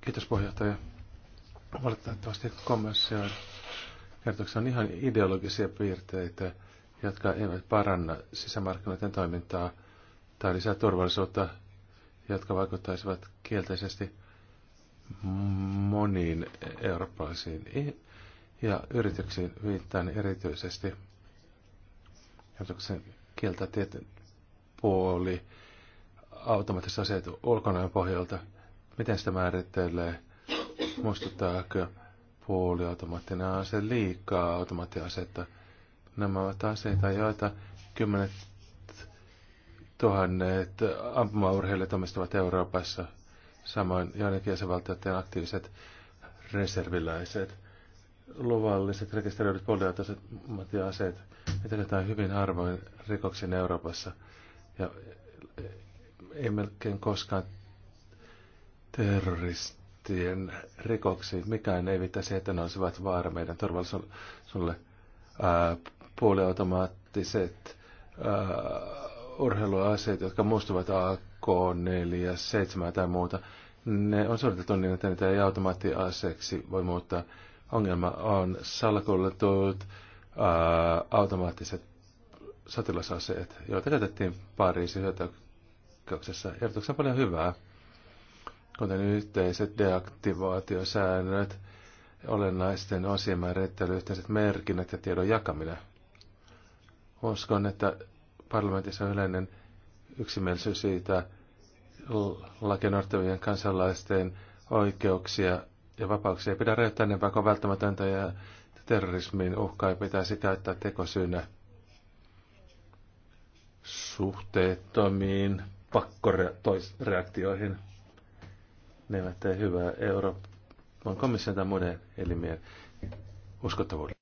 Kiitos puheenjohtaja. Valitettavasti komission kertoksi on ihan ideologisia piirteitä, jotka eivät paranna sisämarkkinoiden toimintaa tai lisää turvallisuutta, jotka vaikuttaisivat kielteisesti moniin eurooppalaisiin ja yrityksiin viittaan erityisesti kertoksen kieltä tietyn puoli automaattisesti aseet ulkonäön pohjalta, miten sitä määrittelee muistuttaako puoliautomaattinen ase liikaa automaattiasetta. Nämä ovat aseita, joita kymmenet tuhannet ampumaurheilijat omistavat Euroopassa. Samoin joidenkin jäsenvaltioiden aktiiviset reserviläiset, luvalliset rekisteröidyt puoliautomaattiaseet, mitä jotain hyvin harvoin rikoksiin Euroopassa. Ja ei melkein koskaan terrorist tien rikoksiin. Mikään ei viittaisi, että ne olisivat vaara meidän turvallisuudelle. Puoliautomaattiset urheiluaseet, jotka muistuvat AK-4, 7 tai muuta, ne on suoritettu niin, että niitä ei automaattiaseeksi voi muuttaa. Ongelma on salkulletut automaattiset sotilasaseet, joita käytettiin Pariisin hyökkäyksessä. Ehdotuksessa on paljon hyvää kuten yhteiset deaktivaatiosäännöt, olennaisten osien yhteiset merkinnät ja tiedon jakaminen. Uskon, että parlamentissa on yleinen yksimielisyys siitä lakenortavien kansalaisten oikeuksia ja vapauksia ei pidä rajoittaa enempää kuin välttämätöntä ja terrorismin uhkaa ei pitäisi käyttää tekosyynä suhteettomiin pakkoreaktioihin. Pakkorea- ne eivät tee hyvää Euroopan komission tai muiden elimien uskottavuudelle.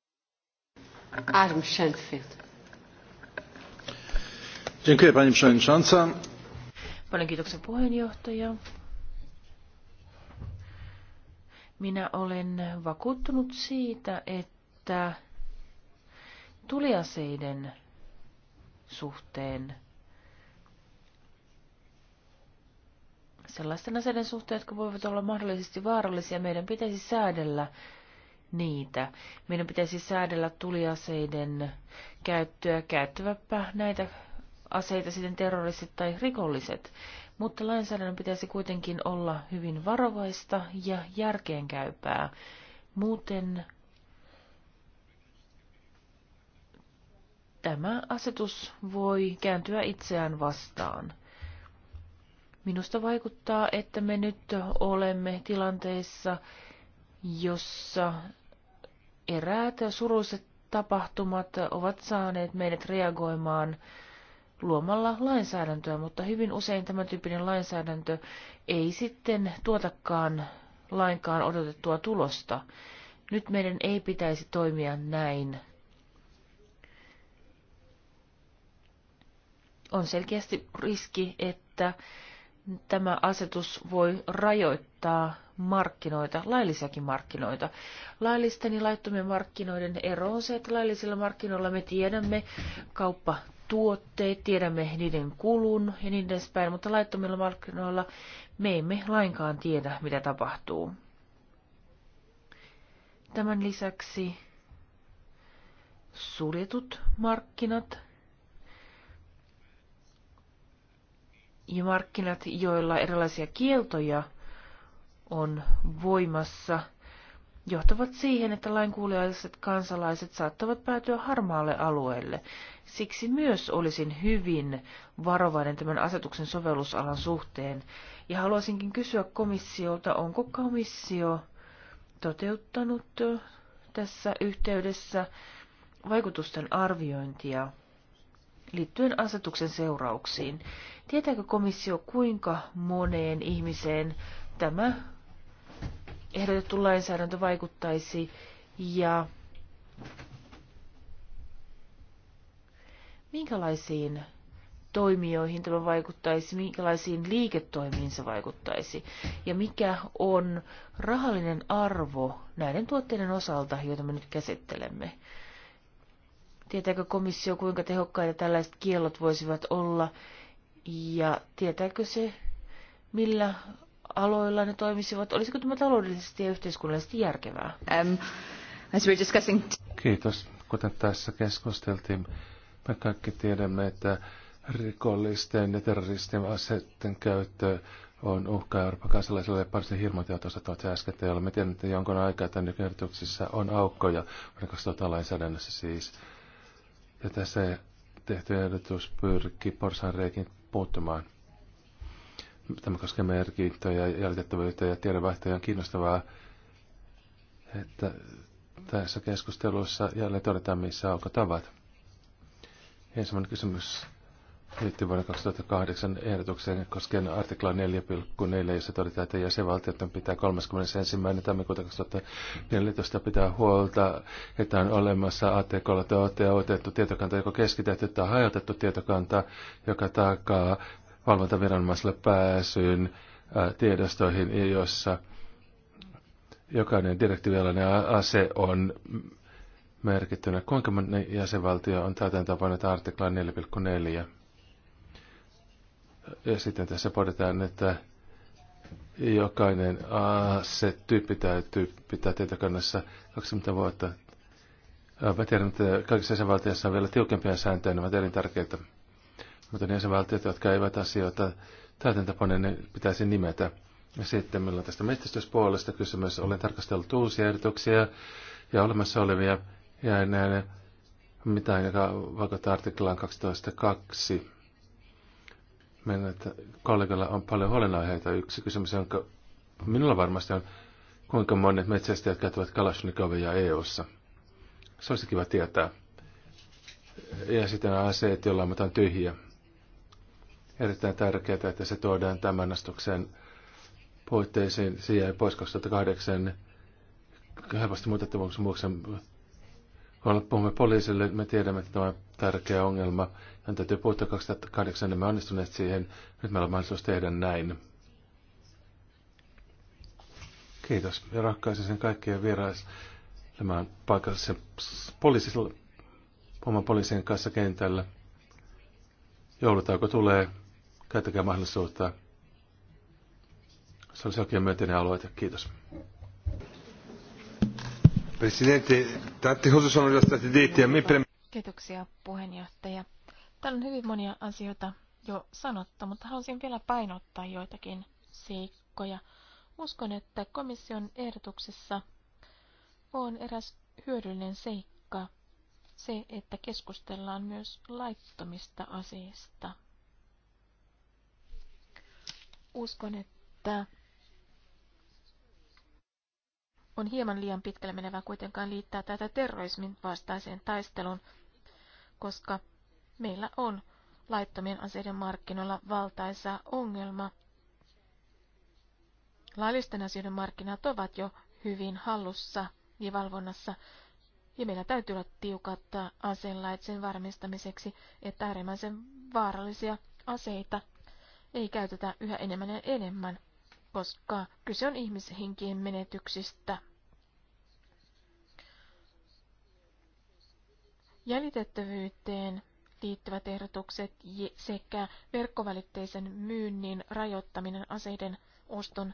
Adam Schenfield. Dziękuję Pani Przewodnicząca. Paljon kiitoksia puheenjohtaja. Minä olen vakuuttunut siitä, että tuliaseiden suhteen – sellaisten aseiden suhteen, jotka voivat olla mahdollisesti vaarallisia, meidän pitäisi säädellä niitä. Meidän pitäisi säädellä tuliaseiden käyttöä, käyttäväpä näitä aseita sitten terroristit tai rikolliset. Mutta lainsäädännön pitäisi kuitenkin olla hyvin varovaista ja järkeenkäypää. Muuten tämä asetus voi kääntyä itseään vastaan. Minusta vaikuttaa, että me nyt olemme tilanteessa, jossa eräät suruiset tapahtumat ovat saaneet meidät reagoimaan luomalla lainsäädäntöä, mutta hyvin usein tämän tyyppinen lainsäädäntö ei sitten tuotakaan lainkaan odotettua tulosta. Nyt meidän ei pitäisi toimia näin. On selkeästi riski, että tämä asetus voi rajoittaa markkinoita, laillisiakin markkinoita. Laillisten ja laittomien markkinoiden ero on se, että laillisilla markkinoilla me tiedämme kauppa tiedämme niiden kulun ja niin edespäin, mutta laittomilla markkinoilla me emme lainkaan tiedä, mitä tapahtuu. Tämän lisäksi suljetut markkinat ja markkinat, joilla erilaisia kieltoja on voimassa, johtavat siihen, että lainkuuliaiset kansalaiset saattavat päätyä harmaalle alueelle. Siksi myös olisin hyvin varovainen tämän asetuksen sovellusalan suhteen, ja haluaisinkin kysyä komissiolta, onko komissio toteuttanut tässä yhteydessä vaikutusten arviointia liittyen asetuksen seurauksiin. Tietääkö komissio, kuinka moneen ihmiseen tämä ehdotettu lainsäädäntö vaikuttaisi ja minkälaisiin toimijoihin tämä vaikuttaisi, minkälaisiin liiketoimiin se vaikuttaisi ja mikä on rahallinen arvo näiden tuotteiden osalta, joita me nyt käsittelemme. Tietääkö komissio, kuinka tehokkaita tällaiset kiellot voisivat olla? Ja tietääkö se, millä aloilla ne toimisivat? Olisiko tämä taloudellisesti ja yhteiskunnallisesti järkevää? Um, as we're discussing... Kiitos. Kuten tässä keskusteltiin, me kaikki tiedämme, että rikollisten ja terroristien aseiden käyttö on uhka Euroopan kansalaisille ja varsin hirmuteot tuossa äsken, me tiedämme, että jonkun aikaa tämän on aukkoja, vuoden 2000 lainsäädännössä siis. Ja tässä tehty ehdotus pyrkii porsanreikin puuttumaan. Tämä koskee merkintöjä, jäljitettävyyttä ja tiedonvaihtoja. On kiinnostavaa, että tässä keskustelussa jälleen todetaan, missä aukot ovat. Ensimmäinen kysymys liittyy vuonna 2008 ehdotukseen koskien artikla 4.4, jossa todetaan, että jäsenvaltioiden pitää 31. tammikuuta 2014 pitää huolta, että on olemassa ATKlla otettu tietokanta, joko keskitetty tai hajotettu tietokanta, joka takaa valvontaviranomaiselle pääsyyn tiedostoihin, jossa jokainen direktiivialainen ase on merkittynä. Kuinka moni jäsenvaltio on täytäntöönpannut artikla 4.4? Ja sitten tässä pohditaan, että jokainen tyyppi täytyy pitää tietokannassa 20 vuotta. Mä tiedän, että kaikissa jäsenvaltioissa on vielä tiukempia sääntöjä, nämä ovat tärkeitä. Mutta ne jäsenvaltiot, jotka eivät asioita täytäntöpaneen, ne pitäisi nimetä. Ja sitten meillä on tästä metsästyspuolesta kysymys. Olen tarkastellut uusia ehdotuksia ja olemassa olevia ja näin mitään, joka vaikuttaa artiklaan 12.2. Meillä että kollegalla on paljon huolenaiheita. Yksi kysymys, jonka minulla varmasti on, kuinka monet metsästäjät käyttävät Kalashnikovia EU-ssa. Se olisi kiva tietää. Ja sitten aseet, joilla on tyhjiä. Erittäin tärkeää, että se tuodaan tämän astuksen puitteisiin. Siihen pois 2008 helposti muutettavuuksen kun puhumme poliisille, me tiedämme, että tämä on tärkeä ongelma. Hän täytyy puuttua 2008, niin me onnistuneet siihen. Nyt meillä on mahdollisuus tehdä näin. Kiitos. Ja rakkaisin sen kaikkien vierais on paikallisen poliisilla, oman poliisien kanssa kentällä. Joulutauko tulee. Käyttäkää mahdollisuutta. Se olisi oikein myönteinen aloite. Kiitos. Presidente, tante Kiitoksia puheenjohtaja. Täällä on hyvin monia asioita jo sanottu, mutta haluaisin vielä painottaa joitakin seikkoja. Uskon, että komission ehdotuksessa on eräs hyödyllinen seikka, se, että keskustellaan myös laittomista aseista. Uskon, että on hieman liian pitkälle menevä kuitenkaan liittää tätä terrorismin vastaiseen taisteluun, koska meillä on laittomien aseiden markkinoilla valtaisa ongelma. Laillisten asioiden markkinat ovat jo hyvin hallussa ja valvonnassa, ja meillä täytyy olla tiukat aselait sen varmistamiseksi, että äärimmäisen vaarallisia aseita ei käytetä yhä enemmän ja enemmän koska kyse on ihmishenkien menetyksistä. Jäljitettävyyteen liittyvät ehdotukset sekä verkkovälitteisen myynnin rajoittaminen aseiden oston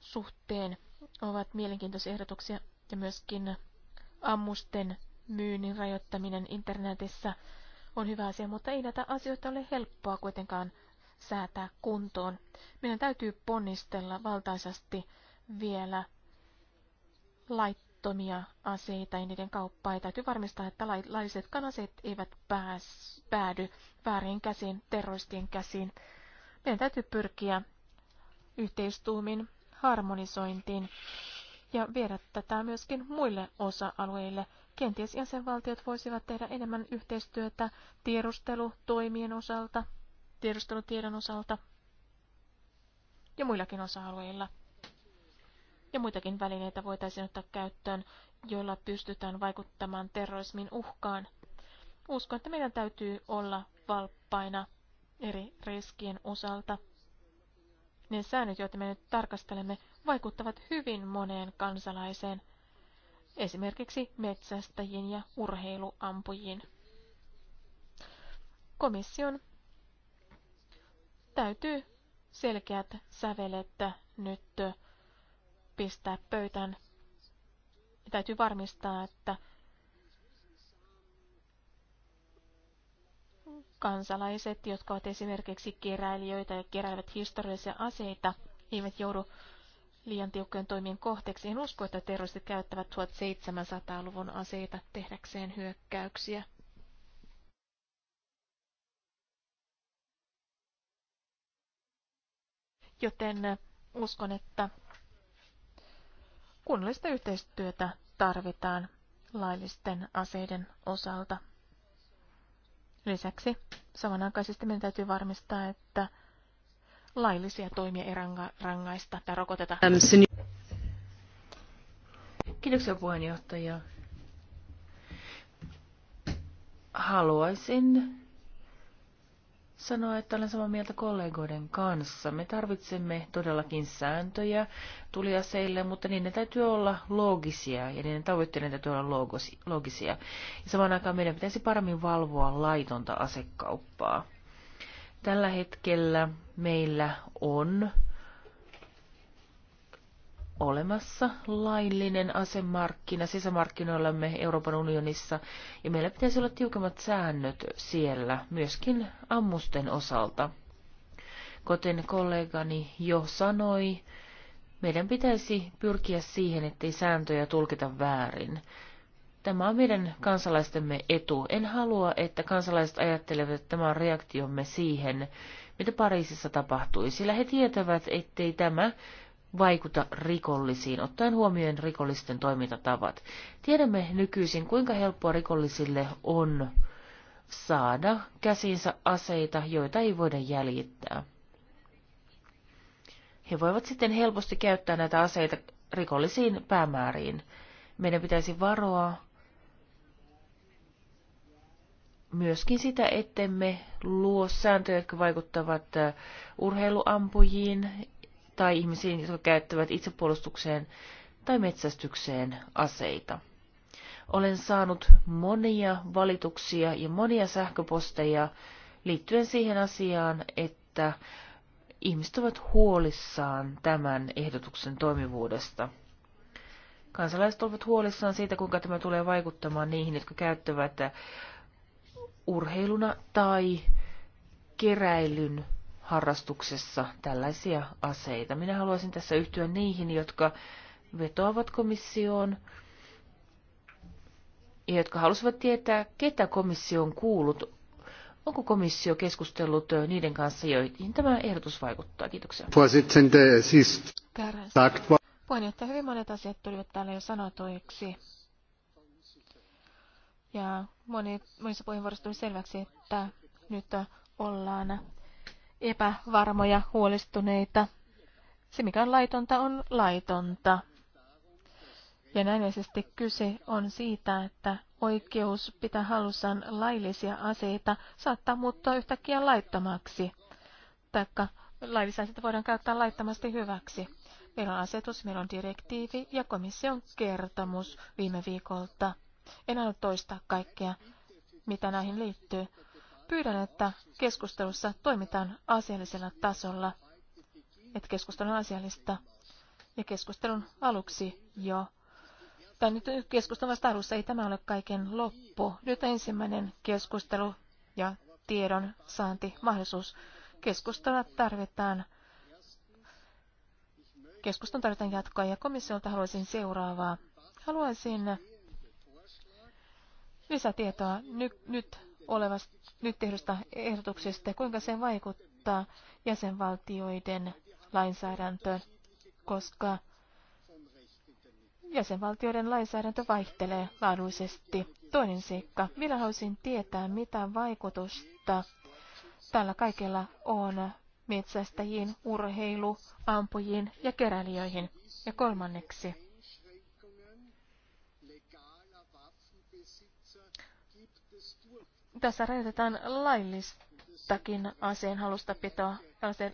suhteen ovat mielenkiintoisia ehdotuksia ja myöskin ammusten myynnin rajoittaminen internetissä on hyvä asia, mutta ei näitä asioita ole helppoa kuitenkaan säätää kuntoon. Meidän täytyy ponnistella valtaisasti vielä laittomia aseita ja niiden kauppaa. Ja täytyy varmistaa, että laiset kanaset eivät pääs, päädy väärin käsiin, terroristien käsiin. Meidän täytyy pyrkiä yhteistuumin harmonisointiin ja viedä tätä myöskin muille osa-alueille. Kenties jäsenvaltiot voisivat tehdä enemmän yhteistyötä tiedustelutoimien osalta tiedustelutiedon osalta ja muillakin osa-alueilla. Ja muitakin välineitä voitaisiin ottaa käyttöön, joilla pystytään vaikuttamaan terrorismin uhkaan. Uskon, että meidän täytyy olla valppaina eri riskien osalta. Ne säännöt, joita me nyt tarkastelemme, vaikuttavat hyvin moneen kansalaiseen, esimerkiksi metsästäjiin ja urheiluampujiin. Komission täytyy selkeät sävelet nyt pistää pöytään. Täytyy varmistaa, että kansalaiset, jotka ovat esimerkiksi keräilijöitä ja keräävät historiallisia aseita, eivät joudu liian tiukkojen toimien kohteeksi. En usko, että terroristit käyttävät 1700-luvun aseita tehdäkseen hyökkäyksiä. joten uskon, että kunnallista yhteistyötä tarvitaan laillisten aseiden osalta. Lisäksi samanaikaisesti meidän täytyy varmistaa, että laillisia toimia ei rangaista tai rokoteta. Ähm, Kiitoksia puheenjohtaja. Haluaisin sanoa, että olen samaa mieltä kollegoiden kanssa. Me tarvitsemme todellakin sääntöjä tuliaseille, mutta niiden täytyy olla loogisia ja niiden tavoitteiden täytyy olla loogisia. Ja samaan aikaan meidän pitäisi paremmin valvoa laitonta asekauppaa. Tällä hetkellä meillä on olemassa laillinen asemarkkina sisämarkkinoillamme Euroopan unionissa, ja meillä pitäisi olla tiukemmat säännöt siellä, myöskin ammusten osalta. Kuten kollegani jo sanoi, meidän pitäisi pyrkiä siihen, ettei sääntöjä tulkita väärin. Tämä on meidän kansalaistemme etu. En halua, että kansalaiset ajattelevat, että tämä on reaktiomme siihen, mitä Pariisissa tapahtui, sillä he tietävät, ettei tämä vaikuta rikollisiin, ottaen huomioon rikollisten toimintatavat. Tiedämme nykyisin, kuinka helppoa rikollisille on saada käsinsä aseita, joita ei voida jäljittää. He voivat sitten helposti käyttää näitä aseita rikollisiin päämääriin. Meidän pitäisi varoa myöskin sitä, ettemme luo sääntöjä, jotka vaikuttavat äh, urheiluampujiin tai ihmisiin, jotka käyttävät itsepuolustukseen tai metsästykseen aseita. Olen saanut monia valituksia ja monia sähköposteja liittyen siihen asiaan, että ihmiset ovat huolissaan tämän ehdotuksen toimivuudesta. Kansalaiset ovat huolissaan siitä, kuinka tämä tulee vaikuttamaan niihin, jotka käyttävät urheiluna tai keräilyn harrastuksessa tällaisia aseita. Minä haluaisin tässä yhtyä niihin, jotka vetoavat komissioon ja jotka halusivat tietää, ketä komissio on kuullut. Onko komissio keskustellut niiden kanssa, joihin tämä ehdotus vaikuttaa? Kiitoksia. Siis Puheenjohtaja, hyvin monet asiat tulivat täällä jo sanotuiksi. Ja moni, monissa puheenvuoroissa tuli selväksi, että nyt ollaan epävarmoja, huolestuneita. Se, mikä on laitonta, on laitonta. Ja näennäisesti kyse on siitä, että oikeus pitää halussaan laillisia aseita saattaa muuttua yhtäkkiä laittomaksi. Taikka laillisia aseita voidaan käyttää laittomasti hyväksi. Meillä on asetus, meillä on direktiivi ja komission kertomus viime viikolta. En halua toistaa kaikkea, mitä näihin liittyy. Pyydän, että keskustelussa toimitaan asiallisella tasolla, että keskustelu on asiallista ja keskustelun aluksi jo. Tai nyt keskustelun alussa ei tämä ole kaiken loppu. Nyt ensimmäinen keskustelu ja tiedon saanti mahdollisuus. Keskustella tarvitaan keskustelun tarvitaan jatkoa ja komissiolta haluaisin seuraavaa. Haluaisin lisätietoa ny- nyt olevasta, nyt tehdystä ehdotuksesta, kuinka se vaikuttaa jäsenvaltioiden lainsäädäntöön, koska jäsenvaltioiden lainsäädäntö vaihtelee laadullisesti. Toinen seikka, minä haluaisin tietää, mitä vaikutusta tällä kaikella on metsästäjiin, urheilu, ampujiin ja keräilijöihin. Ja kolmanneksi, tässä rajoitetaan laillistakin aseen halustapitoa,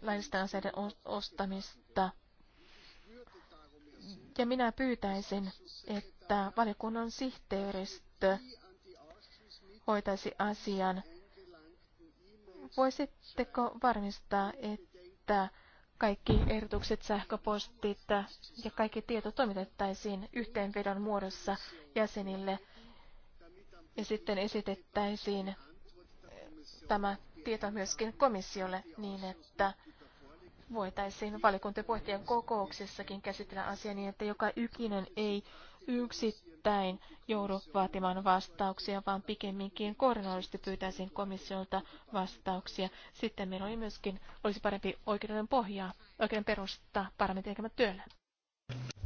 laillisten aseiden ostamista. Ja minä pyytäisin, että valiokunnan sihteeristö hoitaisi asian. Voisitteko varmistaa, että kaikki ehdotukset, sähköpostit ja kaikki tieto toimitettaisiin yhteenvedon muodossa jäsenille – ja sitten esitettäisiin tämä tieto myöskin komissiolle niin, että voitaisiin valikuntapuhtien kokouksessakin käsitellä asia niin, että joka ykinen ei yksittäin joudu vaatimaan vastauksia, vaan pikemminkin koordinaalisesti pyytäisiin komissiolta vastauksia. Sitten meillä oli myöskin, olisi parempi oikeuden pohjaa, oikeuden perusta parlamentin tekemä työllä.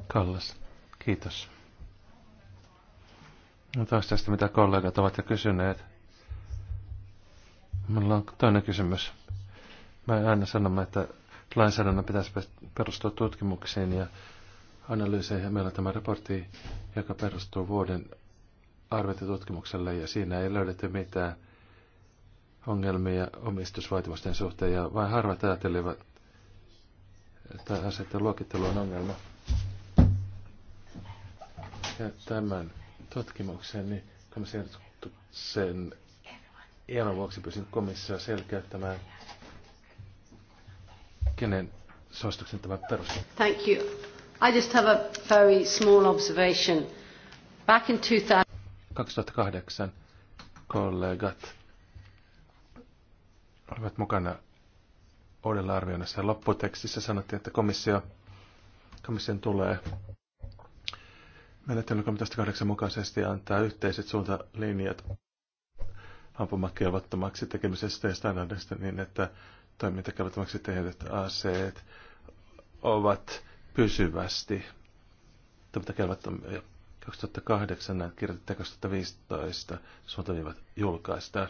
Kallas, kiitos. No taas tästä, mitä kollegat ovat jo kysyneet. Minulla on toinen kysymys. Mä aina sanomme, että lainsäädännön pitäisi perustua tutkimuksiin ja analyyseihin. Meillä on tämä raportti, joka perustuu vuoden arviointitutkimukselle ja siinä ei löydetty mitään ongelmia omistusvaatimusten suhteen ja vain harvat ajattelivat, että asetteen luokittelu on ongelma. Ja tämän tutkimukseen, niin komission sen ilon vuoksi pyysin komissioa selkeyttämään, kenen suosituksen tämä perustuu. Thank you. I just have a very small observation. Back in 2000... 2008 kollegat olivat mukana uudella arvioinnissa ja lopputekstissä sanottiin, että komissio, komission tulee Menettely 38 mukaisesti antaa yhteiset suuntalinjat ampumakelvottomaksi tekemisestä ja standardista niin, että toimintakelvottomaksi tehdyt aseet ovat pysyvästi toimintakelvottomia. 2008 näitä kirjoitettiin 2015 suuntaviivat julkaistaan.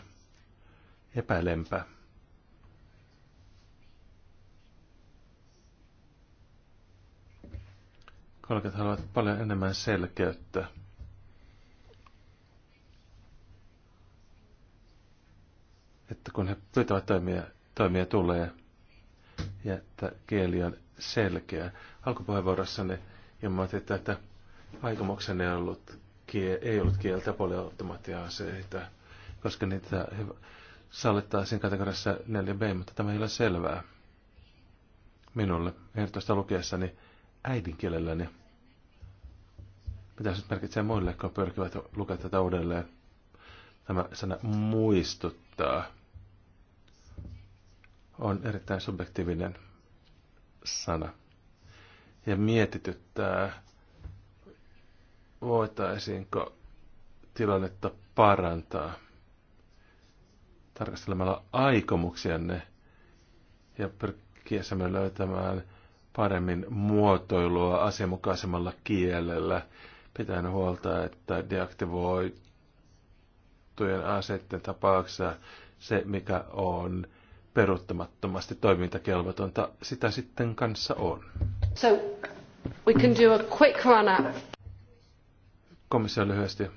Epäilempää. Kollegat haluavat paljon enemmän selkeyttä. Että kun he pyytävät toimia, toimia tulee ja että kieli on selkeä. Alkupuheenvuorossanne ilmoitit, että aikomuksenne ei ollut, kie, ei ollut kieltä poliautomaattiaseita, koska niitä sallittaisiin kategoriassa 4b, mutta tämä ei ole selvää minulle Ehdottomasti lukiessani. Niin äidinkielelläni. Mitä se merkitsee muille, jotka pyrkivät lukea tätä uudelleen? Tämä sana muistuttaa on erittäin subjektiivinen sana. Ja mietityttää, voitaisiinko tilannetta parantaa tarkastelemalla aikomuksianne ja pyrkiessämme löytämään paremmin muotoilua asianmukaisemmalla kielellä, pitäen huolta, että deaktivoitujen aseiden tapauksessa se, mikä on peruuttamattomasti toimintakelvotonta, sitä sitten kanssa on. So, we can do a quick run up. Komissio lyhyesti,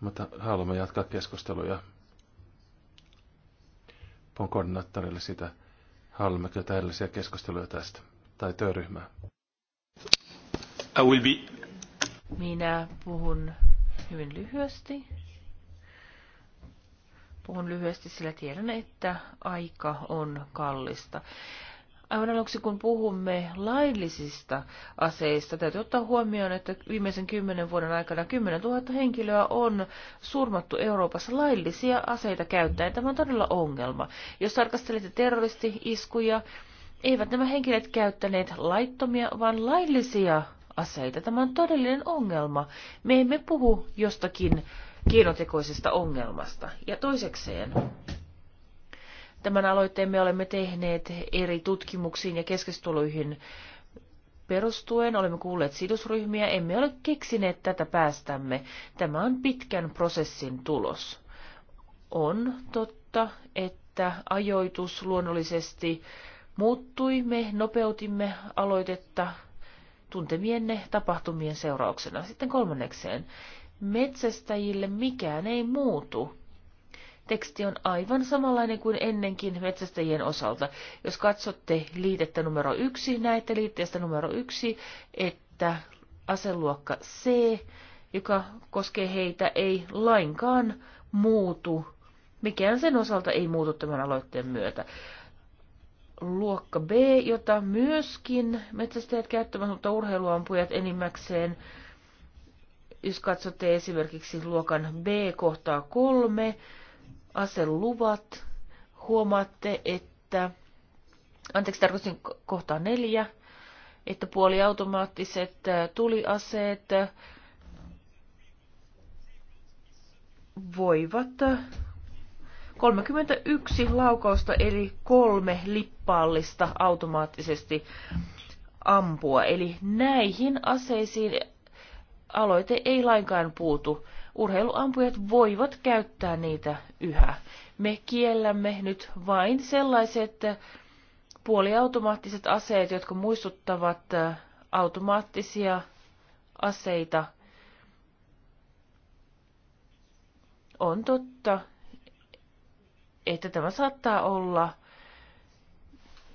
mutta haluamme jatkaa keskusteluja. Pon koordinaattorille sitä Haluamme kyllä täydellisiä keskusteluja tästä, tai työryhmää. I will be. Minä puhun hyvin lyhyesti. Puhun lyhyesti, sillä tiedän, että aika on kallista. Aivan aluksi, kun puhumme laillisista aseista, täytyy ottaa huomioon, että viimeisen kymmenen vuoden aikana 10 000 henkilöä on surmattu Euroopassa laillisia aseita käyttäen. Tämä on todella ongelma. Jos tarkastelette terroristi-iskuja, eivät nämä henkilöt käyttäneet laittomia, vaan laillisia aseita. Tämä on todellinen ongelma. Me emme puhu jostakin keinotekoisesta ongelmasta. Ja toisekseen, Tämän aloitteen me olemme tehneet eri tutkimuksiin ja keskusteluihin perustuen. Olemme kuulleet sidosryhmiä, emme ole keksineet tätä päästämme. Tämä on pitkän prosessin tulos. On totta, että ajoitus luonnollisesti muuttui. Me nopeutimme aloitetta tuntemienne tapahtumien seurauksena. Sitten kolmannekseen, metsästäjille mikään ei muutu teksti on aivan samanlainen kuin ennenkin metsästäjien osalta. Jos katsotte liitettä numero yksi, näette liitteestä numero yksi, että aseluokka C, joka koskee heitä, ei lainkaan muutu. Mikään sen osalta ei muutu tämän aloitteen myötä. Luokka B, jota myöskin metsästäjät käyttävät, mutta urheiluampujat enimmäkseen jos katsotte esimerkiksi luokan B kohtaa kolme, aseluvat. Huomaatte, että, anteeksi tarkoitin kohtaa neljä, että puoliautomaattiset äh, tuliaseet äh, voivat 31 äh, laukausta eli kolme lippaallista automaattisesti ampua. Eli näihin aseisiin aloite ei lainkaan puutu urheiluampujat voivat käyttää niitä yhä. Me kiellämme nyt vain sellaiset puoliautomaattiset aseet, jotka muistuttavat äh, automaattisia aseita. On totta, että tämä saattaa olla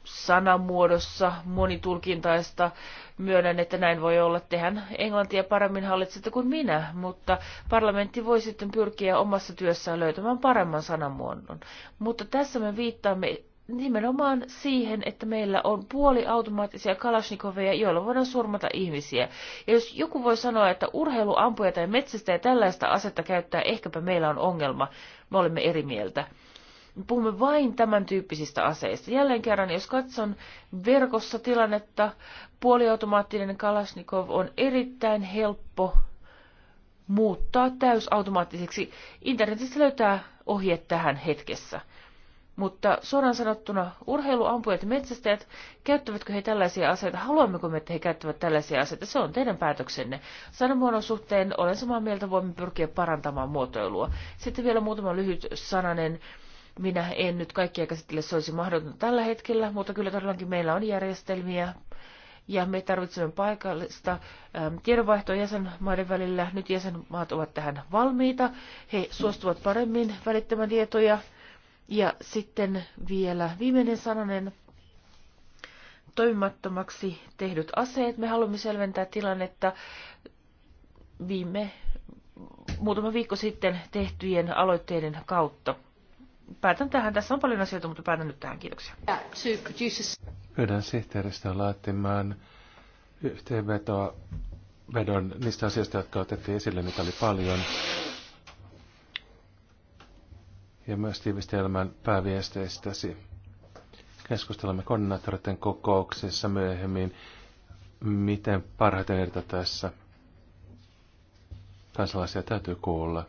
sanamuodossa monitulkintaista. Myönnän, että näin voi olla. Tehän englantia paremmin hallitsette kuin minä, mutta parlamentti voi sitten pyrkiä omassa työssään löytämään paremman sanamuodon. Mutta tässä me viittaamme nimenomaan siihen, että meillä on puoli automaattisia kalashnikoveja, joilla voidaan surmata ihmisiä. Ja jos joku voi sanoa, että urheiluampuja tai metsästä ja tällaista asetta käyttää, ehkäpä meillä on ongelma. Me olemme eri mieltä puhumme vain tämän tyyppisistä aseista. Jälleen kerran, jos katson verkossa tilannetta, puoliautomaattinen Kalashnikov on erittäin helppo muuttaa täysautomaattiseksi. Internetistä löytää ohjeet tähän hetkessä. Mutta suoraan sanottuna, urheiluampujat ja metsästäjät, käyttävätkö he tällaisia aseita? Haluammeko me, että he käyttävät tällaisia aseita? Se on teidän päätöksenne. Sanamuodon suhteen olen samaa mieltä, voimme pyrkiä parantamaan muotoilua. Sitten vielä muutama lyhyt sananen minä en nyt kaikkia käsittele, se olisi mahdotonta tällä hetkellä, mutta kyllä todellakin meillä on järjestelmiä ja me tarvitsemme paikallista ähm, tiedonvaihtoa jäsenmaiden välillä. Nyt jäsenmaat ovat tähän valmiita. He suostuvat paremmin välittämään tietoja. Ja sitten vielä viimeinen sananen toimimattomaksi tehdyt aseet. Me haluamme selventää tilannetta viime muutama viikko sitten tehtyjen aloitteiden kautta päätän tähän. Tässä on paljon asioita, mutta päätän nyt tähän. Kiitoksia. Pyydän sihteeristä laittamaan yhteenvetoa vedon niistä asioista, jotka otettiin esille, mitä oli paljon. Ja myös tiivistelmän pääviesteistäsi. Keskustelemme koordinaattoreiden kokouksessa myöhemmin, miten parhaiten edetä tässä. Kansalaisia täytyy kuulla.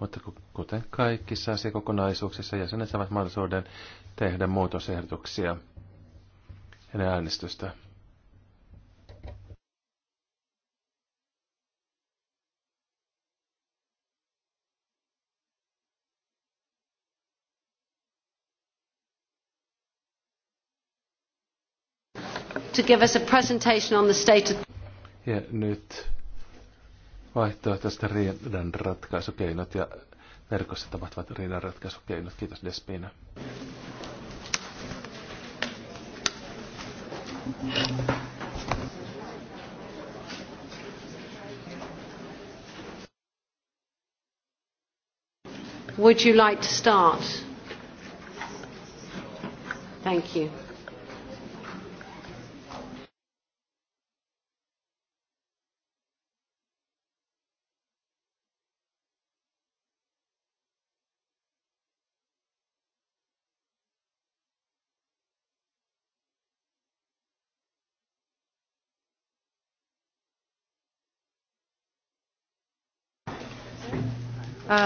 Mutta kuten kaikissa asiakokonaisuuksissa, jäsenet saavat mahdollisuuden tehdä muutosehdotuksia ennen äänestystä. to give us a presentation on the state of... Ja nyt vaihtoehtoiset riidan ratkaisukeinot ja verkossa tapahtuvat riidan ratkaisukeinot. Kiitos Despina. Would you like to start? Thank you.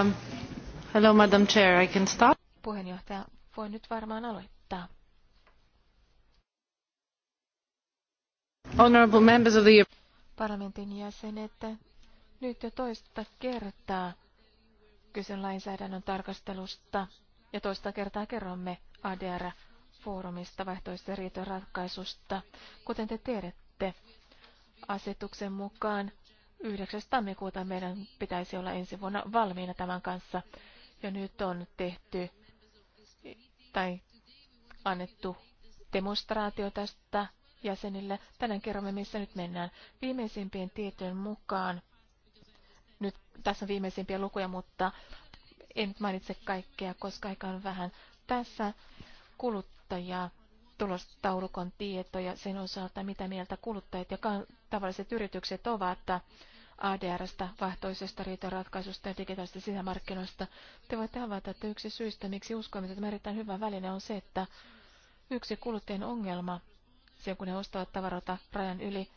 Um, puhemies, Puheenjohtaja, voi nyt varmaan aloittaa. Honorable members of the... Parlamentin jäsenet, nyt jo toista kertaa kysyn lainsäädännön tarkastelusta ja toista kertaa kerromme ADR-foorumista vaihtoisten riitojen ratkaisusta. Kuten te tiedätte, asetuksen mukaan 9. tammikuuta meidän pitäisi olla ensi vuonna valmiina tämän kanssa. Ja nyt on tehty tai annettu demonstraatio tästä jäsenille. Tänään kerromme, missä nyt mennään. Viimeisimpien tietojen mukaan, nyt tässä on viimeisimpiä lukuja, mutta en mainitse kaikkea, koska aika on vähän. Tässä kuluttaja tulostaulukon tietoja sen osalta, mitä mieltä kuluttajat ja tavalliset yritykset ovat ADR-stä, vahtoisesta riitoratkaisusta ja digitaalisesta sisämarkkinoista. Te voitte havaita, että yksi syistä, miksi uskoimme, että tämä erittäin hyvä väline on se, että yksi kuluttajien ongelma, silloin kun he ostavat tavaroita rajan yli,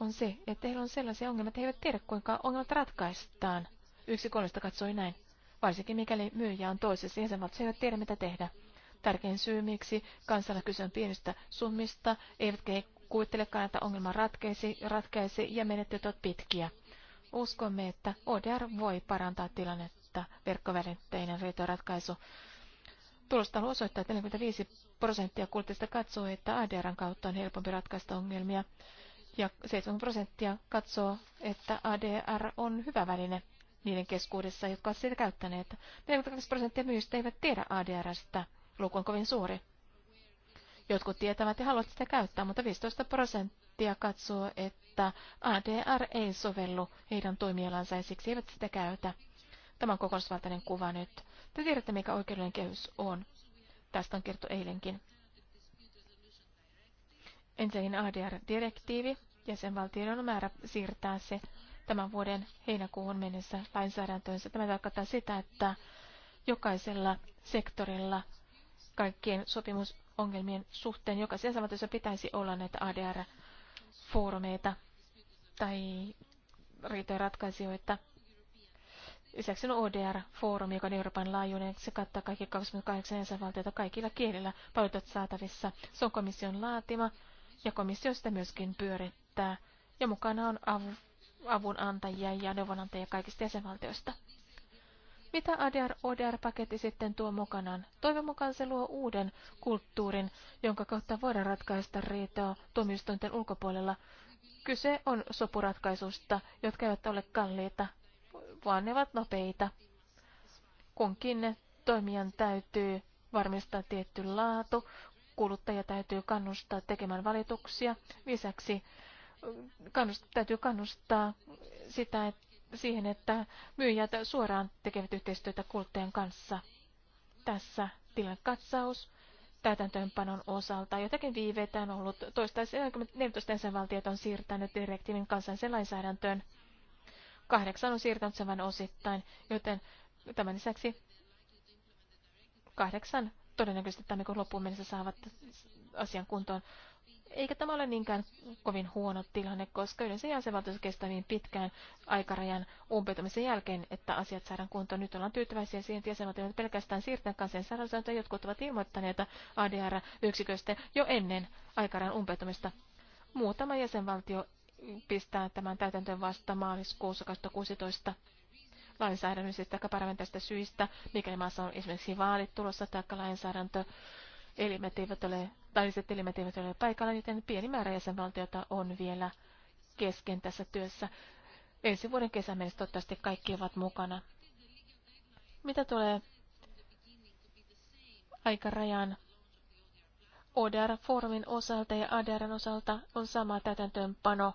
on se, että heillä on sellaisia ongelmia, että he eivät tiedä, kuinka ongelmat ratkaistaan. Yksi kolmesta katsoi näin. Varsinkin mikäli myyjä on toisessa jäsenvaltiossa, he eivät tiedä, mitä tehdä. Tärkein syy, miksi kansalla kyse on pienistä summista, eivätkä he kuvittelekaan, että ongelma ratkeisi, ratkeisi ja menettelyt ovat pitkiä. Uskomme, että ODR voi parantaa tilannetta verkkovälitteinen riitoratkaisu. Tulostaulu osoittaa, että 45 prosenttia kuluttajista katsoo, että ADRn kautta on helpompi ratkaista ongelmia, ja 7 prosenttia katsoo, että ADR on hyvä väline niiden keskuudessa, jotka ovat sitä käyttäneet. 42 prosenttia myyjistä eivät tiedä ADRstä. Luku on kovin suuri. Jotkut tietävät ja haluavat sitä käyttää, mutta 15 prosenttia katsoo, että ADR ei sovellu heidän toimialansa ja siksi eivät sitä käytä. Tämä on kokonaisvaltainen kuva nyt. Te tiedätte, mikä oikeudellinen kehys on. Tästä on kerrottu eilenkin. Ensinnäkin ADR-direktiivi. Jäsenvaltioiden on määrä siirtää se tämän vuoden heinäkuuhun mennessä lainsäädäntöönsä. Tämä tarkoittaa sitä, että jokaisella sektorilla kaikkien sopimus ongelmien suhteen. Jokaisessa jäsenvaltiossa pitäisi olla näitä ADR-foorumeita tai riitojen ratkaisijoita. Lisäksi on ODR-foorumi, joka on Euroopan laajuinen. Se kattaa kaikki 28 jäsenvaltiota kaikilla kielillä palvelut saatavissa. Se on komission laatima ja komissio sitä myöskin pyörittää. Ja mukana on av- avunantajia ja neuvonantajia kaikista jäsenvaltioista. Mitä ADR-ODR-paketti sitten tuo mukanaan? Toivon mukaan se luo uuden kulttuurin, jonka kautta voidaan ratkaista riitoa tuomioistuinten ulkopuolella. Kyse on sopuratkaisusta, jotka eivät ole kalliita, vaan ne ovat nopeita. Kunkin toimijan täytyy varmistaa tietty laatu, kuluttaja täytyy kannustaa tekemään valituksia. Lisäksi kannust, täytyy kannustaa sitä, että siihen, että myyjät suoraan tekevät yhteistyötä kuluttajan kanssa. Tässä tilannekatsaus täytäntöönpanon osalta. Jotakin viiveitä on ollut. Toistaiseksi 14 jäsenvaltiot on siirtänyt direktiivin kansalliseen lainsäädäntöön. Kahdeksan on siirtänyt sen vain osittain, joten tämän lisäksi kahdeksan todennäköisesti tämän loppuun mennessä saavat asian kuntoon. Eikä tämä ole niinkään kovin huono tilanne, koska yleensä jäsenvaltuus kestää niin pitkään aikarajan umpeutumisen jälkeen, että asiat saadaan kuntoon. Nyt ollaan tyytyväisiä siihen, että jäsenvaltuudet pelkästään siirtää kansan sairaansa, jotkut ovat ilmoittaneet ADR-yksiköstä jo ennen aikarajan umpeutumista. Muutama jäsenvaltio pistää tämän täytäntöön vasta maaliskuussa 2016 lainsäädännöllisistä tai parlamentaista syistä, mikäli maassa on esimerkiksi vaalit tulossa tai lainsäädäntö elimet eivät ole lailliset elimet eivät ole paikalla, joten pieni määrä jäsenvaltiota on vielä kesken tässä työssä. Ensi vuoden kesän mennessä toivottavasti kaikki ovat mukana. Mitä tulee aikarajan ODR-foorumin osalta ja ADRn osalta on sama täytäntöönpano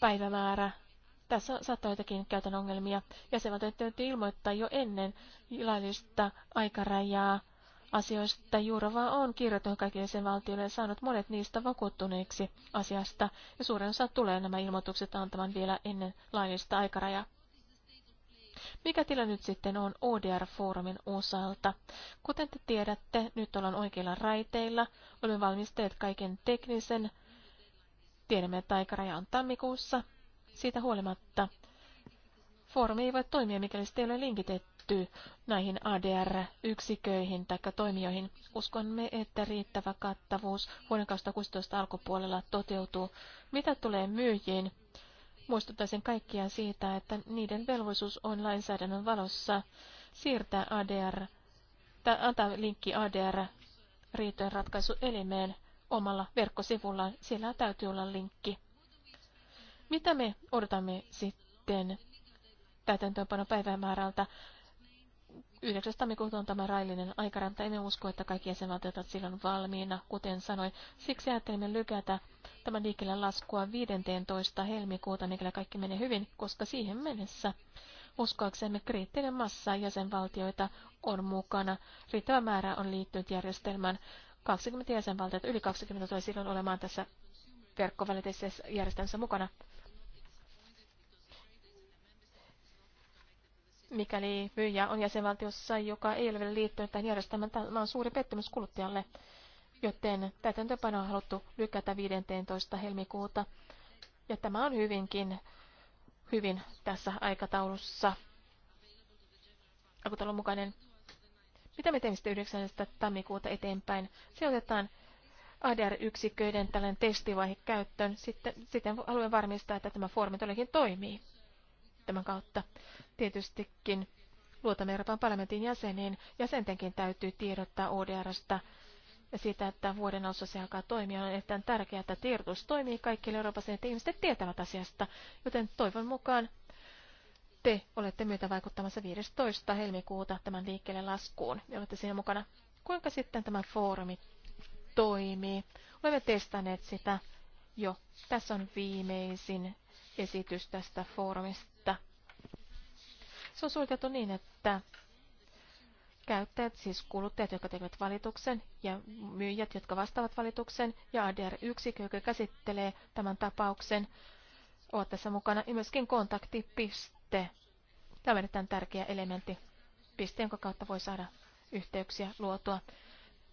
päivämäärä. Tässä saattaa jotakin käytön ongelmia. Jäsenvaltiot täytyy ilmoittaa jo ennen laillista aikarajaa asioista. Jurova on kirjoittanut kaikille sen valtioille ja saanut monet niistä vakuuttuneeksi asiasta, ja suurin osa tulee nämä ilmoitukset antamaan vielä ennen lainista aikarajaa. Mikä tilanne nyt sitten on ODR-foorumin osalta? Kuten te tiedätte, nyt ollaan oikeilla raiteilla. Olemme valmisteet kaiken teknisen. Tiedämme, että aikaraja on tammikuussa. Siitä huolimatta foorumi ei voi toimia, mikäli se ei ole linkitetty liittyy näihin ADR-yksiköihin tai toimijoihin. Uskomme, että riittävä kattavuus vuoden 2016 alkupuolella toteutuu. Mitä tulee myyjiin? Muistuttaisin kaikkia siitä, että niiden velvollisuus on lainsäädännön valossa siirtää ADR, tai antaa linkki ADR riitojen ratkaisuelimeen omalla verkkosivullaan. Siellä täytyy olla linkki. Mitä me odotamme sitten täytäntöönpanopäivämäärältä 9. tammikuuta on tämä raillinen aikaranta. Emme usko, että kaikki jäsenvaltiot ovat silloin valmiina, kuten sanoin. Siksi ajattelimme lykätä tämän liikkeelle laskua 15. helmikuuta, mikäli kaikki menee hyvin, koska siihen mennessä uskoaksemme kriittinen massa jäsenvaltioita on mukana. Riittävä määrä on liittynyt järjestelmään. 20 jäsenvaltiota, yli 20 tulee silloin olemaan tässä verkkovälitteisessä järjestelmässä mukana. mikäli myyjä on jäsenvaltiossa, joka ei ole vielä liittynyt tähän järjestelmään. Tämä on suuri pettymys kuluttajalle, joten täytäntöpano on haluttu lykätä 15. helmikuuta. Ja tämä on hyvinkin hyvin tässä aikataulussa. Aikataulun mukainen. Mitä me teemme sitten 9. tammikuuta eteenpäin? Se otetaan ADR-yksiköiden tällainen testivaihe käyttöön. Sitten, sitten haluan varmistaa, että tämä foorumi todellakin toimii tämän kautta. Tietystikin luotamme Euroopan parlamentin jäseniin. Jäsentenkin täytyy tiedottaa ODRstä ja siitä, että vuoden alussa se alkaa toimia. On erittäin tärkeää, että tiedotus toimii kaikille Euroopan että ihmiset tietävät asiasta. Joten toivon mukaan te olette myötä vaikuttamassa 15. helmikuuta tämän liikkeelle laskuun ja olette siinä mukana. Kuinka sitten tämä foorumi toimii? Olemme testanneet sitä jo. Tässä on viimeisin esitys tästä foorumista se on suunniteltu niin, että käyttäjät, siis kuluttajat, jotka tekevät valituksen, ja myyjät, jotka vastaavat valituksen, ja ADR-yksikö, joka käsittelee tämän tapauksen, ovat tässä mukana, ja myöskin kontaktipiste. Tämä on erittäin tärkeä elementti, piste, jonka kautta voi saada yhteyksiä luotua.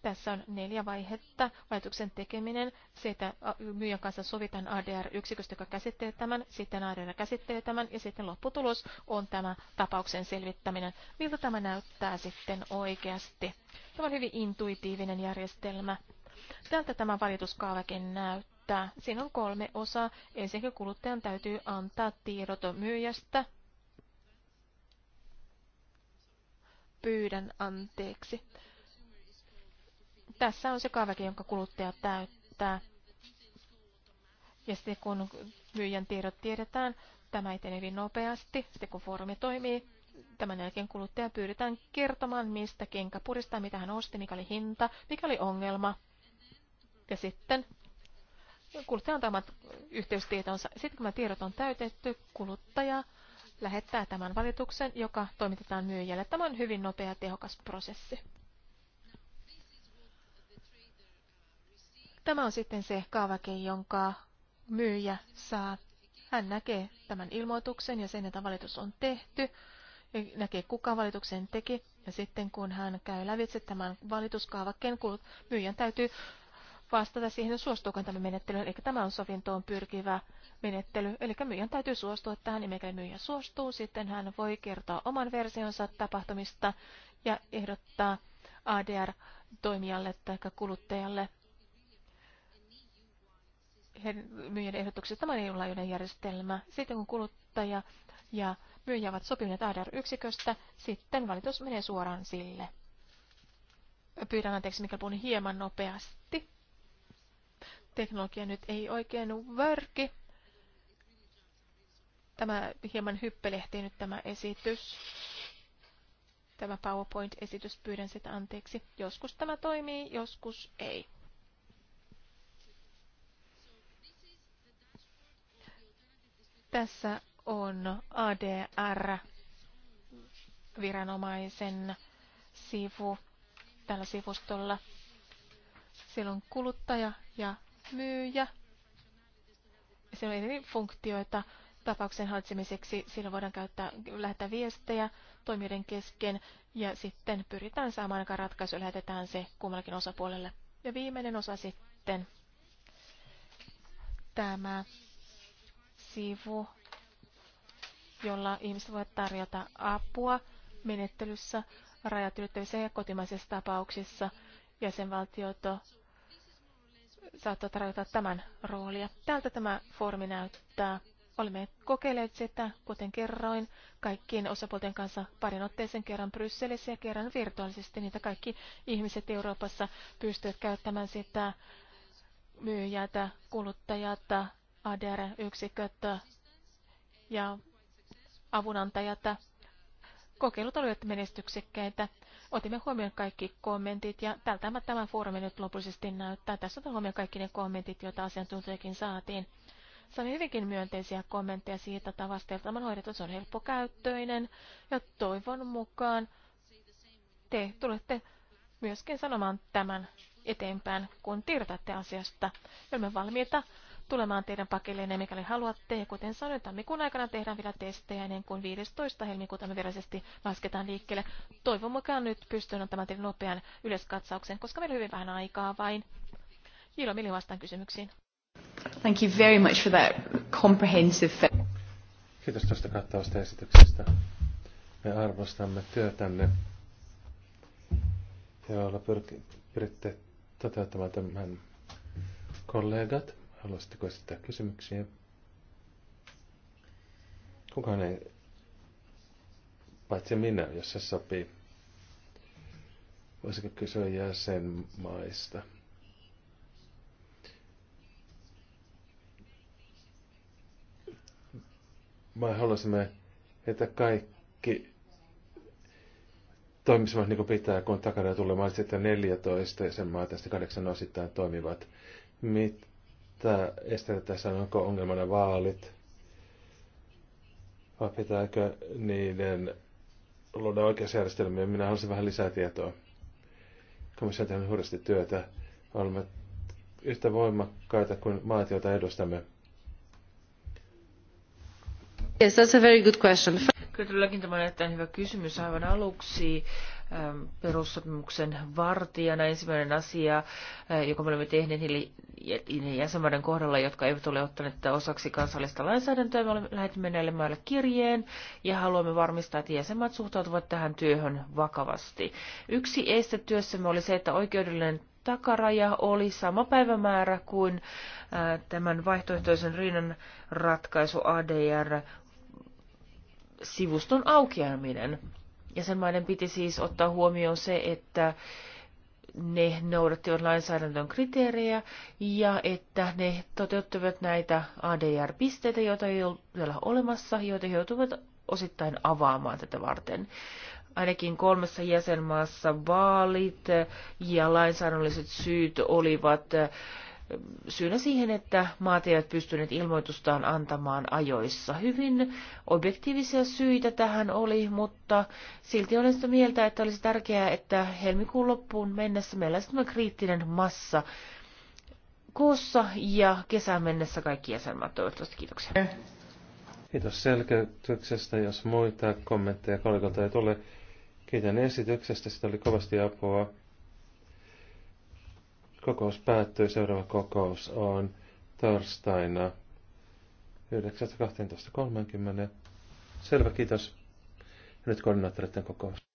Tässä on neljä vaihetta. Valituksen tekeminen, siitä myyjän kanssa sovitaan ADR-yksiköstä, joka käsittelee tämän, sitten ADR käsittelee tämän ja sitten lopputulos on tämä tapauksen selvittäminen. Miltä tämä näyttää sitten oikeasti? Tämä on hyvin intuitiivinen järjestelmä. Tältä tämä valituskaavake näyttää. Siinä on kolme osaa. Ensinnäkin kuluttajan täytyy antaa tiedot myyjästä. Pyydän anteeksi tässä on se kaveri, jonka kuluttaja täyttää. Ja sitten kun myyjän tiedot tiedetään, tämä etenee hyvin nopeasti. Sitten kun foorumi toimii, tämän jälkeen kuluttaja pyydetään kertomaan, mistä kenkä puristaa, mitä hän osti, mikä oli hinta, mikä oli ongelma. Ja sitten kuluttaja antaa omat yhteystietonsa. Sitten kun nämä tiedot on täytetty, kuluttaja lähettää tämän valituksen, joka toimitetaan myyjälle. Tämä on hyvin nopea ja tehokas prosessi. Tämä on sitten se kaavake, jonka myyjä saa. Hän näkee tämän ilmoituksen ja sen, että valitus on tehty, näkee kuka valituksen teki, ja sitten kun hän käy lävitse tämän valituskaavakkeen, myyjän täytyy vastata siihen, suostuuko tämä menettely. Eli tämä on sovintoon pyrkivä menettely. Eli myyjän täytyy suostua tähän, ja mikäli myyjä suostuu, sitten hän voi kertoa oman versionsa tapahtumista ja ehdottaa ADR-toimijalle tai kuluttajalle myyjän ehdotuksesta tämä ei ole järjestelmä. Sitten kun kuluttaja ja myyjä ovat sopineet ADR-yksiköstä, sitten valitus menee suoraan sille. Pyydän anteeksi, mikä puhun hieman nopeasti. Teknologia nyt ei oikein värki. Tämä hieman hyppelehtii nyt tämä esitys. Tämä PowerPoint-esitys, pyydän sitä anteeksi. Joskus tämä toimii, joskus ei. Tässä on ADR-viranomaisen sivu tällä sivustolla. Siellä on kuluttaja ja myyjä. Siellä on eri funktioita tapauksen hallitsemiseksi. Siellä voidaan käyttää, lähettää viestejä toimijoiden kesken ja sitten pyritään saamaan aika ratkaisu ja lähetetään se kummallakin osapuolelle. Ja viimeinen osa sitten tämä sivu, jolla ihmiset voivat tarjota apua menettelyssä, rajat ylittävissä ja kotimaisissa tapauksissa. Jäsenvaltiot saattavat tarjota tämän roolia. Tältä tämä foorumi näyttää. Olemme kokeilleet sitä, kuten kerroin, kaikkien osapuolten kanssa parin otteeseen kerran Brysselissä ja kerran virtuaalisesti. Niitä kaikki ihmiset Euroopassa pystyvät käyttämään sitä myyjätä, kuluttajata, ADR-yksiköt ja avunantajat. Kokeilut olivat menestyksekkäitä. Otimme huomioon kaikki kommentit ja tältä tämä foorumi nyt lopullisesti näyttää. Tässä on huomioon kaikki ne kommentit, joita asiantuntijakin saatiin. Saimme hyvinkin myönteisiä kommentteja siitä tavasta, että tämä hoidettu. Se on helppokäyttöinen ja toivon mukaan te tulette myöskin sanomaan tämän eteenpäin, kun tiedotatte asiasta. Olemme valmiita tulemaan teidän pakilleen, mikäli haluatte. Kuten sanoin, tammikuun aikana tehdään vielä testejä ennen kuin 15. helmikuuta me virallisesti lasketaan liikkeelle. Toivon mukaan nyt pystyn antamaan teille nopean yleiskatsauksen, koska meillä on hyvin vähän aikaa vain. Ilo, millä vastaan kysymyksiin. Thank you very much for that comprehensive... Kiitos tuosta kattavasta esityksestä. Me arvostamme työtänne, jolla pyritte toteuttamaan tämän kollegat. Haluaisitteko esittää kysymyksiä? Kukaan ei, paitsi minä, jos se sopii. Voisiko kysyä jäsenmaista? Mä haluaisimme, että kaikki toimisivat niin kuin pitää, kun takana tulee että 14 jäsenmaa tästä kahdeksan osittain toimivat. Mit, että estetään, onko ongelmana vaalit, vai pitääkö niiden luoda järjestelmiä. Minä haluaisin vähän lisää tietoa. Komissio on tehnyt hurjasti työtä. Olemme yhtä voimakkaita kuin maat, joita edustamme. Yes, that's a very good question. Kyllä todellakin tämä on erittäin hyvä kysymys aivan aluksi perussopimuksen vartijana. Ensimmäinen asia, joka me olemme tehneet niille jäsenmaiden kohdalla, jotka eivät ole ottaneet osaksi kansallista lainsäädäntöä, me olemme lähettäneet näille maille kirjeen ja haluamme varmistaa, että jäsenmaat suhtautuvat tähän työhön vakavasti. Yksi este työssämme oli se, että oikeudellinen takaraja oli sama päivämäärä kuin tämän vaihtoehtoisen rinnan ratkaisu ADR sivuston aukeaminen. Jäsenmaiden piti siis ottaa huomioon se, että ne noudattivat lainsäädännön kriteerejä ja että ne toteuttivat näitä ADR-pisteitä, joita ei ole vielä olemassa, joita he joutuvat osittain avaamaan tätä varten. Ainakin kolmessa jäsenmaassa vaalit ja lainsäädännölliset syyt olivat äh, syynä siihen, että maat eivät pystyneet ilmoitustaan antamaan ajoissa. Hyvin objektiivisia syitä tähän oli, mutta silti olen sitä mieltä, että olisi tärkeää, että helmikuun loppuun mennessä meillä olisi kriittinen massa koossa ja kesän mennessä kaikki jäsenmaat toivottavasti. Kiitoksia. Kiitos selkeytyksestä. Jos muita kommentteja kollegalta ei tule, kiitän esityksestä. Sitä oli kovasti apua. Kokous päättyy. Seuraava kokous on torstaina 9.12.30. Selvä, kiitos. Ja nyt koordinaattoreiden kokous.